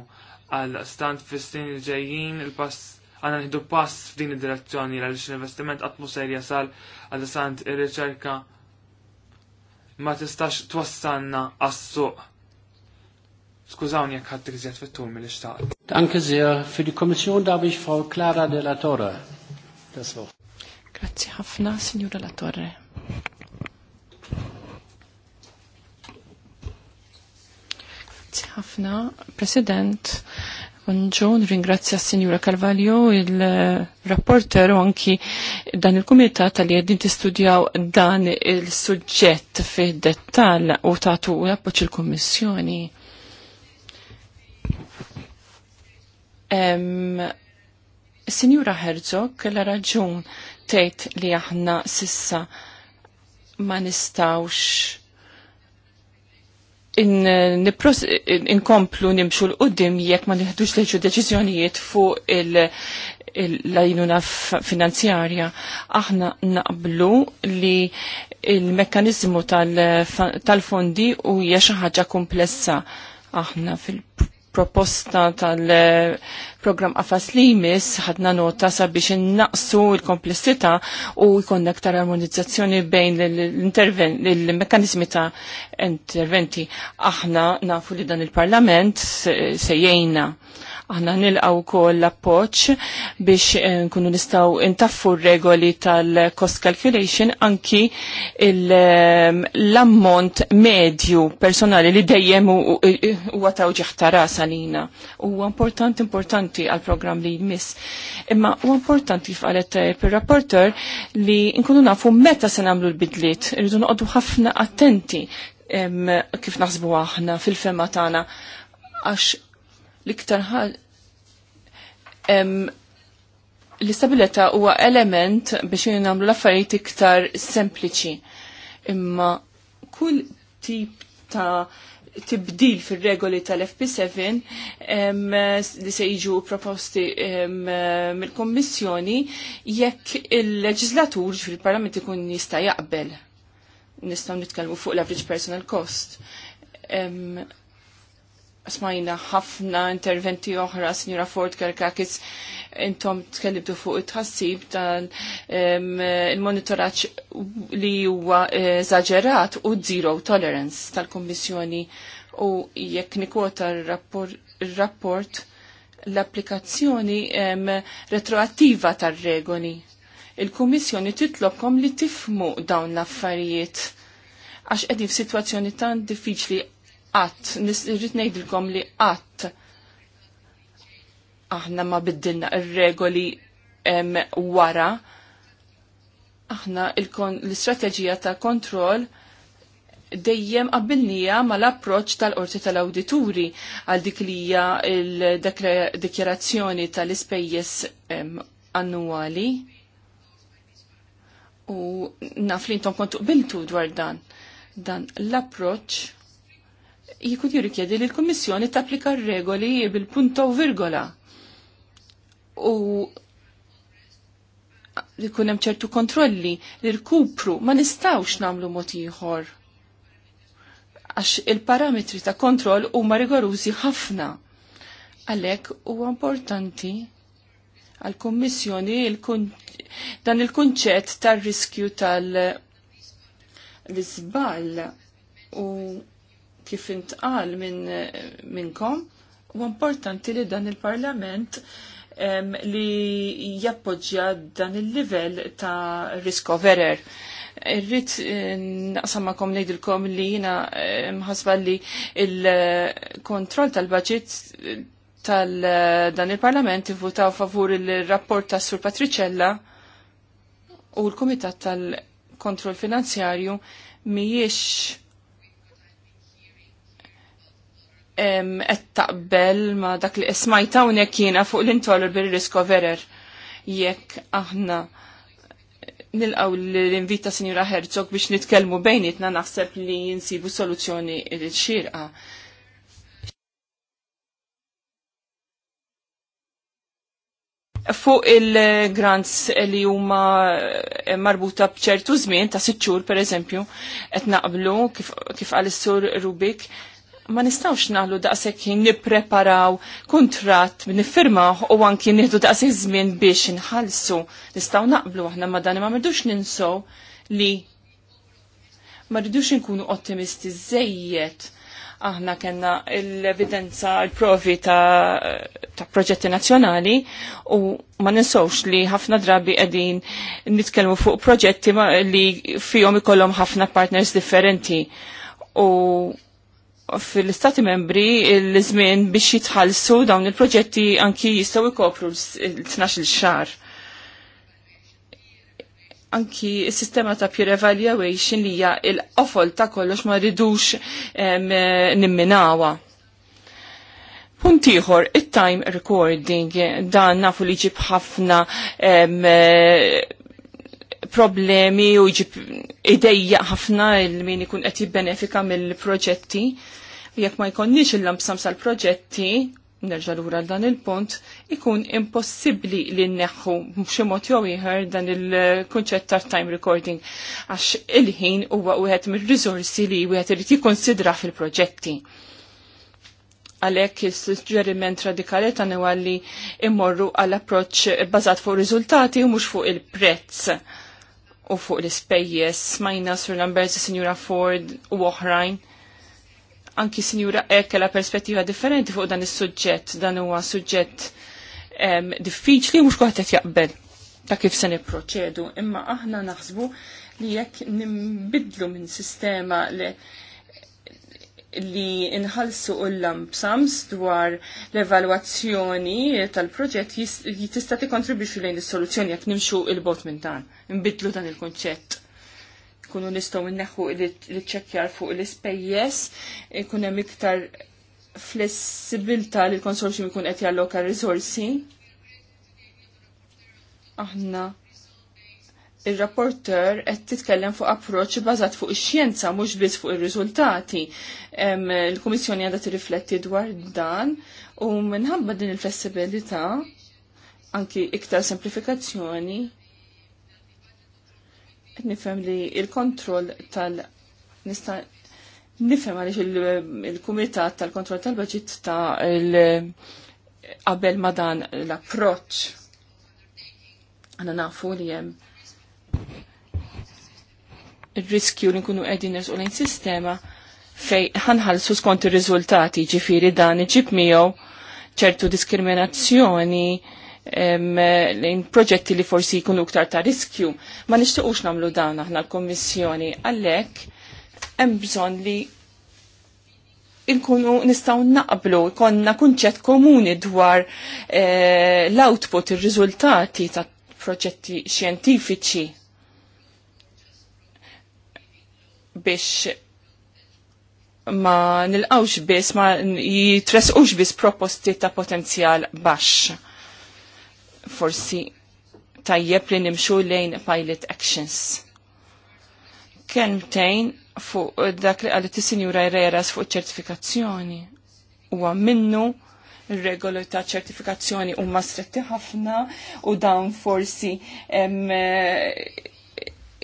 għal stand snin il-ġejjin il-pass għanna nħidu pass f'din id-direzzjoni għal investiment għatmu serja sal għal sant ir-riċerka ma tistax twassanna għas-suq. Skużawni jekk ħadd iżjed fit-tul mill xtaq. Anke sehr. fil die da biex ich Frau Clara de la Torre Grazzi ħafna, Signora la Torre. Grazzi ħafna, President. Unġun, ringrazzja s-Sinjura Calvaglio, il-rapporter u anki dan il-komitat li għeddin tistudjaw dan il sujġet fi dettal u tatu u jappoċ il-Kommissjoni. Sinjura Herzog, la raġun tgħid li aħna sissa ma nistawx Eh, inkomplu in, in nimxu l-qoddim jekk ma nieħdux leġu deċiżjonijiet fuq il-lajnuna finanzjarja. Aħna naqblu li il-mekkanizmu tal-fondi tal u hija xi ħaġa komplessa aħna fil proposta tal-program Afas limis ħadna nota sabiex innaqsu l-komplessità u jkun aktar armonizzazzjoni bejn l-mekkanizmi ta' interventi. Aħna nafu li dan il-parlament sejjejna se Aħna nilqaw kol l-appoċ biex eh, nkunu nistaw intaffu regoli tal-cost calculation anki ehm, l-ammont medju personali li dejjem u għataw ġiħtara salina. U importanti, importanti għal-program li jmiss. Imma u importanti f'għalet eh, per-rapporter li nkunu nafu meta se namlu l-bidliet. Irridu noqdu ħafna attenti ehm, kif naħsbu aħna fil-fema tagħna għax L-iktar l-istabilita huwa element biex nagħmlu l-affarijiet iktar sempliċi. Imma kull tip ta' tibdil fil-regoli tal-FP7 li se jiġu proposti mill-Kommissjoni jekk il-leġislatur fil-Parlament ikun jista' jaqbel. Nistgħu nitkellmu fuq l-average personal cost. Em, smajna ħafna interventi oħra, Signora Ford Kerkakis, intom tkellibtu fuq it-ħassib tal il-monitoraċ li huwa zaġerat u zero tolerance tal-Kommissjoni u jekk nikota r-rapport l-applikazzjoni retroattiva tar-regoli. Il-Kummissjoni titlobkom li tifmu dawn l-affarijiet għax qegħdin f'sitwazzjoni tan diffiċli qatt, irrid ngħidilkom li qatt aħna ma biddilna ir-regoli wara aħna l-istrateġija ta' kontroll dejjem ma mal-approċ tal-qorti tal-awdituri għal dik li hija l-dikjarazzjoni tal-ispejjeż annwali. U naf li intom kontu biltu dwar dan. Dan l-approċ jikun jirrikjedi li l-Kommissjoni tapplika regoli bil-punto virgola. U jikun hemm ċertu kontrolli li rkupru ma nistawx namlu mod ieħor. Għax il-parametri ta' kontroll huma rigorużi ħafna. Għalhekk huwa importanti għal-Kommissjoni dan il-kunċett tar-riskju tal-iżball u kif intqal minn minnkom, u importanti li dan il-Parlament li jappoġġja dan il-livell ta' risk overer. Irrit naqsamakom nejdilkom li jina mħasba li il-kontroll tal-budget tal-dan il-parlament votaw favur il-rapport ta' Sur Patricella u l-Komitat tal-Kontroll Finanzjarju miex qed taqbel ma dak li smajta hawnhekk jiena fuq l-intolerable error jekk aħna nilqaw l-invita Sinjura Herzog biex nitkellmu bejnietna naħseb li jinsibu soluzzjoni l-xirqa. Fuq il-grants li huma marbuta bċertu żmien ta' sitt xhur pereżempju qed naqblu kif qal is-sur Rubik ma nistawx naħlu daqshekk nippreparaw kuntratt niffirmaw u anki nieħdu daqsek żmien biex inħallsu. Nistgħu naqblu aħna ma dan ma rridux ninsow li ma rridux inkunu ottimisti żejjed aħna kena l-evidenza, l-provi ta', ta proġetti nazjonali u ma ninsowx li ħafna drabi għedin nitkelmu fuq proġetti li fihom ikollhom ħafna partners differenti. U fil-Stati membri l-żmien biex jitħallsu dawn il-proġetti anki jistgħu ikopru l-12 xahar. Anki s-sistema ta' peer evaluation li hija l-qofol ta' kollox ma ridux nimminawa. Punt ieħor, it-time recording dan nafu li ġib ħafna problemi u jġib idejja ħafna il-min ikun qed jibbenefika mill-proġetti. Jekk ma jkonniex il-lamsam sal-proġetti, nerġa' lura dan il-punt, ikun impossibbli li nneħħu b'xi mod jew ieħor dan il-kunċett ta' time recording għax il-ħin huwa wieħed mir-riżorsi li wieħed irid jikkonsidra fil-proġetti Għalhekk is-suġġeriment radikali tan li immorru għall approċċ bbażat fuq riżultati u mhux fuq il-prezz u fuq l-ispejjes smajna sur Lamberti, Sinjura Ford u oħrajn. Anki Sinjura Ekela perspettiva differenti fuq dan is-suġġett, dan huwa suġġett diffiċli u mhux qed jaqbel ta' kif se nipproċedu, imma aħna naħsbu li jekk nimbidlu minn sistema li li inħalsu u l Sams dwar l-evaluazzjoni tal-proġett jista tikkontribwixxu lejn is-soluzzjoni jekk nimxu il-bot minn dan, nbidlu dan il-konċett. Kunu nistgħu inneħħu il-ċekjar fuq l-ispejjeż, kunu hemm iktar flessibilità li l-konsorzjum ikun qed jalloka riżorsi. Aħna il-rapporter qed titkellem fuq approċċ bażat fuq ix-xjenza mhux biss fuq ir-riżultati. Il-Kummissjoni għandha tirrifletti dwar dan u minħabba din il-flessibilità anki iktar semplifikazzjoni qed nifhem li il-kontroll tal nista' nifhem għaliex il-Kumitat tal-Kontroll tal-Baġit ta' qabel ma dan l-approċċ. Għana nafu li hemm il-riskju li nkunu qegħdin nerżqu lejn sistema fej ħanħalsu skont ir-riżultati ġifieri dan iġib miegħu ċertu diskriminazzjoni lejn proġetti li forsi jkunu iktar ta' riskju. Ma nixtiequx nagħmlu dan aħna l-Kommissjoni għalhekk hemm bżonn li nkunu nistgħu naqblu, konna kunċett komuni dwar eh, l-output, ir-riżultati ta' proġetti xjentifiċi biex ma nilqawx biss, ma jitresqux biss proposti ta' potenzjal baxx. Forsi tajjeb li nimxu lejn pilot actions. Kemtejn fuq dak li qalet is sinjura Herreras fuq ċertifikazzjoni. Huwa minnu regoli ta' ċertifikazzjoni huma stretti ħafna u dawn forsi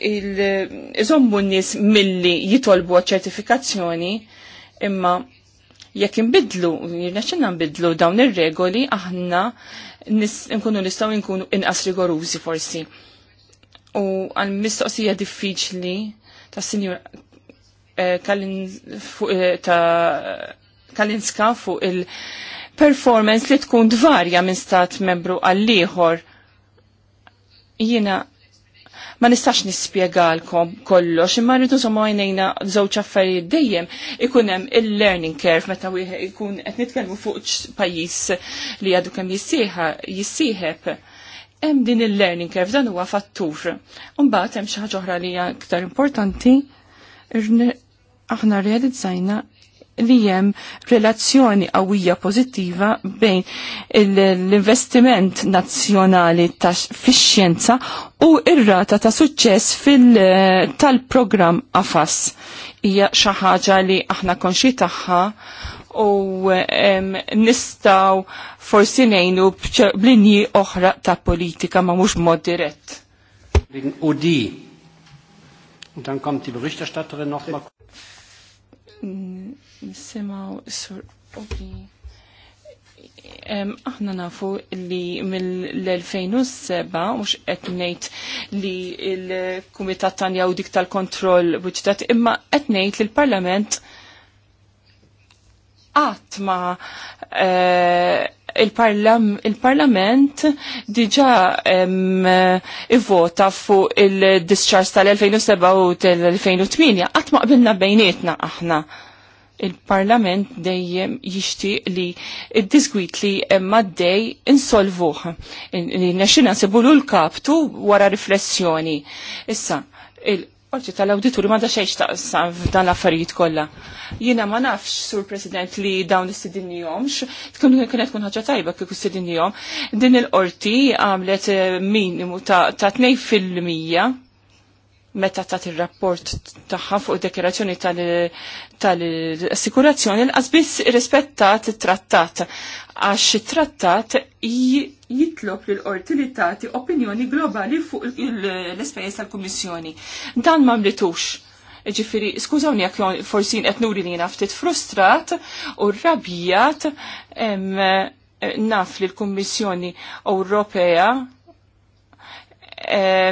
il-żommu n-nis milli jitolbu ċertifikazzjoni imma jekk inbidlu, jirnaċċenna imbidlu dawn ir-regoli aħna nkunu nistaw nkunu inqas rigorużi forsi. U għal mistoqsija diffiċli ta' sinjur eh, eh, Kalinska fuq il-performance li tkun dvarja minn stat membru għall-ieħor. Jiena ma nistax nispjegalkom kollox, imma rridu somma għajnejna żewġ affarijiet dejjem ikun hemm il-learning curve meta wieħed ikun qed nitkellmu fuq pajjiż li għadu kemm jissieħeb. Hemm din il-learning curve dan huwa fattur. Imbagħad hemm xi ħaġa oħra li hija aktar importanti aħna realizzajna li jem relazzjoni qawwija pozittiva bejn l-investiment nazzjonali fix-xjenza u ir-rata ta' suċċess tal-programm AFAS. Hija xi ħaġa li aħna konxi taħħa u um, nistaw forsi nejnu blinji oħra ta' politika ma' mux mod dirett. Udi, dan kam ti berichterstatterin mal nisimaw sur Obi. Aħna nafu li mill-2007 mux etnejt li il-Kumitat tanja u dik tal-kontroll buċtat imma etnejt li l-Parlament ma il-parlament diġa i-vota fuq il-discharge tal-2007 u tal-2008 ma qbilna bejnietna aħna il-parlament dejjem jixtieq li id disgwit li maddej insolvuh li nexxina nsibulu l-kaptu wara riflessjoni. Issa, Orti tal awdituri ma da xejx taqsam f'dan l-affarijiet kollha. Jiena ma nafx, Sur President, li dawn is-sidinjomx, tkun kienet tkun ħaġa tajba kieku jom, din il-qorti għamlet eh, minimu ta' 2 fil-mija meta ta' il-rapport tagħha fuq id-dekirazzjoni tal-assikurazzjoni tal l-qasbis rispettat it-trattat għax it-trattat jitlob l qorti li tagħti opinjoni globali fuq l-espejjeż tal-Kummissjoni. Dan ma mlitux. Ġifiri, skużawni jekk forsin qed li ftit frustrat u rabijat naf li l-Kummissjoni Ewropea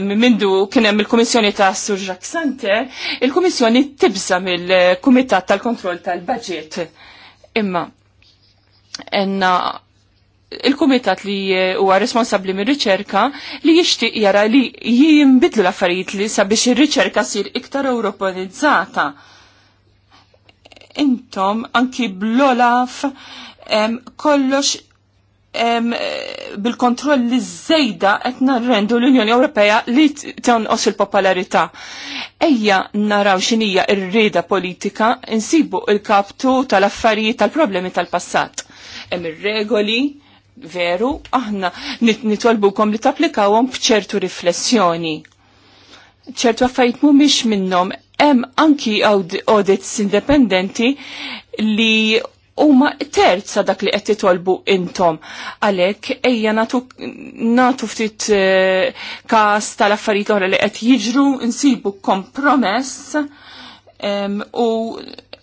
mindu kienem il-Komissjoni ta' Sur Sante, il-Komissjoni tibżam mill-Kumitat tal-Kontroll tal-Budget. Imma, enna il-Kumitat li huwa responsabli mir riċerka li jixtieq jara li jinbidlu l-affarijiet li sabiex ir-riċerka sir iktar europonizzata. Intom anki blolaf kollox Eh, bil-kontroll li żejda qed narrendu l-Unjoni Ewropea li tonqos il-popolarità. Ejja naraw x'inhija r-rieda politika insibu il-kaptu tal-affarijiet tal-problemi tal-passat. Hemm ir-regoli veru aħna nitolbukom li tapplikawhom b'ċertu riflessjoni. ċertu affarijiet mhumiex minnhom hemm anki audits indipendenti li huma terza dak li qed titolbu intom. Għalhekk ejja natu, natu ftit eh, każ tal-affarijiet oħra li qed jiġru, nsibu kompromess um, u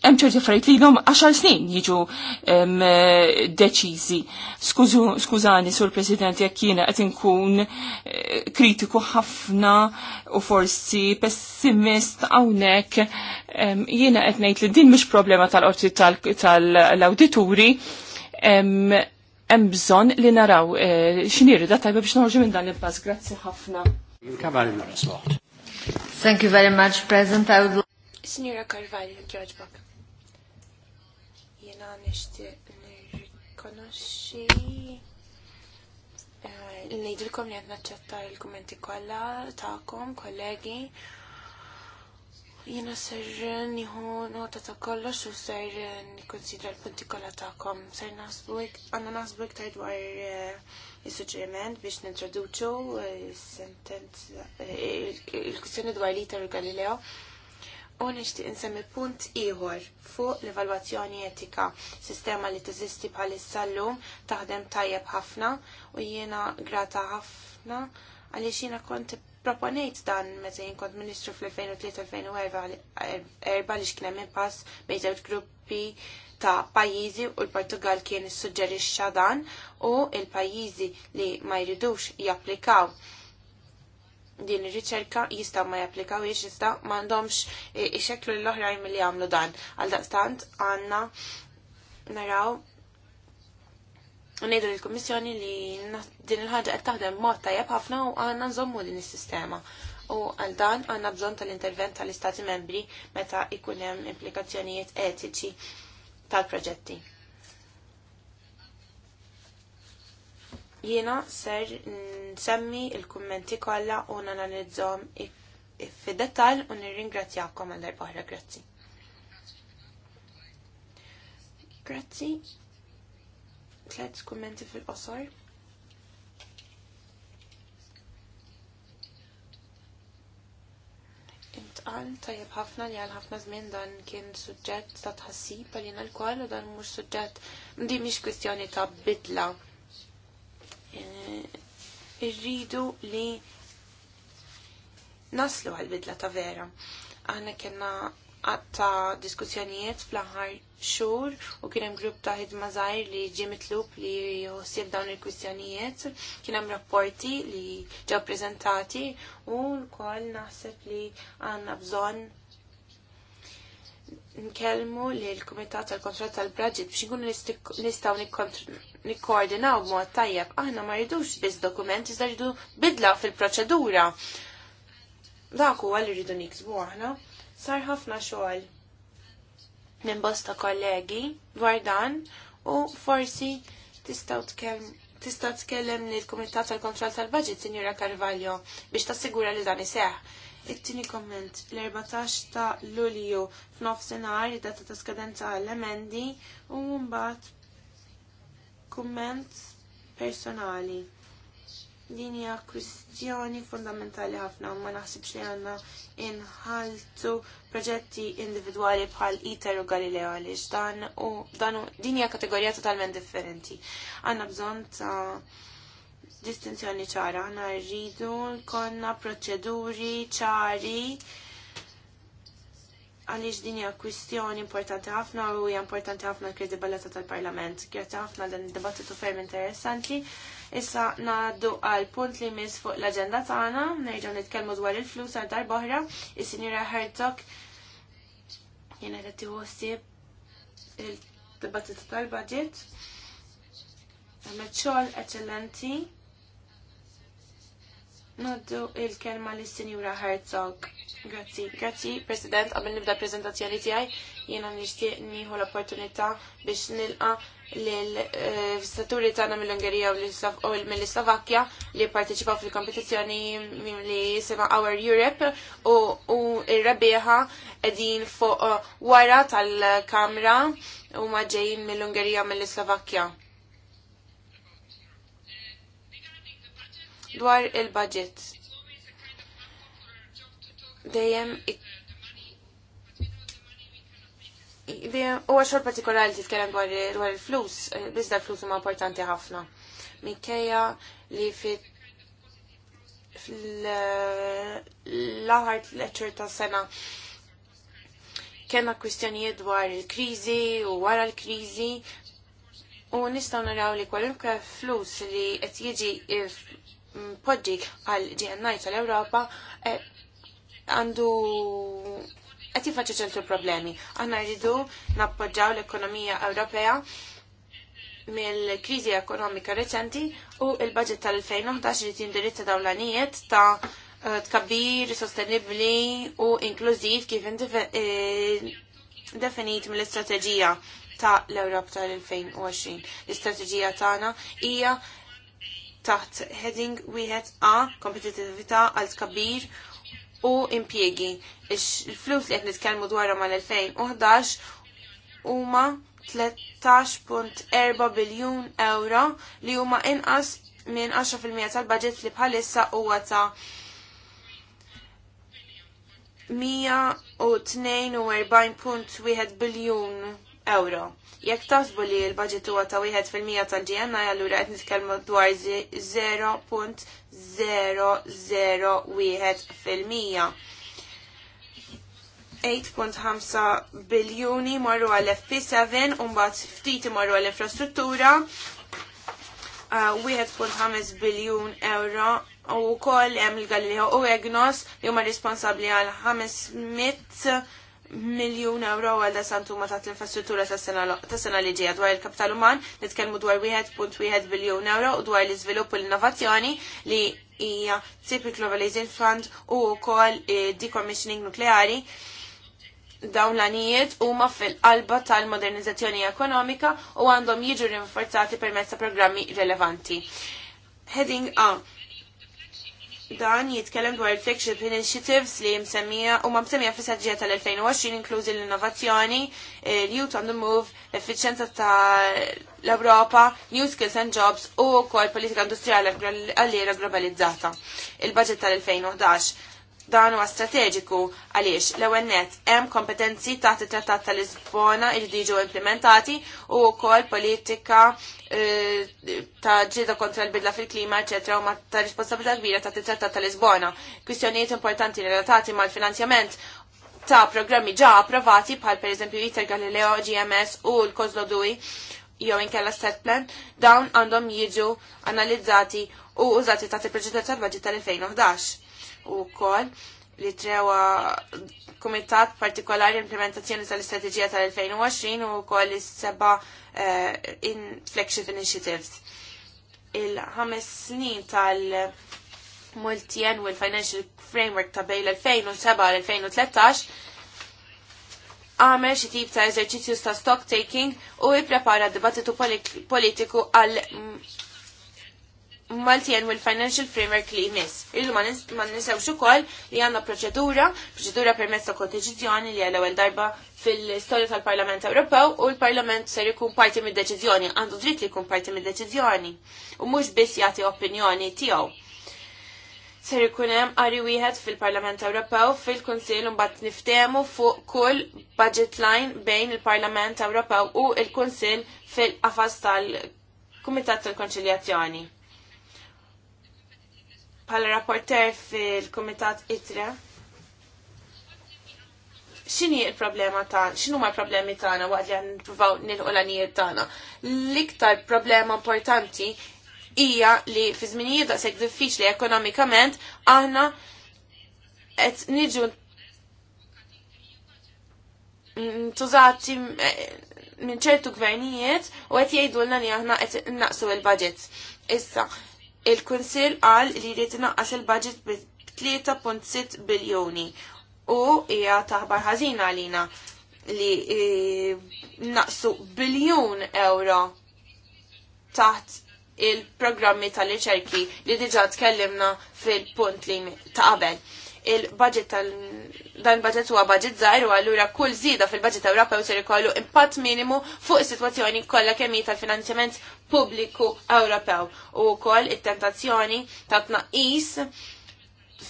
hemm ċerti affarijiet li lhom għaxar snin jiġu deċiżi. Skużani, sur President, jekk jiena qed inkun eh, kritiku ħafna u forsi pessimist hawnhekk jiena qed ngħid li din mhix problema tal-qorti tal-awdituri hemm bżonn li naraw eh, x'nirda tajba biex noħorġu minn dan l-impass. Grazzi ħafna. Thank you very much, President. I would Signora Carvalho, George Buck nixtieq nirrikonoxxi eh, ngħidilkom li qed naċċetta l-kummenti kollha tagħkom, kollegi. jina ser niħu nota ta' kollox u ser nikonsidra l-punti kolla ta'kom Ser naħsbu għandna naħsbu iktar dwar eh, il-suġġiment biex nintroduċu eh, il sentenza il-kwistjoni dwar liter Galileo. Galileo U nixtieq insemmi punt ieħor fuq l-evalwazzjoni etika, sistema li teżisti bħalissa llum taħdem tajjeb ħafna u jiena grata ħafna għaliex jiena kont proponejt dan meta jien kont ministru fl-2003-2004 li kien hemm impass bejn żewġ gruppi ta' pajjiżi u l-Portugal kien issuġġerixxa dan u l-pajjiżi li ma jridux japplikaw din ir-riċerka jista' ma jistaw ma m'għandhomx ixekklu l-oħrajn li jagħmlu dan. Għal daqstant għandna naraw Nejdu l-Komissjoni li din il-ħagġa qed taħdem mod tajjeb ħafna u għandna nżommu din is-sistema. U għal dan għandna bżonn tal-intervent tal-Istati membri meta jkun hemm implikazzjonijiet etiċi tal-proġetti. Jiena ser nsemmi il-kummenti kollha u nanalizzhom fid-dettall u nirringrazzjakom għal darba grazzi. Grazzi. Tlet kummenti fil-qosor. intqal tajjeb ħafna li għal ħafna żmien dan kien suġġett ta' tħassib għalina l-koll u dan mhux suġġett m'di mhix kwistjoni ta' bidla Eh, irridu li naslu għal-bidla ta' vera. Aħna kena għatta diskussjonijiet fl-aħħar xhur u kien hemm grupp ta' ħidma żgħir li ġie mitlub li jħossib dawn il-kwistjonijiet, kien hemm rapporti li ġew preżentati u wkoll naħseb li għandna bżonn nkellmu li l-Kumitat tal-Kontroll tal-Budget biex nkunu nistgħu nikkoordinaw b'mod tajjeb. Aħna ma rridux biss dokument iżda rridu bidla fil-proċedura. Dak huwa li rridu niksbu aħna. Sar ħafna xogħol minn bosta kollegi dwar dan u forsi tistgħu tkellmu tista' tkellem lill kumitat tal-Kontroll tal-Budget, Sinjura Carvalho, biex tassigura li dan iseħħ It-tieni komment l-14 ta' Lulju f'nofsinhar data ta' skadenza għall-emendi u mbagħad kumment personali. Din hija kwistjoni fundamentali ħafna ma naħsibx li għandna inħaltu proġetti individwali bħal ITER u Galileo għaliex dan u dan din hija kategorija totalment differenti. Għandna bżonn ta' distinzjoni ċara, għana rridu konna proċeduri ċari għaliex din hija kwistjoni importanti ħafna u hija importanti ħafna l-kredibilità tal-Parlament. Grazzi ħafna dan id-dibattitu ferm interessanti. Issa ngħaddu għal punt li miss fuq l-aġenda tagħna, nerġgħu nitkellmu dwar il-flus għal darb'oħra, is-Sinjura Herzog jiena qed tiħossib il-dibattitu tal-budget. Għamet xogħol eċċellenti Noddu il-kelma l-Sinjura Herzog. Grazzi, grazzi, President, għabel nibda prezentazzjoni tijaj, jena nishtiq niħu l-opportunità biex nilqa eh, l staturi eh, tana mill-Ungerija u mill-Slovakkja li parteċipaw fil-kompetizjoni li jisima Our Europe u il rabieħa edin fuq wara tal-kamra u maġejn mill-Ungerija u mill-Slovakkja. dwar il-budget. Dejjem Dejjem u xogħol partikolari li titkellem dwar il-flus, eh, bizda l-flus huma importanti ħafna. Mikkeja li fit l aħar lecture ta' sena kena kwistjonijiet dwar il-krizi u wara l-krizi u nistaw naraw li kwalunkwe flus li qed jiġi poġġik għal DNA tal-Ewropa e, għandu għati faċu ċentru problemi. Għanna jridu nappoġġaw l-ekonomija Ewropea mill-krizi ekonomika reċenti u il-budget tal-2011 li tindirizza dawlanijiet ta' e, tkabbir sostenibli u inklużiv kif e, definit mill-istrateġija ta' l-Ewrop tal-2020. L-istrateġija tagħna hija taħt heading wieħed A, kompetitività għal kabir u impjiegi. Il-flus li qed nitkellmu dwarha mal-2011 huma 13.4 biljun euro li huma inqas minn 10% tal-budget li bħalissa huwa ta' 142.1 biljun euro. Jekk tasbu li l-budget huwa ta' wieħed fil-mija tal-GNI allura qed nitkellmu dwar 0.001 fil-mija. 8.5 biljuni marru għal FP7 u mbagħad ftit marru għal infrastruttura. 1.5 uh, biljun euro u wkoll hemm il-Galileo u Egnos li huma responsabbli għal 500 miljun euro għal ma taħt l-infrastruttura ta' sena li ġija dwar il-kapital uman, nitkellmu dwar 1.1 biljun euro u dwar l-izvilupp u l-innovazzjoni li hija tipi Globalization Fund u wkoll eh, decommissioning nukleari dawn l-anijiet huma fil-qalba tal-modernizzazzjoni ekonomika u għandhom jiġu rinforzati permezz ta' programmi rilevanti. Heading A Dan jitkellem dwar flagship initiatives li msemmija u ma msemmija fis strategija tal-2020 inklużi l-innovazzjoni, l-youth eh, on the move, l ta l europa new skills and jobs u wkoll politika industrijali għall-era globalizzata. Il-budget tal-2011 dan huwa strateġiku għaliex l-ewwel net hemm kompetenzi taħt it-Trattat ta' Lisbona li jiġu implementati u wkoll politika eh, ta' ġieda kontra l-bidla fil-klima eċetera u ma ta' responsabilità kbira taħt it-Trattat ta' Lisbona. Kwistjonijiet importanti relatati mal-finanzjament ta' programmi ġa approvati bħal pereżempju Iter Galileo, GMS u l-Kozlodui jew inkella set plan, dawn għandhom jiġu analizzati u użati ta' il-proġett tal baġit tal-2011 u kol li trewa kumitat partikolari implementazzjoni tal-istrateġija tal-2020 u kol is-seba uh, eh, in flagship initiatives. Il-ħames snin tal- multi Annual financial Framework ta' bejn 2007 l-2013 għamel xi tip ta' eżerċizzju ta' stock taking u ipprepara dibattitu politiku għal Maltien u l-Financial Framework li jmiss. Illu ma nisewx ukoll li għandna proċedura, proċedura permezz ta' kontiġizjoni li għal ewwel darba fil-istorja tal-Parlament Ewropew u l-Parlament ser ikun parti mid-deċiżjoni, għandu dritt li jkun parti mid-deċiżjoni u mhux biss jagħti opinjoni tiegħu. Ser ikun hemm qari wieħed fil-Parlament Ewropew fil-Kunsill mbagħad niftehmu fuq kull budget line bejn il-Parlament Ewropew u l-Kunsill fil-qafas tal-Kumitat tal-Konċiljazzjoni pal rapporter fil-Komitat ITRA. X'inhi l problema ta', xinu ma l-problemi tagħna waqt li nippruvaw nilħu l-għanijiet tagħna? L-iktar problema importanti hija li fi żminijiet daqshekk diffiċli ekonomikament aħna qed niġu tużati minn ċertu gvernijiet u qed jgħidulna li aħna qed naqsu l budget Issa, il-Kunsil qal li jrid inaqqas il-budget bi 3.6 biljoni u hija taħbar ħażina għalina li e, naqsu biljun euro taħt il-programmi tal-riċerki li diġa tkellimna fil-punt li ta' qabel il-budget tal dan budget huwa budget zaħir u allura kull żieda fil-budget Ewropew ser ikollu impatt minimu fuq is-sitwazzjoni kollha kemm tal-finanzjament pubbliku Ewropew u wkoll it-tentazzjoni ta' tnaqqis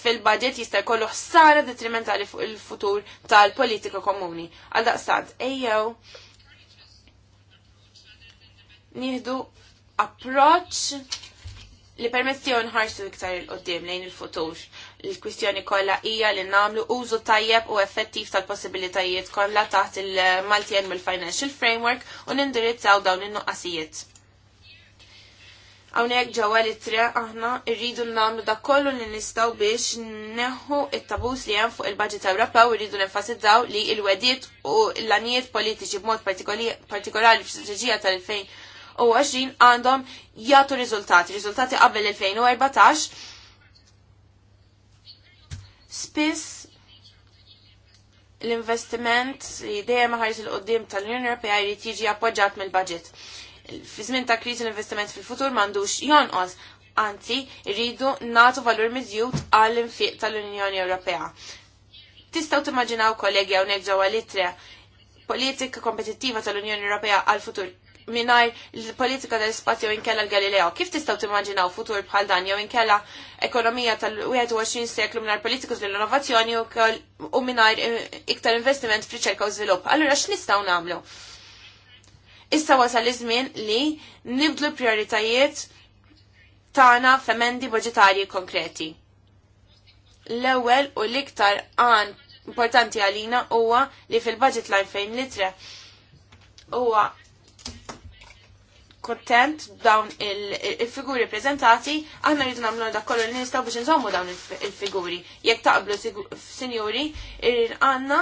fil-budget jista' jkollu ħsara detrimentali fuq il-futur tal-politika komuni. Għal ejjew nieħdu approċċ li permessi nħarsu iktar il-qoddim lejn il-futur il-kwistjoni kollha hija li nagħmlu użu tajjeb u effettiv tal-possibilitajiet kollha taħt il-Malti Annual Financial Framework u nindirizzaw dawn il nuqqasijiet Hawnhekk ġewwa l-ittra aħna rridu nagħmlu da kollu li nistgħu biex neħu it-tabus li hemm fuq il-Baġit Ewropew irridu nenfasizzaw li l-wediet u l-anijiet politiċi b'mod partikolari fl-istrateġija tal-2020 għandhom jagħtu riżultati, riżultati qabel 2014 Spiss l-investiment li dejjem ħares il qoddim tal-Unjoni Europea jrid jiġi appoġġjat mill-budget. Fi żmien ta' kriżi l-investiment fil-futur m'għandux jonqos, anzi rridu nagħtu valur miżjud għall-infiq tal-Unjoni Ewropea. Tistgħu timmaġinaw kollegi hawnhekk ġewwa litre: politika kompetittiva tal-Unjoni Ewropea għal-futur minaj l-politika tal-spazju inkella l-Galileo. Kif tistaw timmaġinaw futur bħal dan jew inkella ekonomija tal-21 seklu minar politiku tal-innovazzjoni u minar eh, iktar investiment f'riċerka u żvilupp. Allura x'nistgħu nagħmlu? Issa wasal iż-żmien li nibdlu prioritajiet tagħna f'emendi budgetari konkreti. L-ewwel u l-iktar għan importanti għalina huwa li fil-budget line fejn litre huwa kontent dawn il-figuri prezentati, aħna rridu nagħmlu dak kollu li nistgħu biex nżommu dawn il-figuri. Jekk taqblu sinjuri, għandna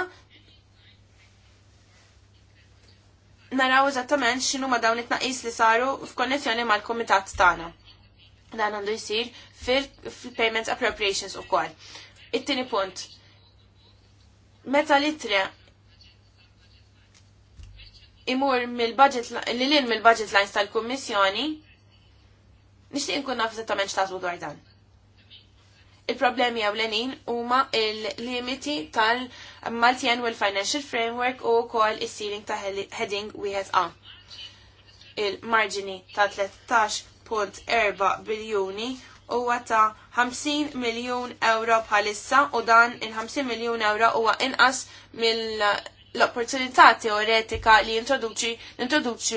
naraw eżattament x'inhu ma dawn it-tnaqis li saru f'konnessjoni mal-kumitat tagħna. Dan għandu jsir fil-payments appropriations ukoll. It-tieni punt. Meta litre imur mill-budget li lin mill-budget lines tal-Kummissjoni, nixtieq nkun naf eżattament x'taħsbu dwar dan. Il-problemi ewlenin huma il-limiti tal-Multi-Annual Financial Framework u wkoll is-ceiling ta' heading wieħed A. Il-marġini ta' 13.4 biljuni huwa ta' 50 miljun euro bħalissa u dan il-50 miljun euro huwa inqas mill l-opportunità teoretika li introduċi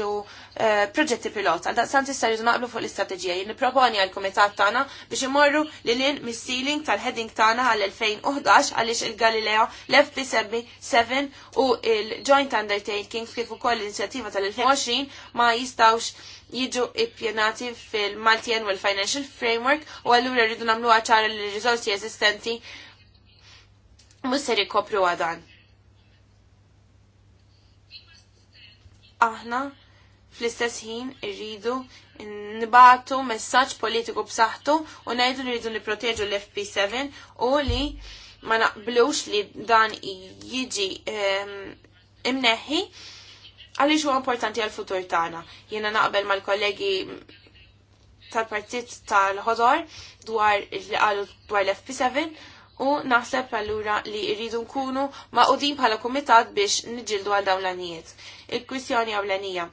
eh, proġetti pilota. Da' santi sarju naqblu fuq l-istrateġija. Jien proponi għal komitat tana biex imorru li lin mis-sealing tal-heading tana għal-2011 għaliex il-Galileo l-FP7 u il-Joint Undertaking kif ukoll l-inizjattiva tal-2020 ma jistawx jiġu ippjenati fil-Multi Annual Financial Framework u għallura rridu namlu ċara l-rizorsi eżistenti musser ikopru għadan. aħna fl-istess ħin irridu nibatu messaġġ politiku b'saħħtu u ngħidu rridu nipproteġu l-FP7 u li ma naqblux li dan jiġi ehm, imneħħi għaliex huwa importanti għal futur tagħna. Jiena naqbel mal-kollegi tal-partit tal-ħodor dwar li qalu dwar l-FP7 u naħseb allura li rridu nkunu maqudin bħala kumitat biex niġildu għal dawn l-anijiet. Il-kwistjoni għawlanija.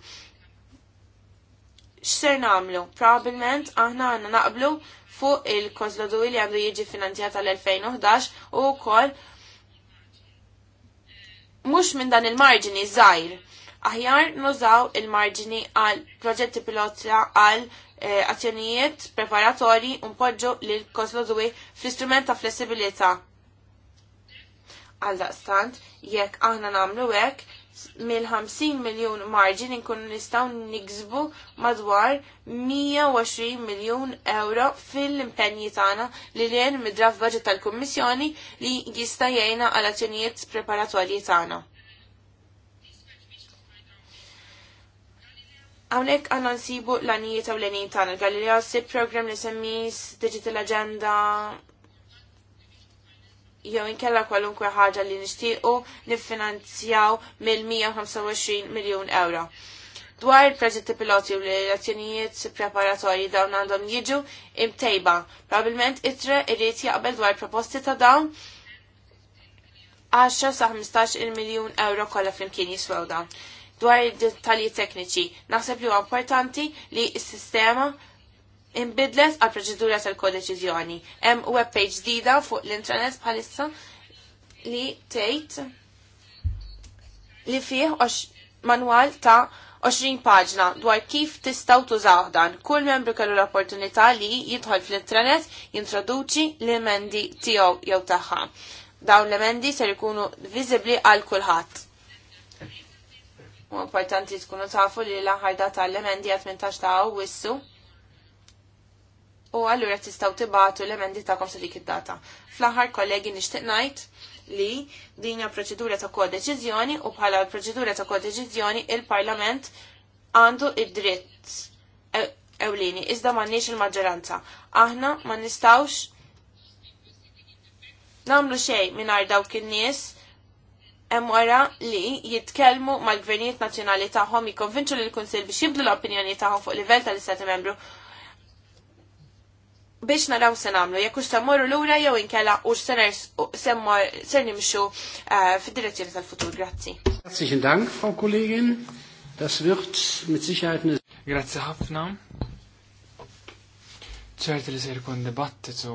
X'ser namlu? Probablement aħna għanna naqblu fuq il-kozlodu li għandu jiġi finanzjat l-2011 u kol mux minn dan il-marġini zaħir. Aħjar nużaw il-marġini għal proġetti pilota għal Eh, azzjonijiet preparatori u mpoġġu lil kozlodwi fl-istrument ta' flessibilità. Għal daqstant, jekk aħna namlu hekk, mill-50 miljon marġin inkun nistaw nigzbu madwar 120 miljon euro fil-impenji tagħna li l-jen mid-draft budget tal-Kummissjoni li jista' jgħinna għal azzjonijiet preparatorji tagħna. Għawnek għanna nsibu l-għanijiet għaw l-għanijiet tagħna Galileo SIP program li semmis Digital Agenda jew inkella kwalunkwe ħaġa li nixtiequ niffinanzjaw mill-125 miljun euro. Dwar il-proġetti piloti u l-relazzjonijiet preparatorji dawn għandhom jiġu imtejba. Probabilment itra irrit jaqbel dwar proposti ta' dawn 10 sa 15 il-miljun euro kollha flimkien jiswew dawn dwar dettalji tekniċi. Naħseb li huwa importanti li s-sistema imbidles għal proċedura tal-kodeċiżjoni. Hemm webpage ġdida fuq l-intranet bħalissa li tgħid li fih manwal ta' 20 paġna dwar kif tistaw tużaw dan. Kull membru kellu l-opportunità li jidħol fl-intranet jintroduċi l-emendi tiegħu jew tagħha. Dawn l-emendi ser ikunu viżibbli għal kulħadd. U importanti tkunu tafu li l-aħħar data l-emendi 18 ta' wissu. U allura tistgħu tibatu l-emendi ta' komsa dik id-data. Fl-aħħar kollegi nixtieq ngħid li din hija proċedura ta' kodeċiżjoni u bħala proċedura ta' kodeċiżjoni il-Parlament għandu id-dritt e- ewlieni, iżda m'għandniex il-maġġoranza. Aħna ma nistgħux nagħmlu xejn mingħajr dawk in-nies hemm wara li jitkellmu mal-gvernijiet nazzjonali tagħhom jikkonvinċu lil kunsill biex jibdu l-opinjoni tagħhom fuq livell tal-Istati Membru biex naraw se nagħmlu jekk hux semmorru lura jew inkella u semmor se nimxu eh, fid-direzzjoni tal-futur. Grazzi. Herzlichen Dank, Frau Kollegin. Das wird mit Sicherheit eine Grazzi ħafna. ċert li se jkun dibattitu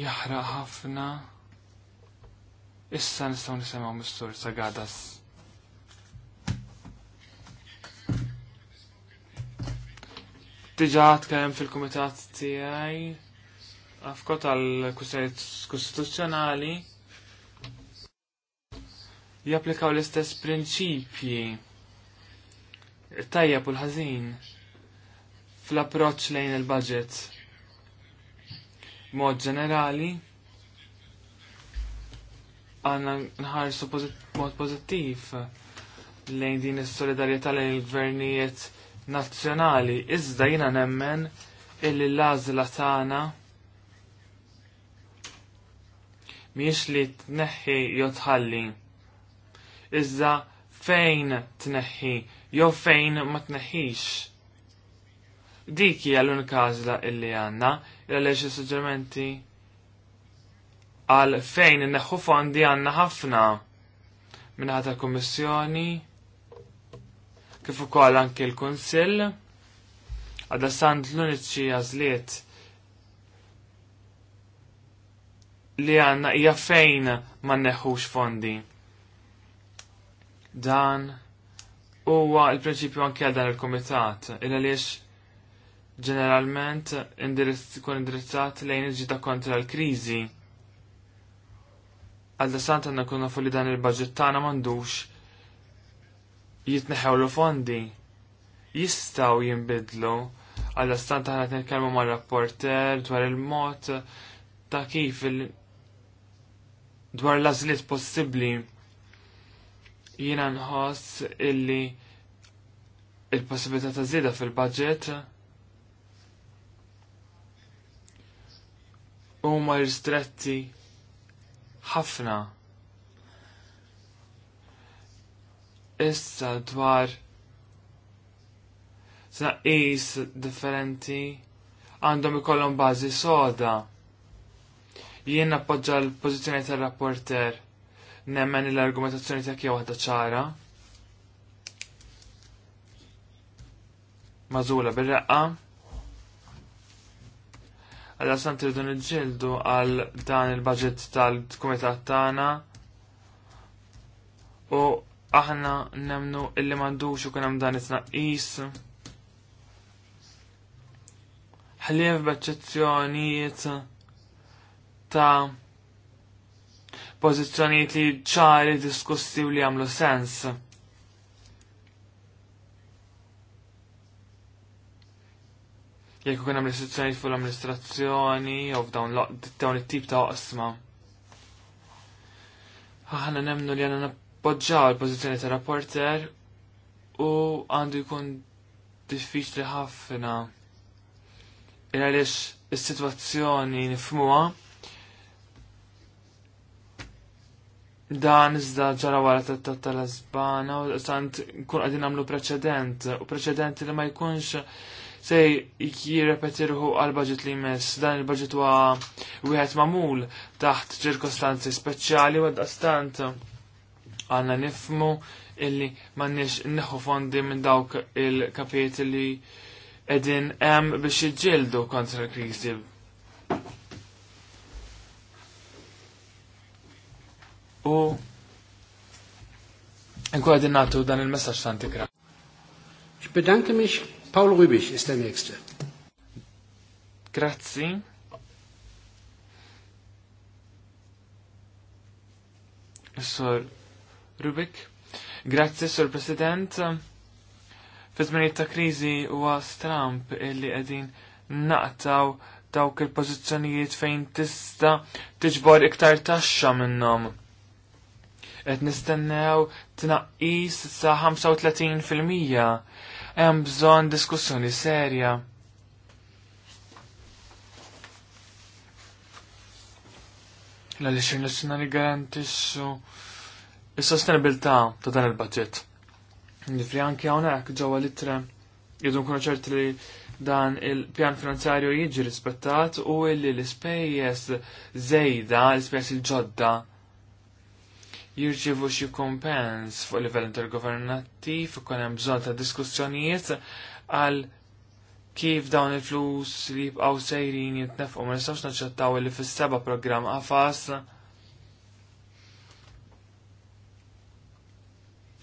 jaħraq ħafna Issa nistgħu nisemaw mistur Sagadas. Diġà kajem fil-kumitat tijaj, afko tal kustajt kostituzzjonali japplikaw l-istess prinċipji Tajja u l-ħażin fl-approċċ lejn il-budget. Mod ġenerali, għanna nħarsu mod pozittiv lejn din is-solidarjetà lejn il-gvernijiet nazzjonali. Iżda jiena nemmen illi l-għażla tagħna miex li tneħħi jew tħalli. Iżda fejn tneħħi jew fejn ma tneħħix. Dik hija l-unika għażla illi għandna, illa lex suġġerimenti għal fejn neħu fondi għanna ħafna minnaħat tal-Kommissjoni kif ukoll anke l-Kunsill għadha sant l-uniċi għażliet li għanna hija fejn ma neħux fondi. Dan huwa il-prinċipju anke għal dan il-komitat, li għaliex ġeneralment indirizz, kun indirizzat lejn il-ġita kontra l-kriżi għal dasant għanna kuna fu li dan il-budget tagħna m'għandux jitneħaw l-fondi jistaw jinbidlu għal dasant għanna t-nitkelmu ma' rapporter dwar il-mod ta' kif il dwar l-azliet possibli jiena nħoss illi il-possibilità ta' zida fil-budget huma ristretti ħafna. Issa dwar is differenti għandhom ikollhom bażi soda. Jien appoġġa l-pożizzjoni tar-rapporter nemmen l-argumentazzjoni ta' kja waħda ċara. Mażula bil-raqqa għalla sant irridu nġildu għal dan il-budget tal-kumitat tagħna u aħna nemnu illi m'għandux xo hemm dan it-tnaqqis. Ħalliem f'eċċezzjonijiet ta' pożizzjonijiet li ċari diskussi u li għamlu sens. jekk ikun hemm restrizzjonijiet fuq l-amministrazzjoni jew f'dawn dawn it-tip ta' oqsma. Aħna nemmnu li għandna nappoġġaw il-pożizzjoni ta' rapporter u għandu jkun diffiċli ħafna. Ira għaliex is-sitwazzjoni nifmuha dan iżda ġara wara tat tal-azbana u sant kun għadin għamlu preċedent u preċedent li ma jkunx se jirrepetirħu għal budget li mess Dan il-budget huwa wieħed mamul taħt ċirkostanzi speċjali wa dastant għanna nifmu illi m'għandniex neħu fondi minn dawk il-kapiet li edin hemm biex jiġġieldu kontra l-kriżi. U nkun nagħtu dan il-messaġġ santi kra. Ich kemix Paul Rübig ist der Nächste. Grazzi. Sor Rubik. Grazzi, Sor President. Fizmini ta' krizi huwa Trump illi qegħdin naqtaw dawk il-pożizzjonijiet fejn tista' tiġbor iktar taxxa minnhom. Qed nistennew tnaqqis sa' 35 fil-mija hemm bżonn diskussjoni serja. l xin nazzjonali garantissu il sostenibilità ta' dan il-budget. Nifri anke hawnhekk ġewwa litra jidun nkunu ċerti li dan il-pjan finanzjarju jiġi rispettat u li l-ispejjeż żejda, l-ispejjeż spejjes il ġodda jirċivu xi kompens fuq livell intergovernattiv ikun hemm bżonn ta' diskussjonijiet għal kif dawn il-flus li jibqaw sejrin jitnefqu ma nistgħux naċċettaw li fis-seba' programm għafas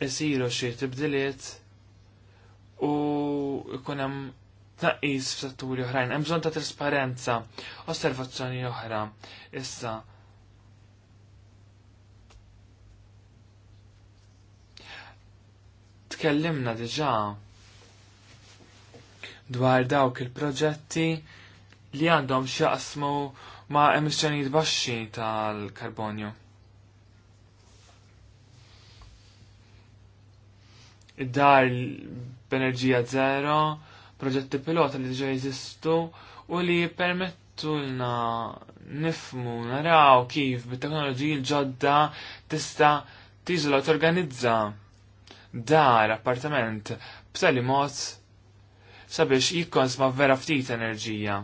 isiru xie tibdiliet u jkun hemm tnaqqis f'setturi oħrajn. Hemm bżonn ta' trasparenza, osservazzjoni oħra issa tkellimna diġa dwar dawk il-proġetti li għandhom xaqsmu ma' emissjonijiet baxxi tal-karbonju. Id-dar b'enerġija zero, proġetti pilota li diġa jeżistu u li lna nifmu, naraw kif bit-teknoloġiji l-ġodda tista' tiżola torganizza dar appartament b'tali mod sabiex jikkons ma' vera ftit enerġija.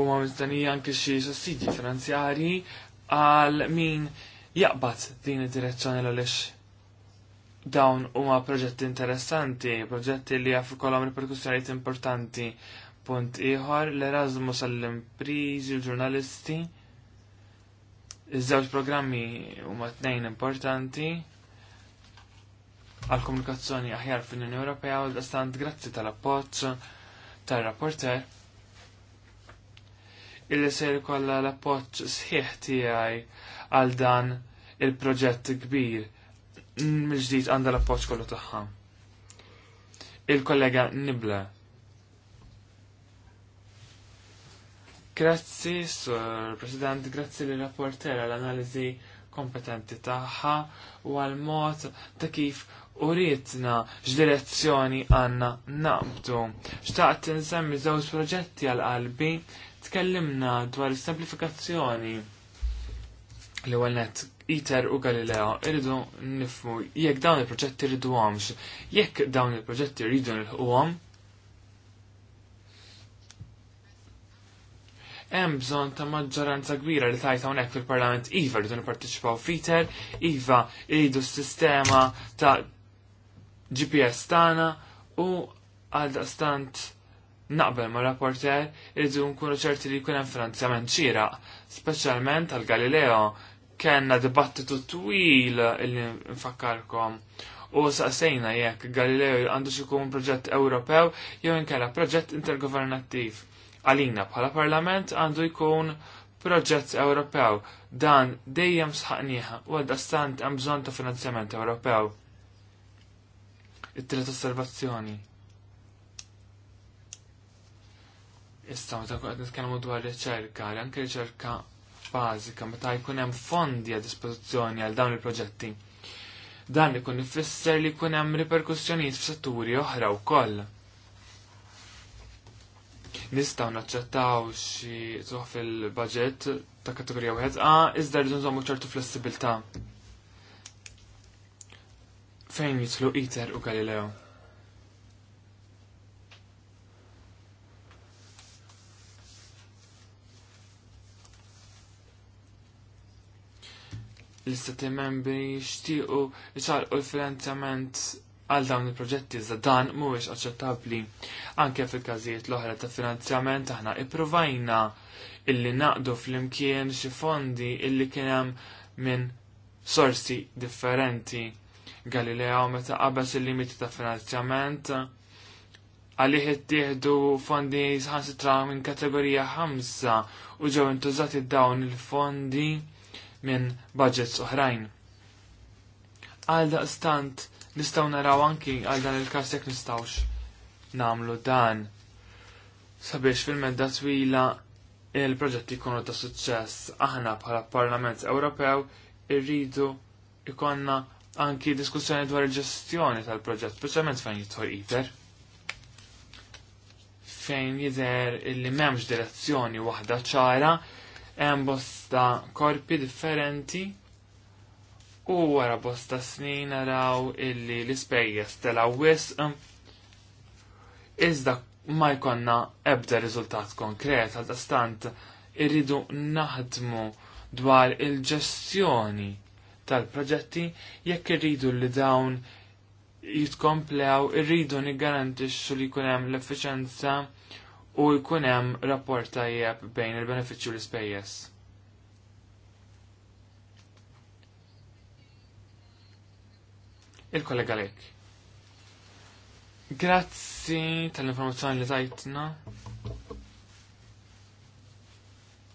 U ma mistenija anke xi sussidji finanzjari għal min jaqbad din id-direzzjoni għaliex dawn huma proġetti interessanti, proġetti li jaf kolom riperkussjonijiet importanti. Punt ieħor l-Erasmus għall-imprizi, l-ġurnalisti. Iż-żewġ programmi huma tnejn importanti għal komunikazzjoni aħjar fl-Unjoni Ewropea u l-istant grazzi tal-appoġġ tal-rapporter illi se kolla l-appoġġ sħiħ tiegħi għal dan il-proġett kbir mill-ġdid għandha l-appoġġ kollu tagħha. Il-kollega Nibla. Grazzi, Sur President, grazzi li rapporter għal analiżi kompetenti tagħha u għal mod ta' kif u rietna x'direzzjoni għanna naqbdu. Xtaqt nsemmi żewġ proġetti għal qalbi tkellimna dwar is-semplifikazzjoni li net ITER u Galileo irridu nifmu jekk dawn il-proġetti rridu għomx, jekk dawn il-proġetti rridu nilħu għom, hemm bżonn ta' maġġoranza kbira li tajt hawnhekk fil-Parlament iva rridu nipparteċipaw fiter, iva jridu s-sistema ta' GPS tagħna u għaldaqstant naqbel ma' rapporter irridu nkunu ċerti li jkun hemm finanzjament xieraq, speċjalment għal Galileo kellna dibattitu twil illi nfakkarkom u saqsejna jekk Galileo għandu jkun proġett Ewropew jew inkella proġett intergovernattiv. Għalina bħala parlament għandu jkun proġett Ewropew dan dejjem sħaqniħa u għal dastant hemm bżonn ta' finanzjament Ewropew it-tret osservazzjoni. Issa meta qed nitkellmu dwar riċerka, li anke riċerka bażika meta jkun hemm fondi a dispożizzjoni għal dawn il-proġetti. Dan ikun ifisser li jkun hemm riperkussjonijiet f'setturi oħra wkoll. Nistgħu naċċettaw xi tuħ fil-budget ta' kategorija wieħed A, iżda rridu nżommu ċertu flessibilità fejn jitlu ITER u Galileo. L-istati membri jixtiequ u l-finanzjament għal dawn il-proġetti za dan mhuwiex aċċettabbli. Anke fil-każijiet l-oħra ta' finanzjament aħna ippruvajna illi naqdu fl-imkien xi fondi illi kien hemm minn sorsi differenti Galileo meta qabes il-limiti ta' finanzjament għalih ittieħdu fondi sħansitra minn kategorija 5 u ġew intużati dawn il-fondi minn budgets oħrajn. Għal daqstant nistaw naraw anki għal dan il-kas jekk nistawx namlu dan. Sabiex fil-medda twila il proġett ikunu ta' suċċess aħna bħala Parlament Ewropew irridu ikonna anki diskussjoni dwar il-ġestjoni tal-proġett, speċjalment fejn jitħol iter. Fejn jidher illi m'hemmx direzzjoni waħda ċara, hemm bosta korpi differenti u wara bosta snin naraw illi l-ispejjeż tela wisq iżda ma jkonna ebda riżultat konkret għal stant irridu naħdmu dwar il-ġestjoni tal-proġetti jekk irridu li dawn jitkomplew irridu niggarantixxu li jkun hemm l-effiċenza u jkun hemm rapport tajjeb bejn il-benefiċċju u l-ispejjeż. Il-kollega lek. Grazzi tal-informazzjoni li tajtna.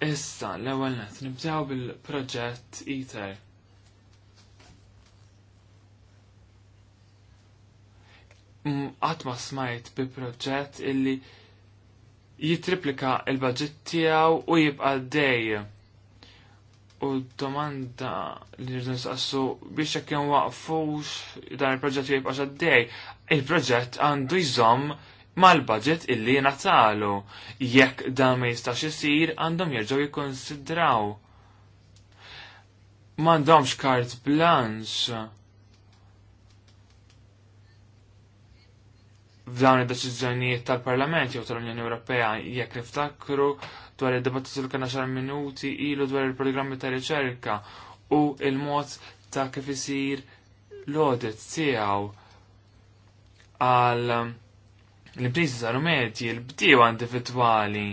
Issa, l-ewwel net nibdew bil-proġett ITER. Mm, għatma smajt bi proġett illi jitriplika il-budget tijaw u jibqa dej. U domanda li s-assu biex jen waqfux dan il-proġett jibqa xaddej. Il-proġett għandu jżomm mal-budget illi natalu. Jekk dan ma jistax isir għandhom jerġgħu jikkonsidraw. M'għandhomx kart blanx. f'dawn id-deċiżjonijiet tal-Parlament jew tal-Unjoni Ewropea jekk niftakru dwar id-dibattitu li kena xar minuti ilu dwar il-programmi ta' riċerka u il-mod ta' kif isir l-audit tiegħu għal um, l-impriżi saru medji, l-bdiew individwali.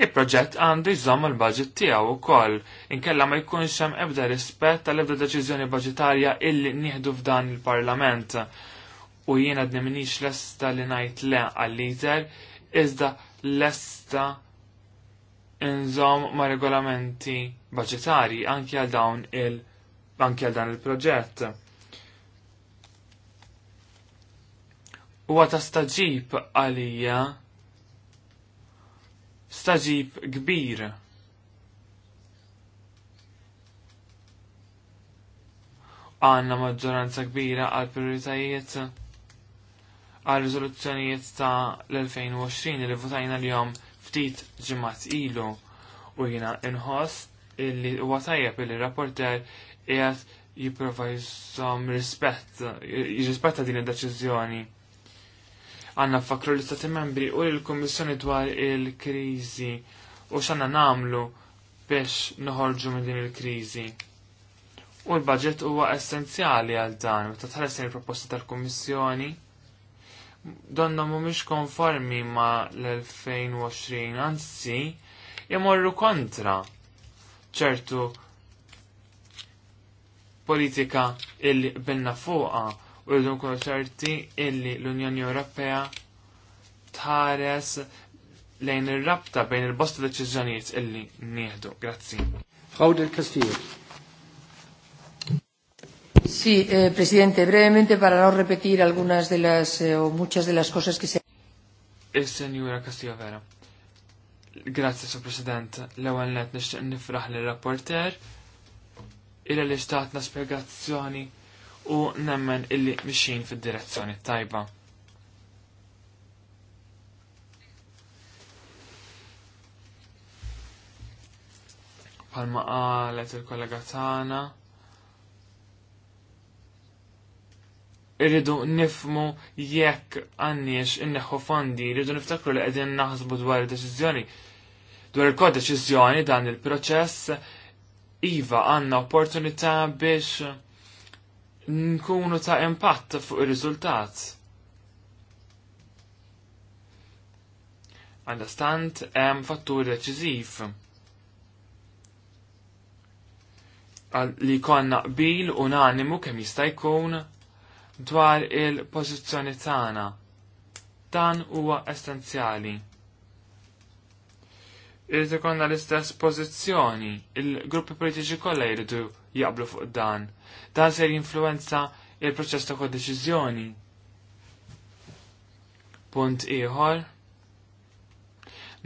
Il-proġett għandu jżomm il-budget tiegħu wkoll inkella ma jkunx hemm ebda rispett tal ebda deċiżjoni budġetarja illi nieħdu f'dan il-Parlament. il parlament u jiena d-neminix l-esta li najt le għall-liter, iżda l-esta nżom ma regolamenti budgetari anki għal dawn il anki għal dan il-proġett. Huwa ta' staġib għalija staġib kbir. Għanna maġġoranza kbira għal prioritajiet għal riżoluzzjonijiet ta' l-2020 li votajna l-jom ftit ġimat ilu u jiena inħoss illi huwa tajjeb illi rapporter qiegħed jipprova jisom rispett, jirrispetta din id-deċiżjoni. Għanna fakru l-istati membri u l komissjoni dwar il-kriżi u x'għandna namlu biex noħorġu minn din il-kriżi. U l-budget huwa essenzjali għal dan, meta tħares il-proposta tal-Kummissjoni donna mhumiex konformi ma l-2020, anzi, jemorru kontra ċertu politika illi binna fuqa u l nkunu ċerti illi l-Unjoni Ewropea tħares lejn ir-rabta bejn il-bosta deċiżjonijiet illi nieħdu. Grazzi. Frau del Sí, eh, presidente, brevemente para no repetir algunas de las eh, o muchas de las cosas que se. Is-Senjura eh, Castillo Vera. Grazie, Sir President. L-ewwel net nixtieq nifrah lir rapporter ila li xtatna spjegazzjoni u nemmen illi mixin fid-direzzjoni tajba. Palma qalet il-kollega tagħna irridu nifmu jekk għanniex inneħħu fondi, irridu niftakru li qegħdin naħsbu dwar deċiżjoni. Dwar il-kod deċizjoni dan il-proċess iva għandna opportunità biex nkunu ta' impatt fuq ir-riżultat. stant hemm fattur deċiżiv. li konna qbil unanimu kemm jista' jkun dwar il-pożizzjoni tagħna. Dan huwa essenzjali. Irid ikollna l-istess pożizzjoni, il-gruppi politiċi kollha jridu jaqblu fuq dan. Dan se jinfluwenza il-proċess ta' deċiżjoni. Punt ieħor.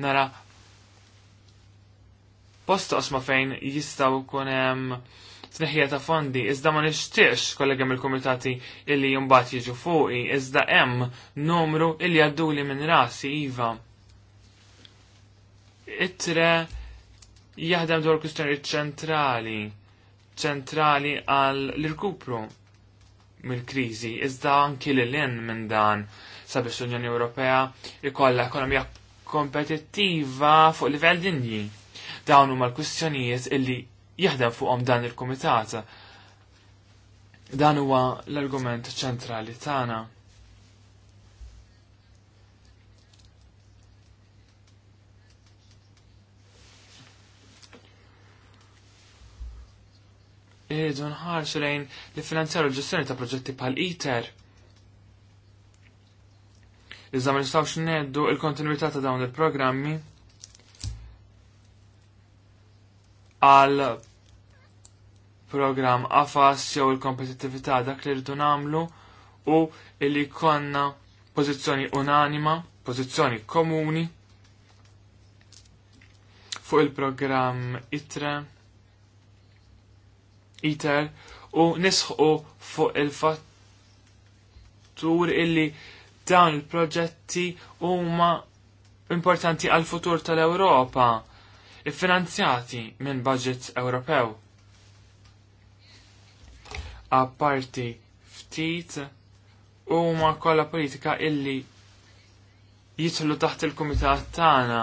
Nara post osma fejn jistaw kunem hemm tneħħija ta' fondi, iżda ma nixtiex kollega mill-kumitati illi jumbat jiġu fuqi, iżda hemm numru illi għadduli minn rasi iva. Ittre jaħdem dwar kustjoni ċentrali, ċentrali għal l-irkupru mill-kriżi, iżda anki l-lin minn dan sabiex l-Unjoni Ewropea ikolla ekonomija kompetittiva fuq livell dinji. Dawn huma l-kwistjonijiet illi jaħdem fuqhom dan il-kumitat. Dan huwa l-argument ċentrali tagħna. Iridu nħarsu lejn li finanzjaru l-ġestjoni ta' proġetti bħal ITER. Iżda ma nistawx neddu il-kontinuità ta' dawn il-programmi għal program AFAS jew il kompetitività dak li rridu namlu u illi konna pożizzjoni unanima, pożizzjoni komuni fuq il-programm ITRE, ITER u nisħu fuq il-fattur illi dawn il-proġetti huma importanti għal futur tal-Ewropa, iffinanzjati minn budget Ewropew apparti ftit huma kollha politika illi jitlu taħt il-kumitat tagħna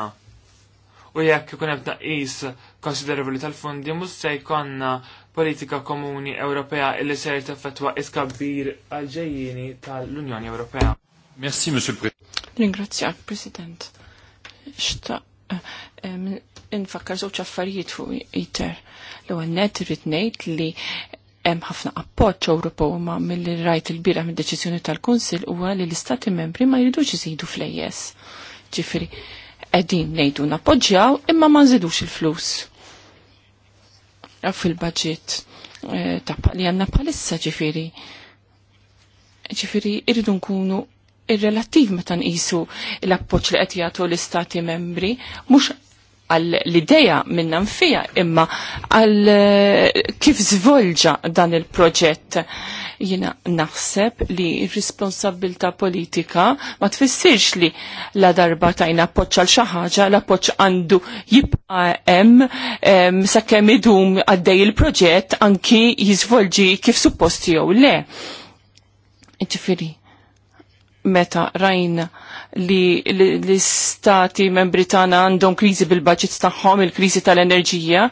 u jekk ikun hemm is konsiderabli tal fundi mhux se jkollna politika komuni Ewropea illi se teffettwa iskabbir għal-ġejjini tal-Unjoni Ewropea. Merci, Monsieur le Président. Ringrazzjak, President. Xta, eh, eh, infakkar zoċ affarijiet fuq iter. l għannet rritnejt ngħid li hemm ħafna appoġġ Ewropew ma milli rajt il-bira mid-deċiżjoni tal-Kunsil huwa li l-Istati membri ma jridux iżidu flejjes. Ġifieri qegħdin ngħidu nappoġġjaw imma ma nżidux il-flus. Fil-budget eh, ta' li għandna bħalissa ġifieri. Ġifieri irridu nkunu irrelattiv meta nqisu l-appoġġ li qed jagħtu l-Istati membri mhux l ideja minnan fija imma għal eh, kif zvolġa dan il-proġett. Jina naħseb li responsabilta politika ma tfissirx li la darba tajna poċ għal xaħġa, la poċ għandu jibqa hemm sakemm idum għaddej il-proġett anki jizvolġi kif supposti jew le. Ġifiri, meta rajna li l-istati membri tagħna għandhom kriżi bil-budgets tagħhom, il-kriżi tal-enerġija,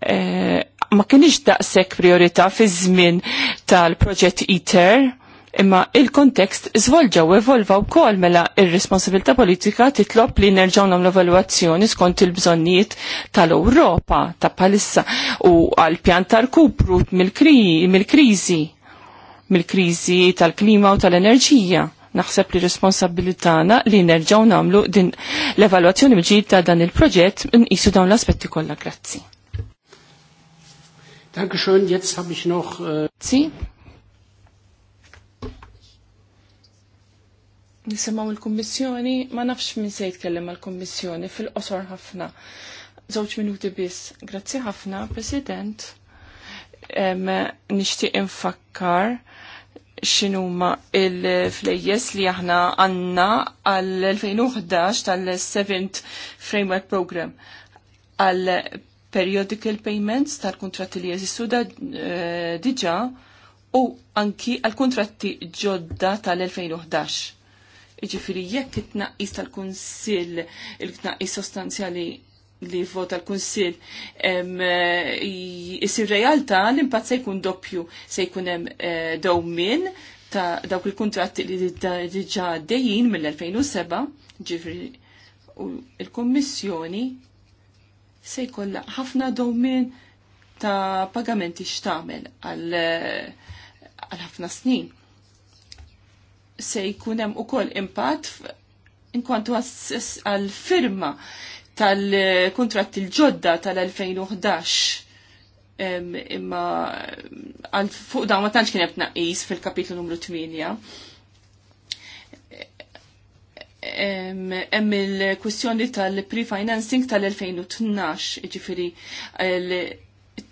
eh, ma kienx daqshekk priorità fi żmien tal-proġett ITER, imma il-kontekst u evolva wkoll mela ir-responsabilità politika titlob li nerġgħu nagħmlu evalwazzjoni skont il-bżonnijiet tal-Ewropa ta' palissa u għal pjan tal-kupru mill-kriżi mill-kriżi tal-klima u tal-enerġija Naħseb li responsabilitana li nerġaw namlu din l-evalwazzjoni mġid ta' dan il-proġett isu dawn l-aspetti kollha. Grazzi. Dankeschön, jetzt habe ich noch... Äh, Grazzi. Nisimaw il-Kommissjoni, ma nafx min sejt kellem għal-Kommissjoni fil-qosor ħafna. Żewġ minuti biss. Grazzi ħafna, President. Nixtieq infakkar xinuma il-flejjes li aħna għanna għal-2011 tal-7th Framework Program għal periodical payments tal-kontratti li jeżistu da eh, diġa u anki għal-kontratti ġodda tal-2011. Iġifiri jekk it-naqis tal-Kunsill, il-tnaqis sostanzjali li vota l-Kunsil jisir eh, realtà l-impatt se jkun doppju se jkun hemm e, eh, dowmin ta' dawk il-kontratti li diġà dejjin mill-2007 ġifri u l-Kommissjoni se jkollha ħafna min ta' pagamenti x'tamel eh, għal ħafna snin. Se jkun hemm ukoll impatt inkwantu għal firma tal-kontrat il-ġodda tal-2011 imma għal fuq dawn ma tantx kien hemm tnaqqis fil-kapitlu numru 8. Hemm il-kwistjoni tal-prefinancing tal-2012, jiġifieri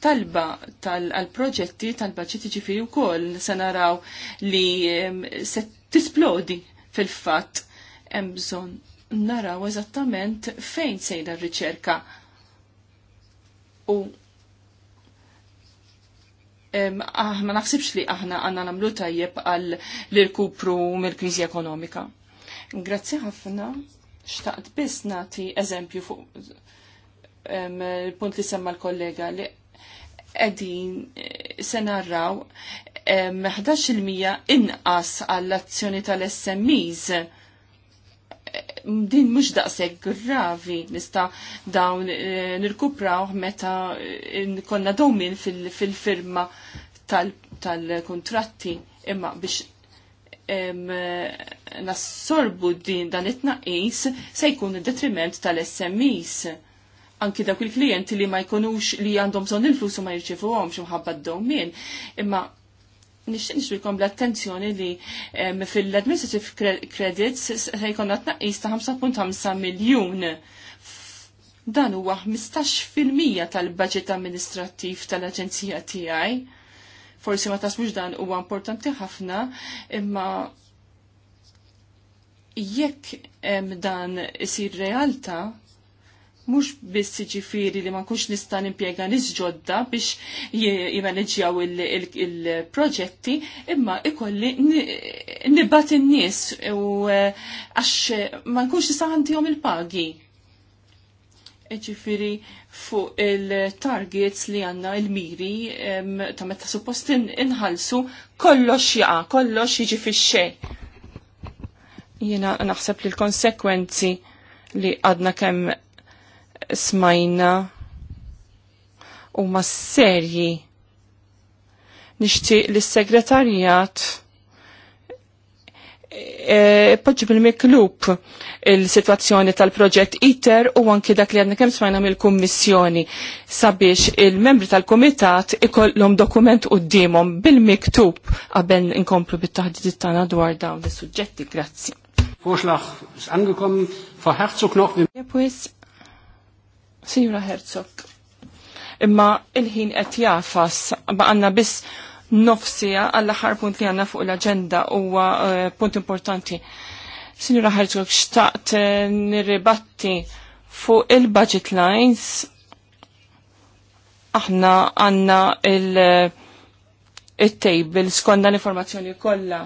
talba tal-proġetti tal-baġġet jiġifieri wkoll se naraw li se tisplodi fil-fatt hemm bżonn naraw eżattament fejn sejna r-riċerka. U ah, ma naħsibx li aħna għanna namlu tajjeb għal l-irkupru mill-krizi ekonomika. Grazzi ħafna, xtaqt biss nati eżempju fuq il-punt li semma l-kollega li għedin eh, se narraw 11% inqas għall-azzjoni tal-SMEs din mhux daqshekk gravi nista' dawn eh, nirkupraw meta eh, konna domin fil-firma tal-kontratti imma biex eh, nassorbu din dan it-tnaqqis se jkun detriment tal-SMEs anki dawk il-klijenti li ma jkunux li għandhom bżonn il-flus u ma jirċifuhomx imħabba d domin Imma nixtieq nixbilkom l-attenzjoni li fil-administrative credits se jkollna tnaqqis ta' 5.5 miljun dan huwa 15% tal-budget amministrattiv tal-Aġenzija tiegħi. Forsi ma tasmux dan huwa importanti ħafna, imma jekk dan isir realtà, mux biss ġifiri li ma nkunx nista' nimpjega nisġodda ġodda biex jimaneġjaw il-proġetti, imma ikolli nibbat in-nies u e, għax ma nkunx nista' għandihom il-pagi. Ġifiri fuq il-targets li għanna il-miri ta' meta suppost inħalsu kollox jaqa, kollox jiġi fi xej Jena naħseb li l-konsekwenzi li għadna kemm smajna u ma serji nishtiq li s-segretarjat E, bil-miklub il-situazzjoni tal-proġett ITER u anki dak li għadna kem smajna mill-kummissjoni sabiex il-membri tal-komitat ikollhom dokument d-dimom bil-miktub qabel inkomplu bit-taħdid tagħna dwar dawn is-suġġetti. Grazzi. Vorschlag ist angekommen. Frau Herzog noch. Sinjura Herzog. Imma il-ħin qed jafas ma għandna biss nofsija għall-aħħar punt li għandna fuq l-aġenda huwa eh, punt importanti. Sinjura Herzog xtaqt eh, nirribatti fuq il-budget lines aħna għandna il- eh, tables tejbil skonna l-informazzjoni kollha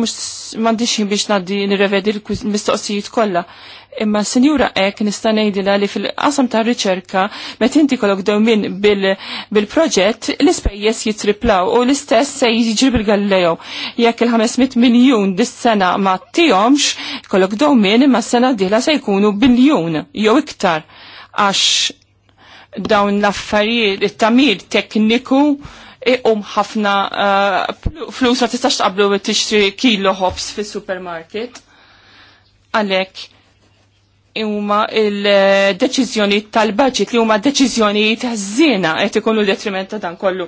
mux mandiċin biex naddi nirrevedi l-mistoqsijiet kolla. Imma senjura ek nista' ngħidilha li fil-qasam ta' riċerka meta inti kolok dewmin bil-proġett l-ispejjeż jitriplaw u l-istess se jiġri bil gallejo Jekk il-500 miljun dis-sena ma tijomx kolok dewmin imma s-sena dila se jkunu biljun jew iktar għax dawn l-affarijiet it-tamir tekniku iqum ħafna eh, flus ma tistax taqblu tixtri kilo hops fis-supermarket. Għalhekk huma il deċizjoni tal-budget li huma deċiżjoni taż qed ikunu detrimenta dan kollu.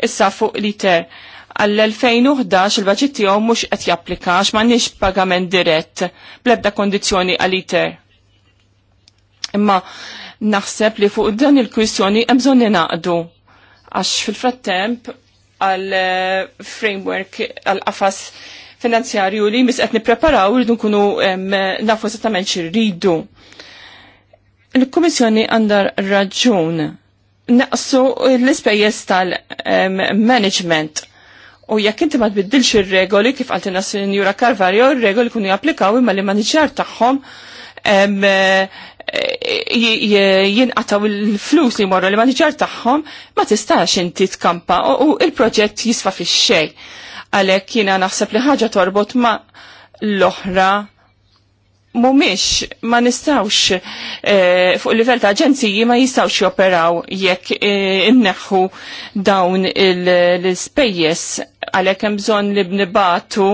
Issa fuq liter għall-2011 il-budget tiegħu mhux qed japplikax m'għandniex pagament dirett bl-ebda kondizzjoni għal liter. Imma naħseb li fuq dan il-kwistjoni hemm bżonn ingħaqdu għax fil-frattemp għal eh, framework għal qafas finanzjarju li misqet nipreparaw nippreparaw dunkunu nkunu nafu esattament xirridu. Il-Kummissjoni għandha raġun naqsu l-ispejjeż tal-management u jekk inti ma tbiddilx ir-regoli kif għaltina Sinjura Carvario, ir-regoli kunu japplikaw imma li maniġjar tagħhom Eh, eh, eh, jinqataw il-flus li morru li ma tiġar tagħhom ma tistax inti tkampa u il-proġett jisfa fix-xej. Għalhekk jiena naħseb li ħaġa torbot ma l-oħra mumiex ma nistawx fuq il livell ta' aġenziji ma jistawx joperaw jekk inneħu inneħħu dawn l-spejjes għalek hemm bżonn li bnibatu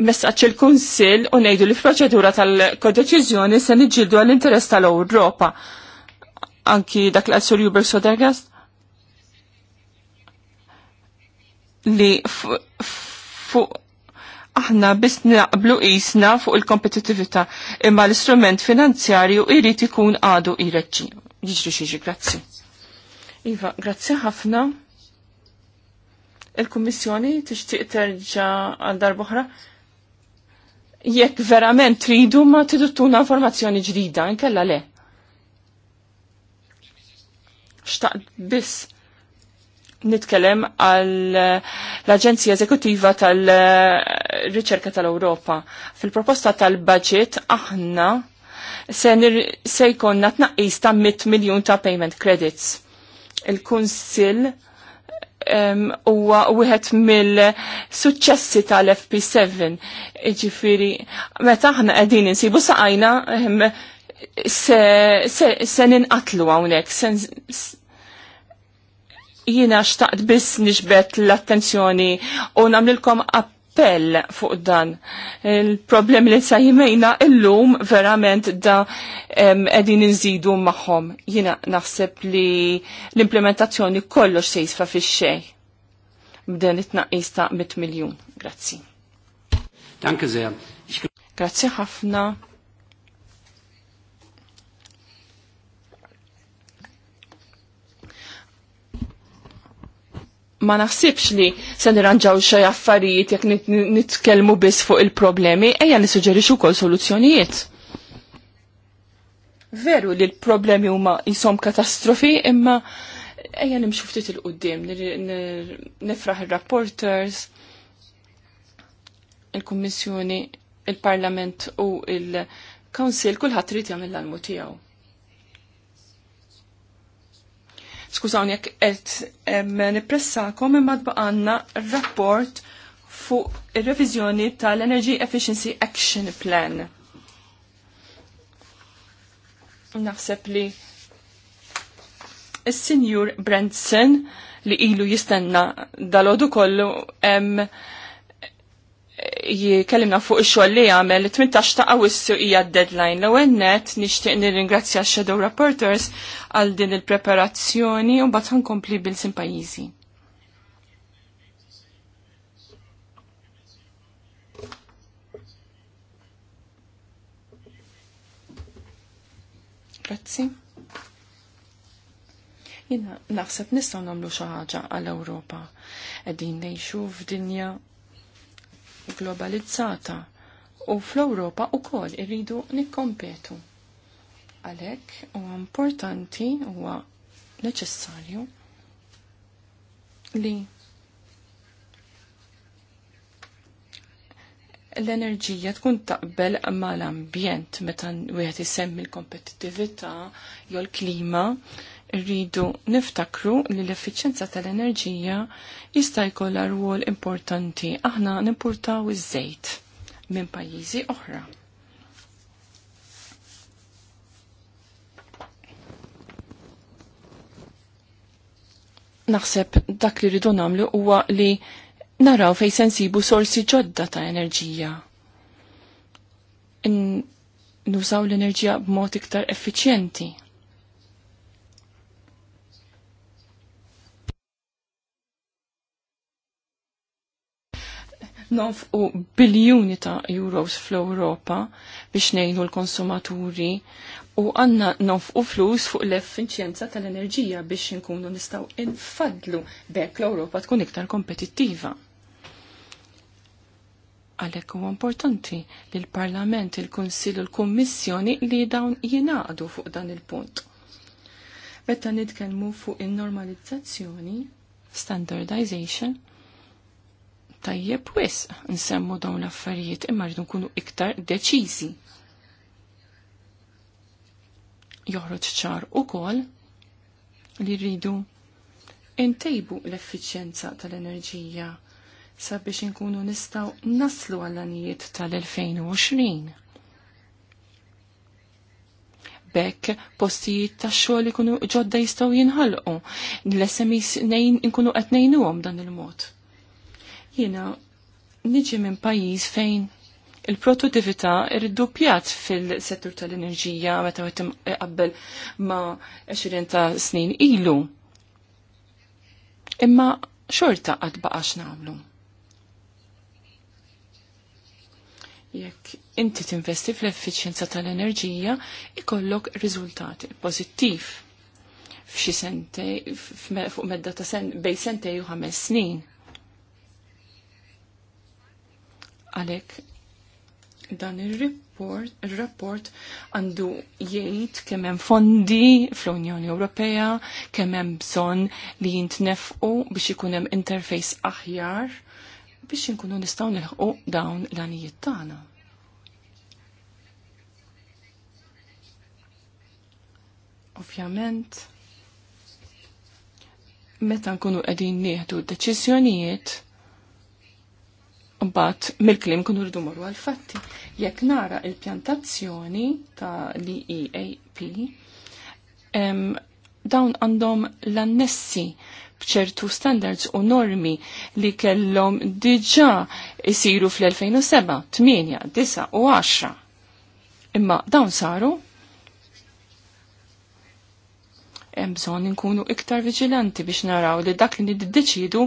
messaċ il-Kunsil u nejdu li f-proċedura tal-kodeċizjoni se nġildu għall-interess tal-Ewropa. Anki dak l-Assur Juber Sodergast? Li fuq aħna bis naqblu isna fuq il-kompetitività imma l-istrument finanzjarju irrit ikun għadu irreċi. Jiġri xieġi, grazzi. Iva, grazzi ħafna. Il-Kummissjoni tixtieq terġa' għal darbohra. oħra jekk verament tridu ma tiduttuna informazzjoni ġdida, nkella le. Xtaqt biss nitkellem għal eh, l-Aġenzija Eżekutiva tal-Riċerka tal-Ewropa. Fil-proposta tal-budget aħna se jkonna tnaqqis ta' 100 miljun ta' payment credits. Il-Kunsill huwa wieħed mill-suċċessi tal-FP7. Ġifieri meta aħna qegħdin insibu saqajna ehm, se, se, ninqatlu hawnhekk, jiena xtaqt biss nixbet l-attenzjoni u namlilkom app appell fuq dan. Il-problem li sa illum verament da edin nżidu maħom. Jina naħseb li l-implementazzjoni kollox se jisfa fi xej. B'den it-naqis ta' 100 miljon. Grazzi. Danke sehr. Grazzi ħafna. ma naħsibx li se nirranġaw xi affarijiet jekk nitkellmu biss fuq il-problemi, ejja nisuġġerixxu wkoll soluzzjonijiet. Veru li l-problemi huma jisom katastrofi, imma ejja nimxu ftit il-qudiem, nifraħ ir-rapporters, il-Kummissjoni, il-Parlament u il-Council, kulħadd trid jagħmel l-almu tiegħu. Skużawni jekk qed nippressakom imma tbaqanna rapport fuq ir-reviżjoni tal-Energy Efficiency Action Plan. Naħseb li il sinjur Brentson li ilu jistenna dal odu kollu jikellimna fuq ix-xogħol li għamel 18 ta' Awwissu hija d-deadline. L-ewwel net nixtieq nirringrazzja x-Shadow Rapporters għal din il-preparazzjoni u mbagħad nkompli bil-sim pajjiżi. Grazzi. Jina naħseb nistgħu nagħmlu xi ħaġa għall-Ewropa. Qegħdin ngħixu f'dinja globalizzata u fl-Ewropa wkoll irridu nikkompetu. Għalhekk huwa importanti huwa neċessarju li l-enerġija tkun taqbel mal-ambjent meta wieħed isemmi l-kompetittività jew l-klima rridu niftakru li l-effiċenza tal-enerġija jista' jkollha rwol importanti aħna nimpurtaw iż-żejt minn pajjiżi oħra. naħseb dak li rridu nagħmlu huwa li naraw fejn se nsibu sorsi ġodda ta' enerġija. Nużaw l-enerġija b'mod iktar effiċjenti. nofqu biljuni ta' euros fl-Europa biex nejnu l-konsumaturi u għanna nofqu flus fuq l effinċenza tal-enerġija biex nkunu nistaw infadlu bekk l-Europa tkun iktar kompetittiva. Għalek u importanti li l-Parlament, il-Konsil u l-Kommissjoni li dawn jinaqdu fuq dan il-punt. Meta nitkellmu fuq in-normalizzazzjoni, standardization, tajjeb wis nsemmu dawn l-affarijiet imma rridu nkunu iktar deċiżi. Joħroġ ċar ukoll li rridu intejbu l-effiċjenza tal-enerġija sabiex inkunu nistaw naslu għall-anijiet tal-2020. Bekk postijiet ta' xogħol ikunu ġodda jistgħu jinħalqu. L-SMIs inkunu qed ngħinuhom dan il-mod. Jiena niġi minn pajjiż fejn il-produttività pjat fil-settur tal-enerġija meta għet eh, qabbel ma' 20 ta' snin ilu. Imma xorta għad baqax namlu. Jekk inti tinvesti fl-effiċjenza tal-enerġija, ikollok riżultati pozittiv f'xi sente, fuq medda ta' sen, bej sentej u ħames snin Għalek dan il-rapport għandu jgħid kemm hemm fondi fl-Unjoni Ewropea, kemm hemm bżonn li jintnefqu biex ikun hemm interface aħjar biex inkunu nistgħu nilħqu dawn l-għanijiet tagħna. Ovvjament, meta nkunu qegħdin nieħdu deċiżjonijiet, Mbagħad mill-kliem kun rridu morru għal fatti. Jekk nara il-pjantazzjoni ta' l-EAP, dawn għandhom l-annessi bċertu standards u normi li kellhom diġà isiru fl-2007, 8, 9 u 10. Imma dawn saru hemm bżonn inkunu iktar viġilanti biex naraw li dak li niddeċidu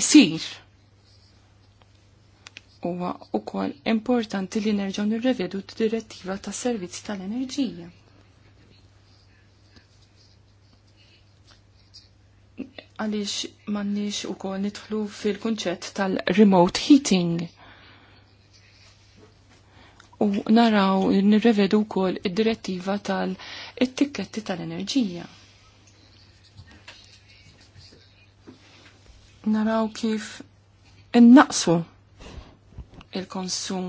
isir huwa wkoll importanti li nerġgħu nirrevedu d-direttiva tas servizz tal-enerġija. Għaliex m'għandniex ukoll nidħlu fil-kunċett tal-remote heating. U naraw nirrevedu wkoll id-direttiva tal-tikketti tal-enerġija. Naraw kif innaqsu il-konsum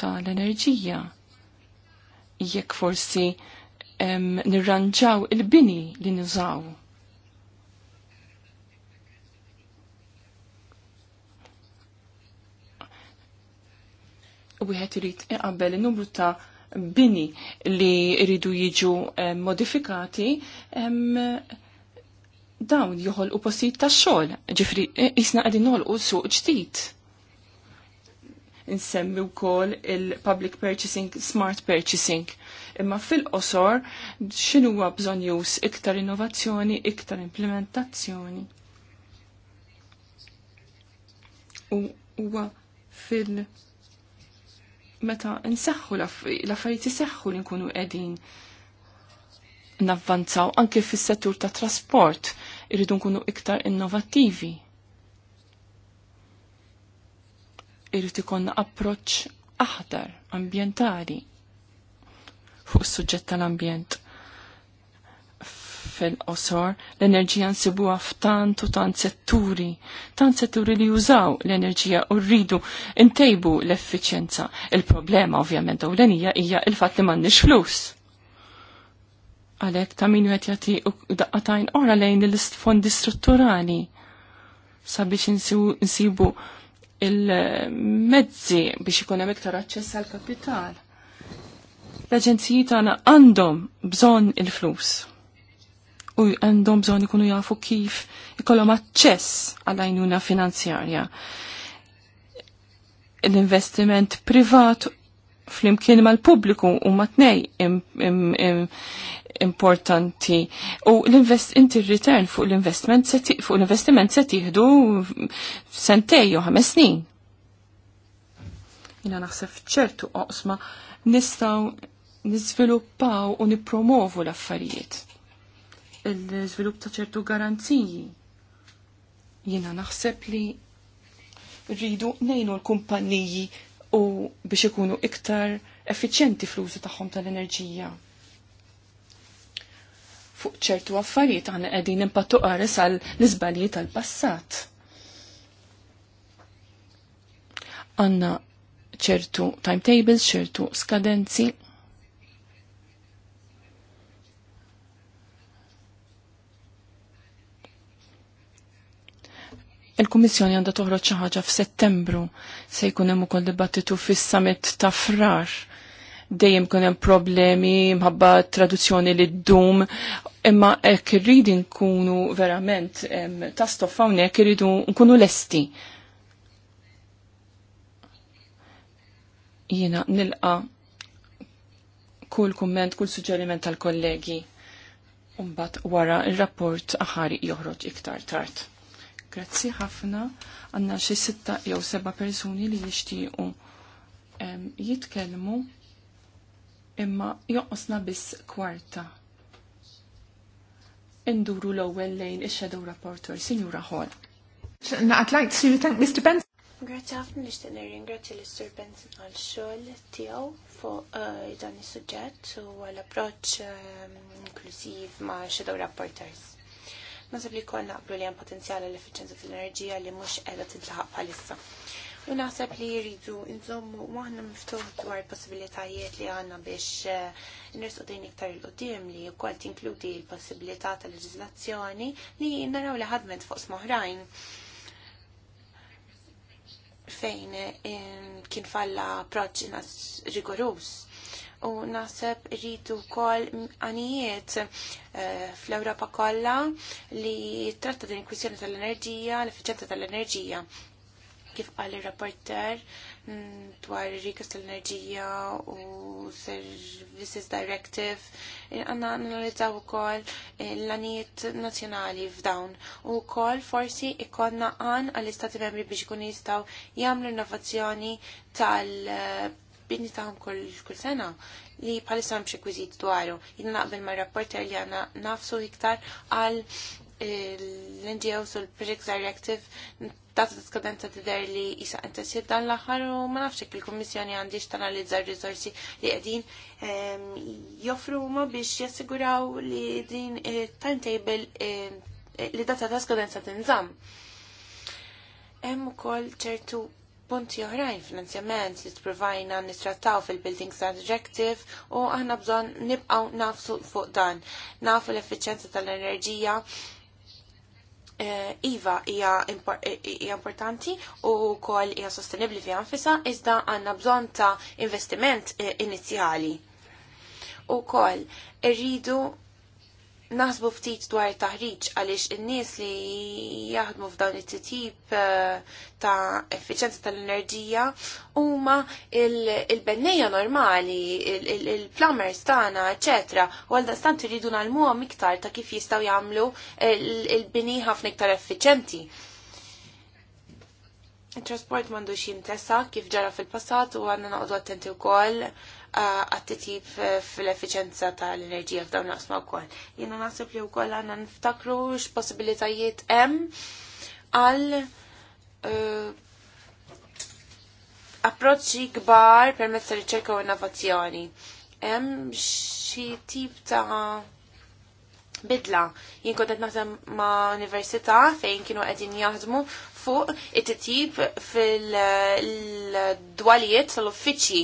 tal-enerġija. Jekk forsi nirranġaw il-bini li nużaw. Wieħed irid iqabbel in-numru ta' bini li rridu jiġu modifikati dawn joħolqu postijiet tax xogħol, ġifri jisna e, għadin u suq ġdid insemmi wkoll il-public purchasing, smart purchasing. Imma fil-qosor xinu huwa bżonn jus iktar innovazzjoni, iktar implementazzjoni. U huwa fil- meta nseħħu l-affarijiet iseħħu li nkunu qegħdin navvanzaw anke fis-settur ta' trasport irridu nkunu iktar innovattivi. irrit ikun approċċ aħdar ambjentali fuq is-suġġett tal-ambjent fil-qosor, l-enerġija nsibuha f'tant u tant setturi, tant setturi li jużaw l-enerġija u rridu intejbu l-effiċjenza. Il-problema ovvjament ewlenija hija il-fatt li m'għandniex flus. Għalhekk ta' min qed jagħti daqqatajn ora lejn l-fondi strutturali sabiex insibu il-mezzi biex ikun hemm iktar aċċess għal kapital. L-aġenziji tagħna għandhom bżonn il-flus u għandhom bżonn ikunu jafu kif ikollhom aċċess għal għajnuna finanzjarja. L-investiment privat flimkien mal-pubbliku huma tnej importanti u l-invest inti return fuq l-investment fuq l-investiment se tieħdu sentej u ħames snin. Jina naħseb ċertu oqsma nistaw niżviluppaw u nippromovu l-affarijiet. Il-żvilupp ta' ċertu garanziji. Jina naħseb li rridu nejnu l-kumpanniji u biex ikunu iktar effiċjenti fl-użu tagħhom tal-enerġija fuq ċertu affarijiet aħna qegħdin impattu qares għal l-iżbalji tal-passat. Għanna ċertu timetables, ċertu skadenzi. Il-Kummissjoni għandha toħroġ xi ħaġa f'Settembru se jkun hemm ukoll dibattitu fis-summit ta' frar dejjem kun hemm problemi mħabba traduzzjoni li ddum, imma hekk irridi nkunu verament ta' stoff hawnhekk irridu nkunu lesti. Jiena nilqa kull kumment, kull suġġeriment tal-kollegi. mbagħad wara r rapport aħari joħroġ iktar tard. Grazzi ħafna għanna xi sitta jew seba' persuni li jixtiequ jitkellmu imma joqosna biss kwarta. Induru l-ewwel lejn ix-Shadow Rapporteur, Sinjura Hall. I'd like to thank Mr. Benson. Grazie ħafna li xtenna ringrazzja l sur Benson għal xogħol tiegħu fuq uh, dan is-suġġett u għal approċċ um, inklużiv ma' Shadow Rapporters. Nasab li jkollna qblu li hemm potenzjali l-effiċenza tal-enerġija li mhux qiegħda tintlaħaq bħalissa. U naħseb li jridu nżommu maħna miftuħ dwar possibilitajiet li għanna biex eh, nirsu din iktar il-qoddim li wkoll tinkludi l-possibilità ta' leġiżlazzjoni li naraw li ħadmet fuq smoħrajn fejn eh, kien falla approċċ rigorus u naħseb rridu kol għanijiet eh, fl-Europa kollha li tratta din il kwistjoni tal-enerġija, l-efficienza tal-enerġija. tal enerġija l tal enerġija l efficienza tal enerġija kif qal ir-rapporter mm, dwar rikas tal-enerġija u Services Directive eh, għanna analizzaw ukoll eh, l-anijiet nazzjonali f'dawn u wkoll forsi ikonna għan għall-istati membri biex kun jistgħu jagħmlu innovazzjoni tal-bini tagħhom kull sena li bħalissa hemm xi dwaru. Jien naqbel mar-rapporter li għandna nafsu iktar għal l-NGOs u l-Project Directive data ta' skadenza tidher li jisa' intessib dan l-aħħar u ma nafx il kummissjoni għandix tanalizza r risorsi li qegħdin ehm, joffru ma biex jassiguraw li din eh, timetable eh, li data ta' skadenza tinżamm. Hemm ukoll ċertu punti oħrajn finanzjament li t-provajna fil-Building Stand Directive u aħna bżon nibqaw nafsu fuq dan. Nafu l-effiċenza tal-enerġija Eh, iva eh, eh, hija importanti u kol hija sostenibli fi anfisa, iżda għandna bżonn ta' investiment inizjali. U kol, irridu naħsbu ftit dwar taħriġ għaliex in-nies li jaħdmu f'dawn it-tip eh, ta' effiċenza tal-enerġija huma il-bennejja normali, il-plumbers tagħna, eċetera, u għal dastant iridu nagħlmuhom iktar ta' kif jistgħu jagħmlu il-bini ħafna iktar effiċenti. Il-trasport m'għandux jintesa kif ġara fil-passat u għandna noqogħdu attenti wkoll għattitib eh, fil-efficienza tal-enerġija f'dawn naqsma wkoll. Jiena naħseb li wkoll għanna niftakru x-possibilitajiet hemm għal eh, approċċi kbar permezz ta' riċerka u innovazzjoni. Hemm xie tip ta' bidla. Jien kont naħdem ma' università fejn kienu qegħdin jaħdmu fuq it-tip fil-dwalijiet tal-uffiċi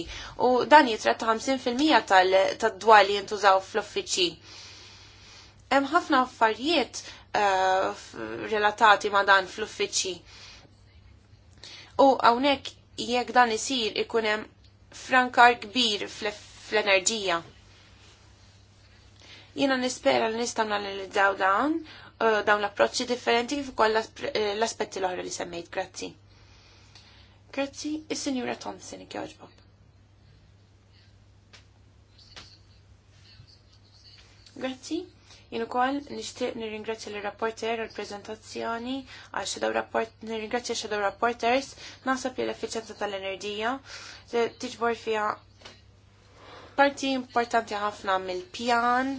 u dan jitratta 50% tal-dwali jintużaw fl-uffiċi. Hemm ħafna affarijiet uh, relatati ma' dan fl-uffiċi. U hawnhekk jekk dan isir ikun hemm frankar kbir fl-enerġija. Jiena nispera li -l -l dawn Eh, dawn l-approċċi differenti kif ukoll eh, l-aspetti l-oħra li semmejt. Grazzi. Grazzi, is-Sinjura Thompson ikjoġbok. Grazzi. Jien ukoll nixtieq nirringrazzja lir rapporter għall preżentazzjoni għal xedaw rapport nirringrazzja xedaw rapporters naħseb li l-effiċenza tal-enerġija tiġbor fiha parti importanti ħafna mill-pjan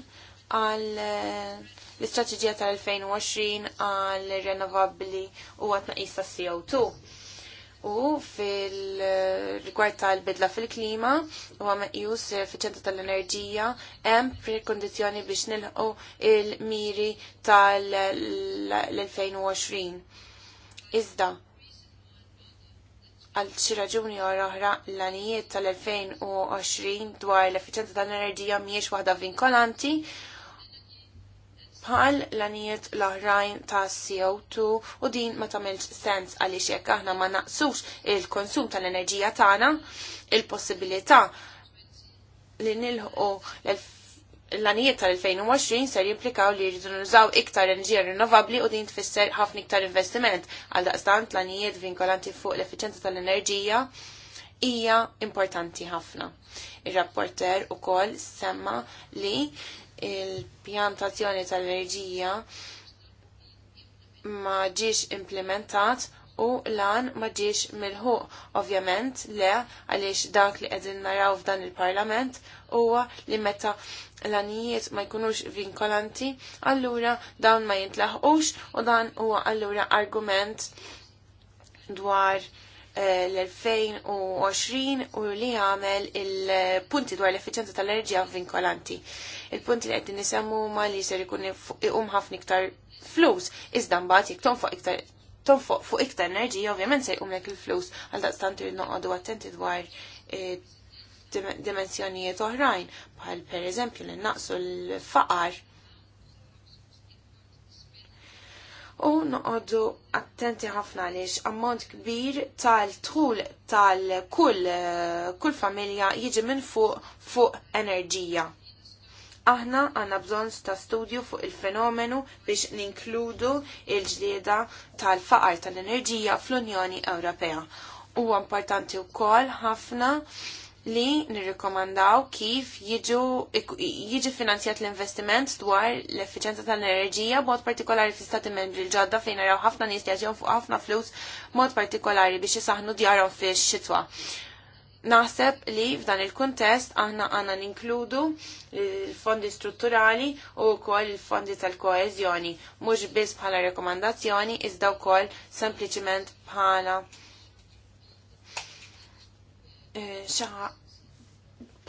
għal eh, l-istrateġija tal-2020 għal rinnovabbli u għatna ta' CO2. U fil-rigward tal-bidla fil-klima u jus fil-ċentru tal-enerġija hemm prekondizjoni biex nilħu il-miri tal-2020. Iżda, għal xi raġuni oħra l-għanijiet tal-2020 dwar l-effiċenza tal-enerġija mhijiex waħda vinkolanti bħal l-anijiet l-oħrajn ta' CO2 u din ma tagħmilx sens għaliex jekk aħna ma naqsux il-konsum tal-enerġija tagħna, il-possibilità li nilħu l-anijiet tal-2020 ser jimplikaw li jridu nużaw iktar enerġija rinnovabbli u din tfisser ħafna iktar investiment għal daqstant l-anijiet vinkolanti fuq l-effiċenza tal-enerġija hija importanti ħafna. Ir-rapporter ukoll semma li il-pjantazzjoni tal-enerġija ma ġiex implementat u lan ma ġiex milħu. Ovvjament, le, għaliex dak li qegħdin naraw f'dan il-parlament huwa li meta l-anijiet ma jkunux vinkolanti, allura dawn ma jintlaħqux u dan huwa allura argument dwar l-2020 u li għamel il-punti dwar l-effiċenza tal-enerġija vinkolanti. Il-punti li għed nisemmu ma li ser ikun iqum ħafna iktar flus, iżda mbagħad jekk tonfoq iktar tonfoq fuq iktar enerġija ovvjament se jqumlek il-flus għal daqstant irid noqogħdu attenti dwar e, dimensjonijiet oħrajn bħal pereżempju li naqsu l-faqar u noqogħdu attenti ħafna għaliex ammont kbir tal-tħul tal-kull eh, kull familja jiġi minn fuq fuq enerġija. Aħna għanna bżonn ta' studju fuq il-fenomenu biex ninkludu il-ġlieda tal-faqar tal-enerġija fl-Unjoni Ewropea. Huwa importanti wkoll ħafna li nirrikomandaw kif jiġi finanzjat l-investiment dwar l efficienza tal-enerġija mod partikolari fi stati membri l-ġodda fejn naraw ħafna nies li fuq ħafna flus mod partikolari biex jisaħnu djarhom fix xitwa. Naħseb li f'dan il-kuntest aħna għandna ninkludu l-fondi strutturali u wkoll il-fondi tal-koeżjoni, mhux biss bħala rekomandazzjoni iżda wkoll sempliċement bħala Eh, xaħa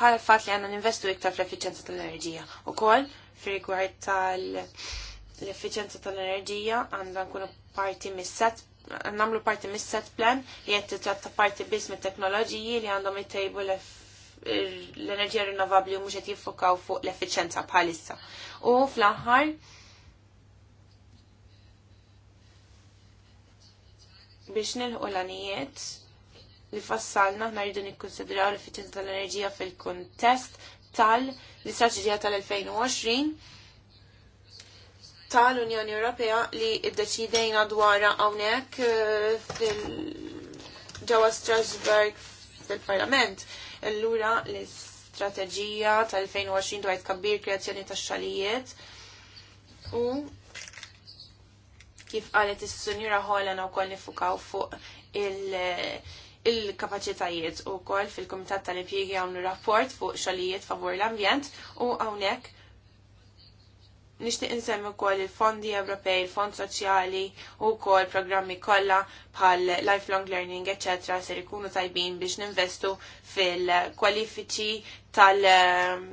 pala fat li għanna ninvestu iktar fl-efficienza tal-enerġija. U kol, fil-rigward tal-efficienza tal-enerġija, għanna nkunu parti mis-set, namlu parti mis-set plan li għed titratta parti bis mit teknoloġiji li għandhom it l-enerġija rinnovabli u muxet jiffokaw fuq l-efficienza bħalissa. U fl-aħħar, biex nilħu l-anijiet li fassalna ħna rridu nikkonsidraw l effiċenza tal-enerġija fil-kontest tal-istraġġija tal-2020 tal-Unjoni Ewropea li id-deċidejna dwar hawnhekk eh, ġewwa Strasbourg fil-Parlament. Allura l-istrateġija tal-2020 dwar tkabbir kreazzjoni tax-xalijiet u kif qalet is-Sunjura Holland wkoll nifukaw fuq il- il-kapacitajiet u kol fil-Komitat tal impjiegi għamlu rapport fuq xalijiet favur l-ambjent u għawnek nishtiq insemmi kol il-fondi Ewropej, il-fond soċjali u kol programmi kolla bħal lifelong learning, etc. ser ikunu tajbin biex ninvestu fil-kwalifiċi tal- um,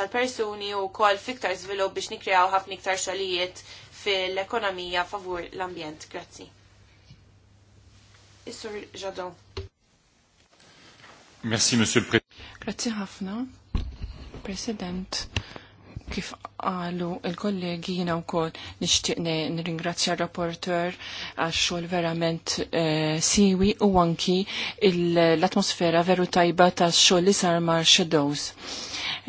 tal-persuni u kol fiktar zvilu biex nikreaw ħafna iktar xalijiet fil-ekonomija favur l-ambjent. Grazzi. Isur sur Jadon. Merci, Monsieur le Président. Grazie ħafna, President. Kif għalu il-kollegi jina u kol nishtiqne nringrazzja rapporteur għax xol verament eh, siwi u anki l-atmosfera veru tajba ta' xol li sar mar shadows.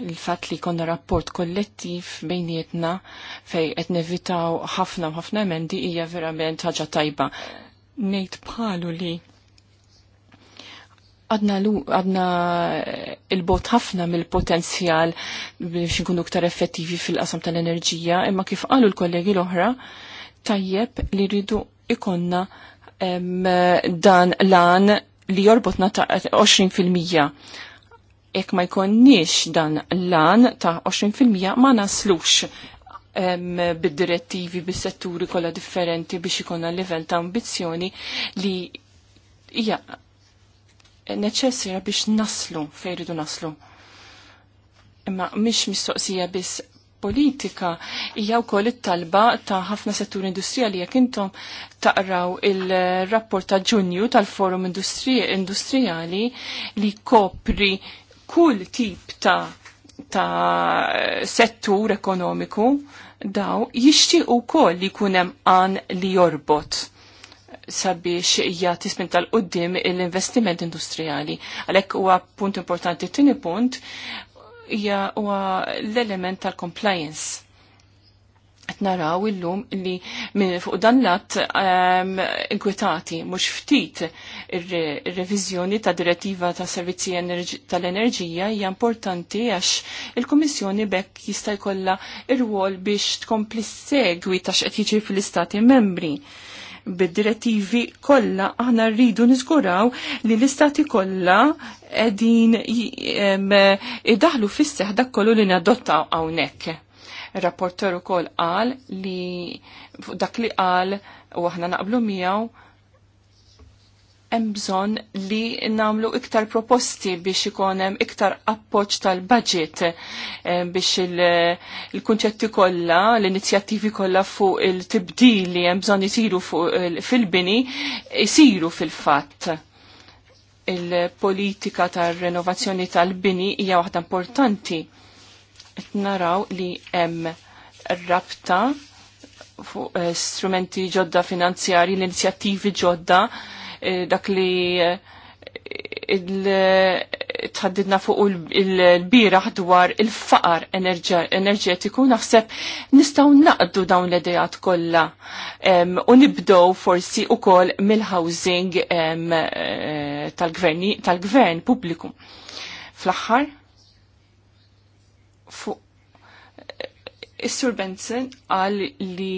Il-fat li konna rapport kollettiv bejnietna fej et nevitaw ħafna u ħafna emendi hija verament ħaġa tajba. Nejt bħalu li għadna għadna eh, il-bot ħafna mill-potenzjal biex nkunu ktar effettivi fil-qasam tal-enerġija, imma kif qalu l-kollegi l-oħra, tajjeb li rridu ikonna dan lan li jorbotna ta' 20%. Jekk ma jkonniex dan lan ta' 20% ma naslux bid-direttivi, bis-setturi kollha differenti biex ikonna livell ta' ambizzjoni li ja, neċessira biex naslu fejn naslu. Imma mhix mistoqsija biss politika hija wkoll it-talba ta' ħafna settur industrijali jekk intom taqraw il-rapport ta' Ġunju tal-Forum Industrijali li kopri kull tip ta' ta' settur ekonomiku daw jixtiequ wkoll li jkun hemm għan li jorbot sabiex hija tismin tal-qoddim l-investiment industrijali. Għalhekk huwa punt importanti tieni punt hija huwa l-element tal-compliance. Qed naraw illum li minn fuq dan l um, ehm, inkwetati mhux ftit ir-reviżjoni ta' direttiva ta' servizzi tal-enerġija hija importanti għax il-Kummissjoni bekk jista' jkollha ir wol biex tkompli segwi ta' x'qed jiġri fl-istati membri bid-direttivi kollha aħna rridu nizguraw li l-istati kollha qegħdin id fis-seħ dak kollu li nadotta hawnhekk. Rapporter ukoll qal li dak li qal u aħna naqblu miegħu hemm bżonn li nagħmlu iktar proposti biex ikun hemm iktar appoġġ tal-budget eh, biex il-kunċetti kollha, l-inizjattivi kollha fuq il-tibdil li hemm bżonn isiru fil-bini isiru fil-fatt il-politika tar-renovazzjoni tal-bini hija waħda importanti. Qed naraw li hemm rabta fuq eh, strumenti ġodda finanzjari, l-inizjattivi ġodda Eh, dak li eh, eh, tħaddidna fuq il-biraħ dwar il-faqar enerġetiku, naħseb nistaw naqdu dawn l-idejat kollha u nibdow forsi ukoll mill-housing tal-gvern pubbliku. Fl-aħħar fuq Is-Sur Benson għal li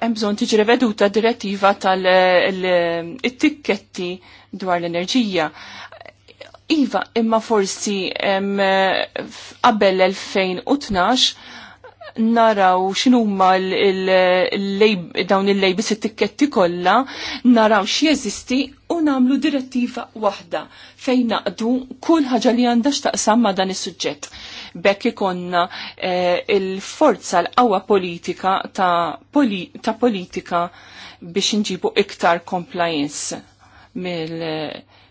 hemm bżonn tiġi reveduta direttiva tal-tikketti dwar l-enerġija. Iva, imma forsi eh, qabel 2012 naraw x'inhuma dawn il-lejbis it-tikketti kollha, naraw x'jeżisti u nagħmlu direttiva waħda fejn naqdu kull ħaġa li għandha x'taqsam ma' dan is-suġġett. Bekk ikonna eh, il-forza l-qawwa politika ta', politika biex inġibu iktar compliance mill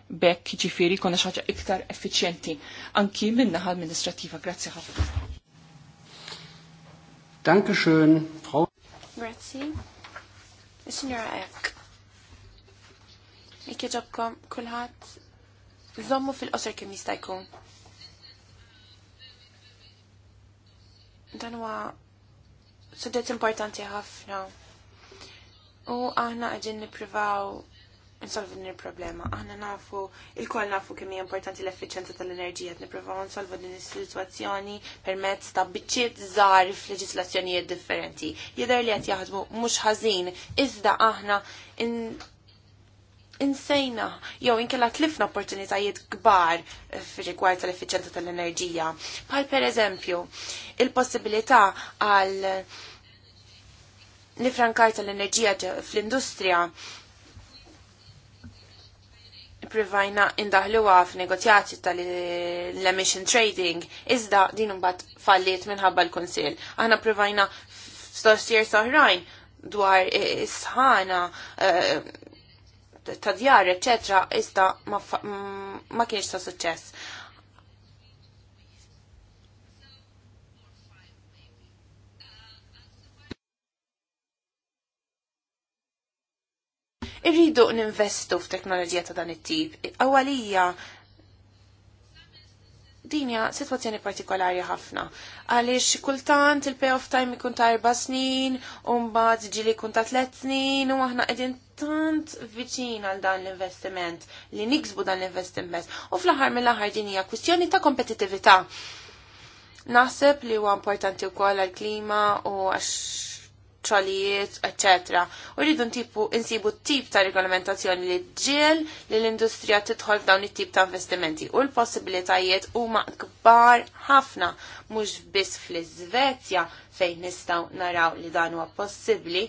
bekk ġifiri konna xaġa iktar effiċjenti anki minnaħa amministrativa. Grazzi ħafna. Dankeschön, Frau. Grazie. Signora Eck. Ikke ġobkom kulħadd Zommu fil-qosor kim jista' jkun. Dan huwa suġġett importanti ħafna. U aħna qegħdin nippruvaw Nsolvi din il-problema. Aħna nafu, il-koll nafu kemm hija importanti l-effiċenza tal-enerġija qed nipprovaw nsolvu din is-sitwazzjoni permezz ta' biċċiet żgħar f'leġislazzjonijiet differenti. Jidher li qed jaħdmu mhux ħażin, iżda aħna insejna jew inkella tlifna opportunitajiet kbar fir-rigward tal-effiċenza tal-enerġija. Bħal pereżempju, il-possibilità għal nifrankar tal-enerġija fl-industrija provajna għaf f'negozjati tal-emission trading, iżda din mbagħad falliet minħabba l-Kunsill. Aħna provajna f-stossier soħrajn dwar isħana eh, ta' djar, eċetera, iżda ma kienx ta' suċċess. Irridu ninvestu f'teknoloġija ta' dan it-tip. Awalija dinja situazzjoni partikolari ħafna. Għaliex kultant il-payoff time ikun ta' erba' snin, umbat ġili kun ta' tlet snin, u aħna qegħdin tant viċin għal dan l-investiment, li niksbu dan l-investiment. U fl-aħħar mill-aħħar din hija kwistjoni ta' kompetittività. Naħseb li huwa importanti wkoll għall-klima u għax ċalijiet, etc. U rridu ntipu insibu tip ta' regolamentazzjoni li ġiel li l-industrija tidħol f'dawn it-tip ta' investimenti u l-possibilitajiet huma kbar ħafna mhux biss fl-Iżvezja fejn nistgħu naraw li dan huwa possibbli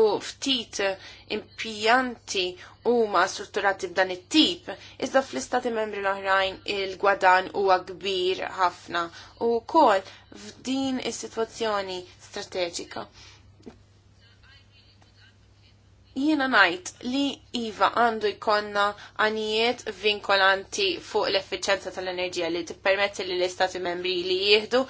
u ftit impjanti huma strutturati b'dan it-tip, iżda fl-istati membri l-oħrajn il-gwadan huwa kbir ħafna u wkoll f'din is-sitwazzjoni strateġika. Jiena ngħid li iva għandu jkollna għanijiet vinkolanti fuq l-effiċenza tal-enerġija li tippermetti li l-istati membri li jieħdu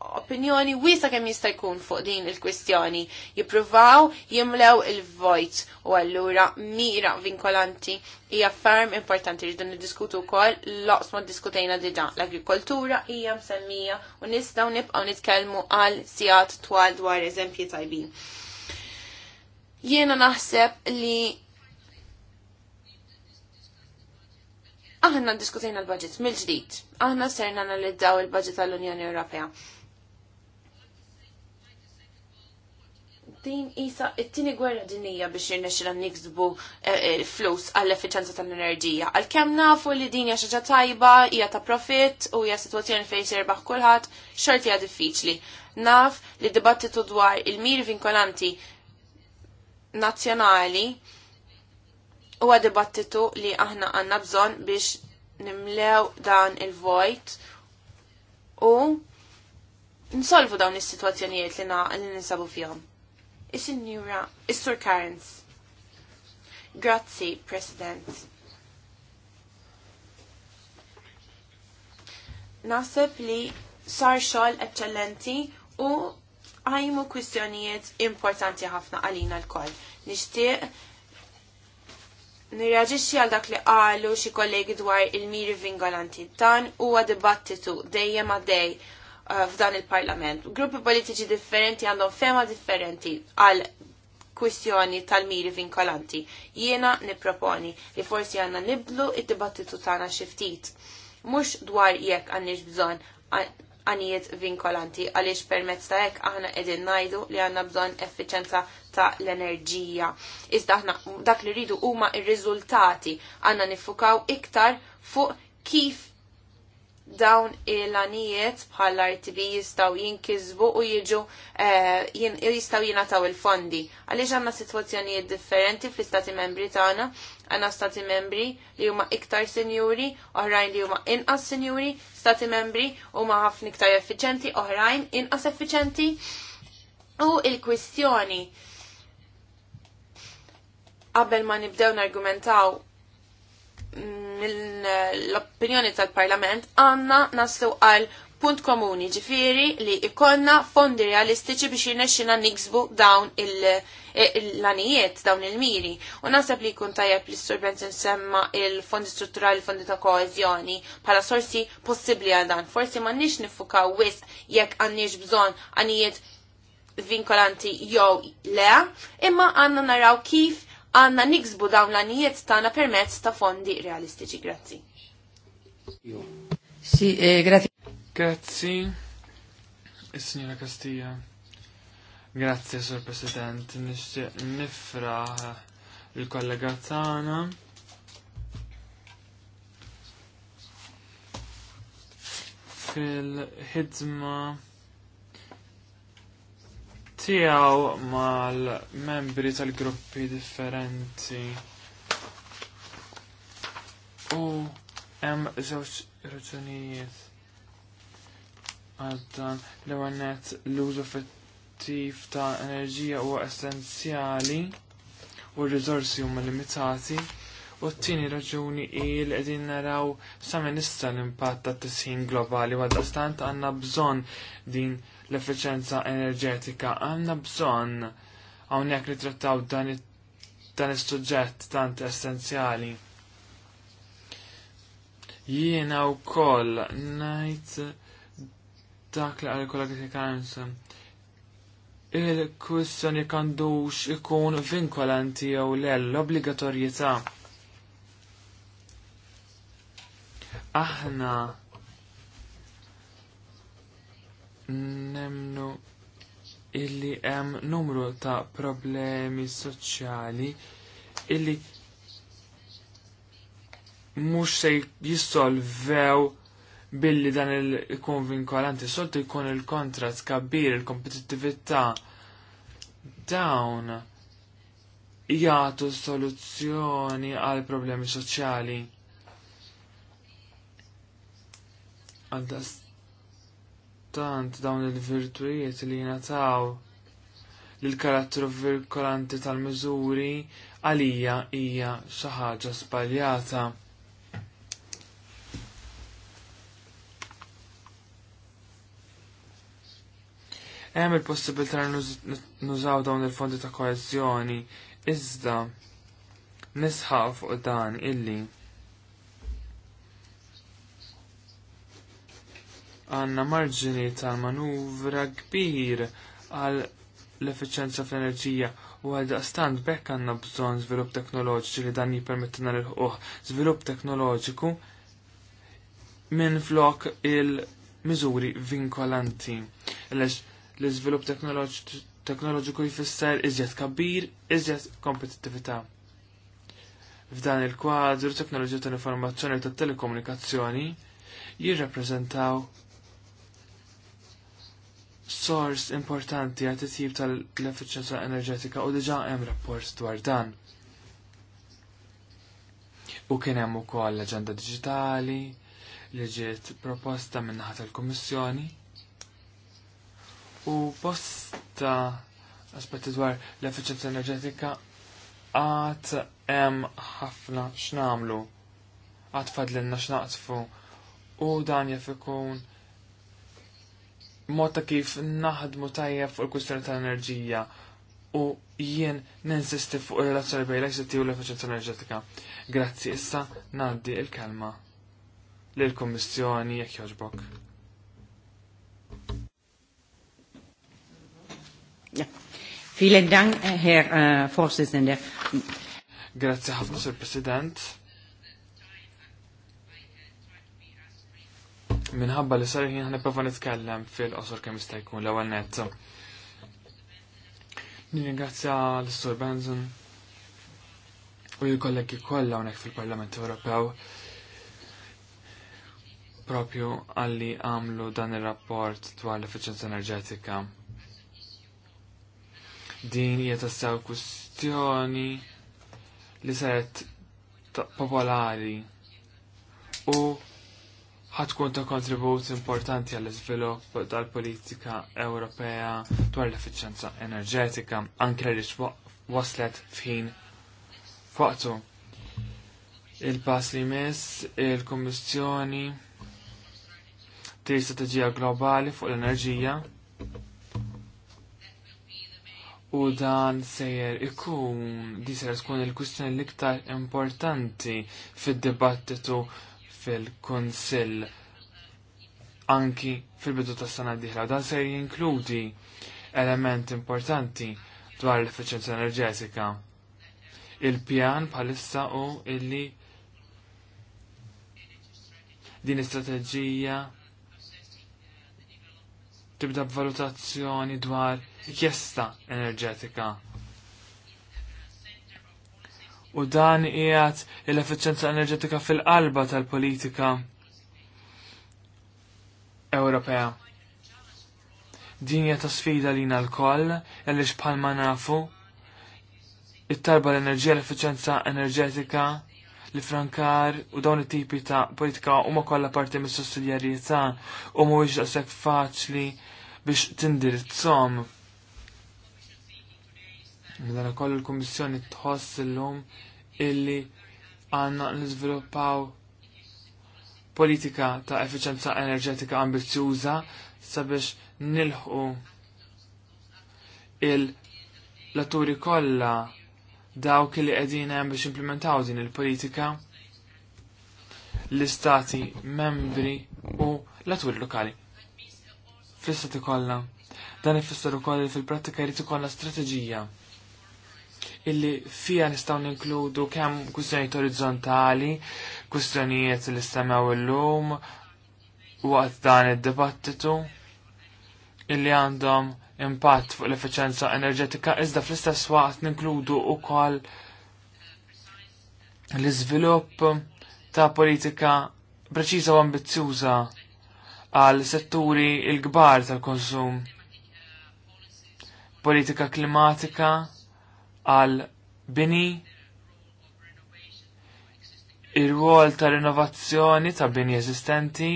opinjoni wisa kemm jista' jkun fuq din il-kwistjoni. Jippruvaw jimlew il-vojt u allura mira vinkolanti hija ferm importanti rridu niddiskutu wkoll ma diskutejna diġà l-agrikoltura hija msemmija u nistgħu nibqgħu nitkellmu għal sigħat twal dwar eżempji tajbin. Jiena naħseb li Aħna diskutejna l-budget mill-ġdid. Aħna ser nanalizzaw il-budget tal-Unjoni Ewropea. din isa it-tini gwerra dinija biex jirnexxilha niksbu eh, eh, flus għall-effiċenza tal-enerġija. Għalkemm nafu li din hija xaġa tajba, hija ta' profit u hija sitwazzjoni fejn serbaħ kulħadd, xorti hija diffiċli. Naf li dibattitu dwar il-miri vinkolanti nazzjonali huwa dibattitu li aħna għandna bżonn biex nimlew dan il-vojt u nsolvu dawn is-sitwazzjonijiet li, li ninsabu fihom. Is-Sinjura, is-Sur Karens. Grazzi, President. Naseb li sar xogħol eċċellenti u għajmu kwistjonijiet importanti ħafna għalina l-koll. Nishtiq nirraġiċi għal dak li għalu xi kollegi dwar il-miri vingolanti. Dan huwa dibattitu dejjem għaddej Eh, f'dan il-parlament. Gruppi politiċi differenti għandhom fema differenti għal kwistjoni tal-miri vinkolanti. Jiena niproponi li forsi għanna niblu it dibattitu tagħna xi ftit. Mhux dwar jekk għandix bżonn għanijiet vinkolanti għaliex permezz ta' hekk aħna qegħdin ngħidu li għandna bżonn effiċenza ta' l-enerġija. Iżda aħna dak li rridu huma r-riżultati għandna nifukaw iktar fuq kif dawn il-anijiet bħal rtb jistaw jinkizbu u jiġu eh, jistaw jinataw il-fondi. Għaliex għanna situazzjonijiet differenti fl-istati membri tagħna, għanna stati membri li huma iktar senjuri, oħrajn li huma inqas senjuri, stati membri huma ħafna iktar effiċenti, oħrajn inqas effiċenti. U il-kwistjoni qabel ma nibdew nargumentaw mm, l-opinjoni tal-Parlament għanna naslu għal punt komuni ġifiri li ikonna fondi realistiċi biex jirnexxina niksbu dawn il- e, l-anijiet dawn il-miri. U nasab li kun tajab li s surbenz nsemma il-fondi strutturali, il-fondi ta' koezjoni, pala sorsi possibli għal dan. Forsi ma nix nifuka wisq jekk għannix bżon għanijiet vinkolanti jew le, imma għanna naraw kif għanna niksbu dawn l-anijiet tagħna permezz ta' fondi realistiċi. Grazzi. Si, eh, grazzi. Grazzi. Signora Castilla. Grazzi, Sur President. Nixtieq il-kollega Tana. fil-ħidma tiegħu mal-membri tal-gruppi differenti. U hemm żewġ raġunijiet għal dan l-ewwel nett l-użu effettiv ta' enerġija huwa essenzjali u r-riżorsi huma limitati. U t-tini raġuni il edin naraw sa' minista l-impatt ta' tisħin globali, għadda stant għanna bżon din l-efficienza enerġetika. Għanna bżon għawnek li trattaw dan il-sujġett tant essenzjali. Jiena u koll najt dak li għal-kollegi kansa il-kwistjoni kandux ikun vinkolanti jew le l-obbligatorjetà. Aħna nemnu illi hemm numru ta' problemi soċjali illi mhux se jissolvew billi dan il-kun vinkolanti, soltu jkun il-kontrat kabbir, il-kompetittività dawn jgħatu soluzzjoni għal problemi soċjali. Għandas tant dawn il-virtujiet li li l-karattru virkolanti tal-miżuri għalija hija xi ħaġa żbaljata. Hemm il-possibilità nużaw dawn il-fondi ta' koeżjoni iżda nisħaq fuq dan illi għanna marġini tal-manuvra kbir għal l-efficienza fl-enerġija u għal daqstant bekk għanna bżon zvilup teknoloġiċi li dan jipermettina l-ħuħ zvilup teknoloġiku minn flok il-mizuri vinkolanti. L-izvilup teknoloġiku jfisser iżjed kabir, iżjed kompetittività. F'dan il-kwadru teknoloġija tal-informazzjoni u tat-telekomunikazzjoni jirrappreżentaw sors importanti għat tip tal-efficienza enerġetika u diġa hemm rapport dwar dan. U kien hemm ukoll l-aġenda diġitali li ġiet proposta minnaħat tal-Kummissjoni. U posta aspetti dwar l-efficienza enerġetika għat hemm ħafna x'namlu għat fadlinna x'naqtfu u dan jaf ikun mod ta' kif naħdmu tajjeb fuq il-kwistjoni tal-enerġija u jien ninsisti fuq il-relazzjoni bejn l-ICT u l-efficienza enerġetika. Grazzi, issa naddi il-kelma l kummissjoni jekk jogħġbok. Vielen Dank, Herr äh, Vorsitzender. Grazie ħafna, Präsident. President. Minħabba li sar ħin ħaniprofa nitkellem fil-qosor kemm jista' jkun l-ewwel nett. Nirringrazzja l-Sur Benson u l-kollegi kollha hawnhekk fil-Parlament Ewropew propju għalli għamlu dan ir-rapport dwar l effiċenza enerġetika. Din hija tassew kwistjoni li saret popolari u ħatkun ta' kontribut importanti għall iżvilupp tal-politika Ewropea dwar l-effiċenza enerġetika, anke li waslet f'ħin faqtu. Il-pass li mess, il-Kommissjoni, tir strategija globali fuq l-enerġija, U dan sejjer ikun, di sejjer tkun il-kustjoni l-iktar importanti fid-dibattitu fil-Konsill anki fil-bidu ta' sana diħla. Dan se jinkludi element importanti dwar l-efficienza enerġetika. Il-pjan bħalissa u illi din istrateġija tibda b'valutazzjoni dwar ikjesta enerġetika u dan ijat l-effiċenza enerġetika fil-qalba tal-politika Ewropea. Din hija ta' sfida lina l-koll, għaliex bħalma nafu, it-tarba l-enerġija l-effiċenza enerġetika li frankar u dawn it-tipi ta' politika huma kollha parti mis sussidjarjetà u mhuwiex daqshekk faċli biex tindirizzhom. Madana kollu l-Kummissjoni tħoss illum lum illi għanna nizviluppaw politika ta' efficienza enerġetika ambizjuża sabiex nilħu il-laturi kollha dawk li qegħdin hemm biex implementaw din il-politika l-istati membri u l lokali. Fl-istati kollha. Dan ifisser ukoll fil-prattika jrid ikollha strateġija illi fija nistaw ninkludu kemm kwistjonijiet orizzontali, kwistjonijiet li stemmew illum waqt dan id-dibattitu illi għandhom impatt fuq l-efficienza enerġetika iżda fl-istess waqt ninkludu ukoll l-iżvilupp ta' politika preċiża u ambizzjuża għal setturi il-kbar tal-konsum. Politika klimatika għal bini ir-rwol ta' rinnovazzjoni ta' bini eżistenti,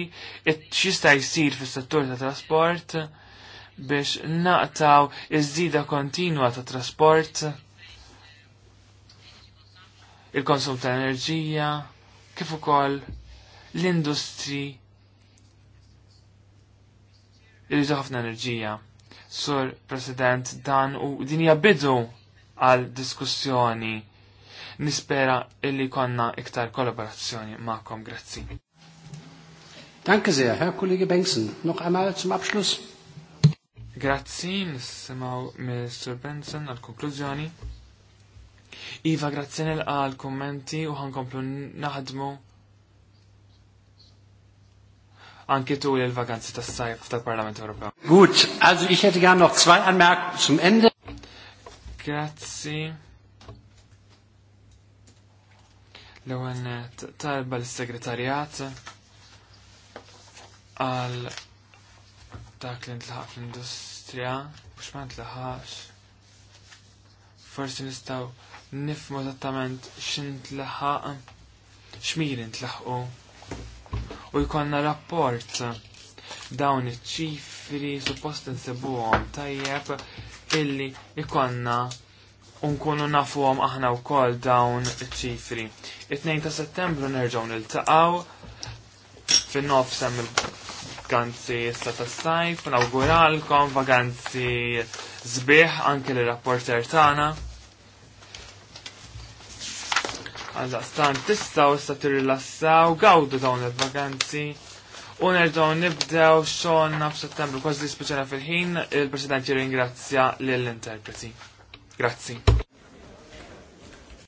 xista' jsir fis-settur ta' trasport biex naqtaw iż-żida kontinwa ta' trasport, il-konsum ta' enerġija, kif ukoll l-industri li ħafna enerġija. Sur President, dan u dinja bidu għal diskussjoni. Nispera illi konna iktar kollaborazzjoni ma'kom, grazzi. Danke sehr, Herr Kollege Benson. Noch einmal zum Abschluss. Grazzi, nisimaw Mr. Benson għal-konklużjoni. Iva, grazzi nil għal-kommenti u komplu naħdmu anki tu l vakanzi tas sajf tal-Parlament Ewropew. Gut, also ich hätte gern noch zwei Anmerkungen zum Ende. Grazzi. L-ewwel talba l-segretarjat għal dak li ntlaħaq fl-industrija mhux ma ntlaħax. Forsi nistgħu nifmu eżattament x'intlaħaq x'mir intlaħqu. U jkollna rapport dawn iċ-ċifri suppost insibuhom tajjeb illi ikonna unkunu nafuhom aħna wkoll dawn iċ-ċifri. It-2 ta' Settembru nerġgħu niltaqgħu fin-nofs hemm il-vaganzi issa tas-sajf, nawguralkom vaganzi sbieħ anke lir-rapporter tagħna. Għalla stan tistaw issa tirrilassaw, gawdu dawn il-vaganzi. U nerġaw nibdew xogħolna f'Settembru kważi speċjala fil-ħin, il-President jirringrazzja l interpreti Grazzi.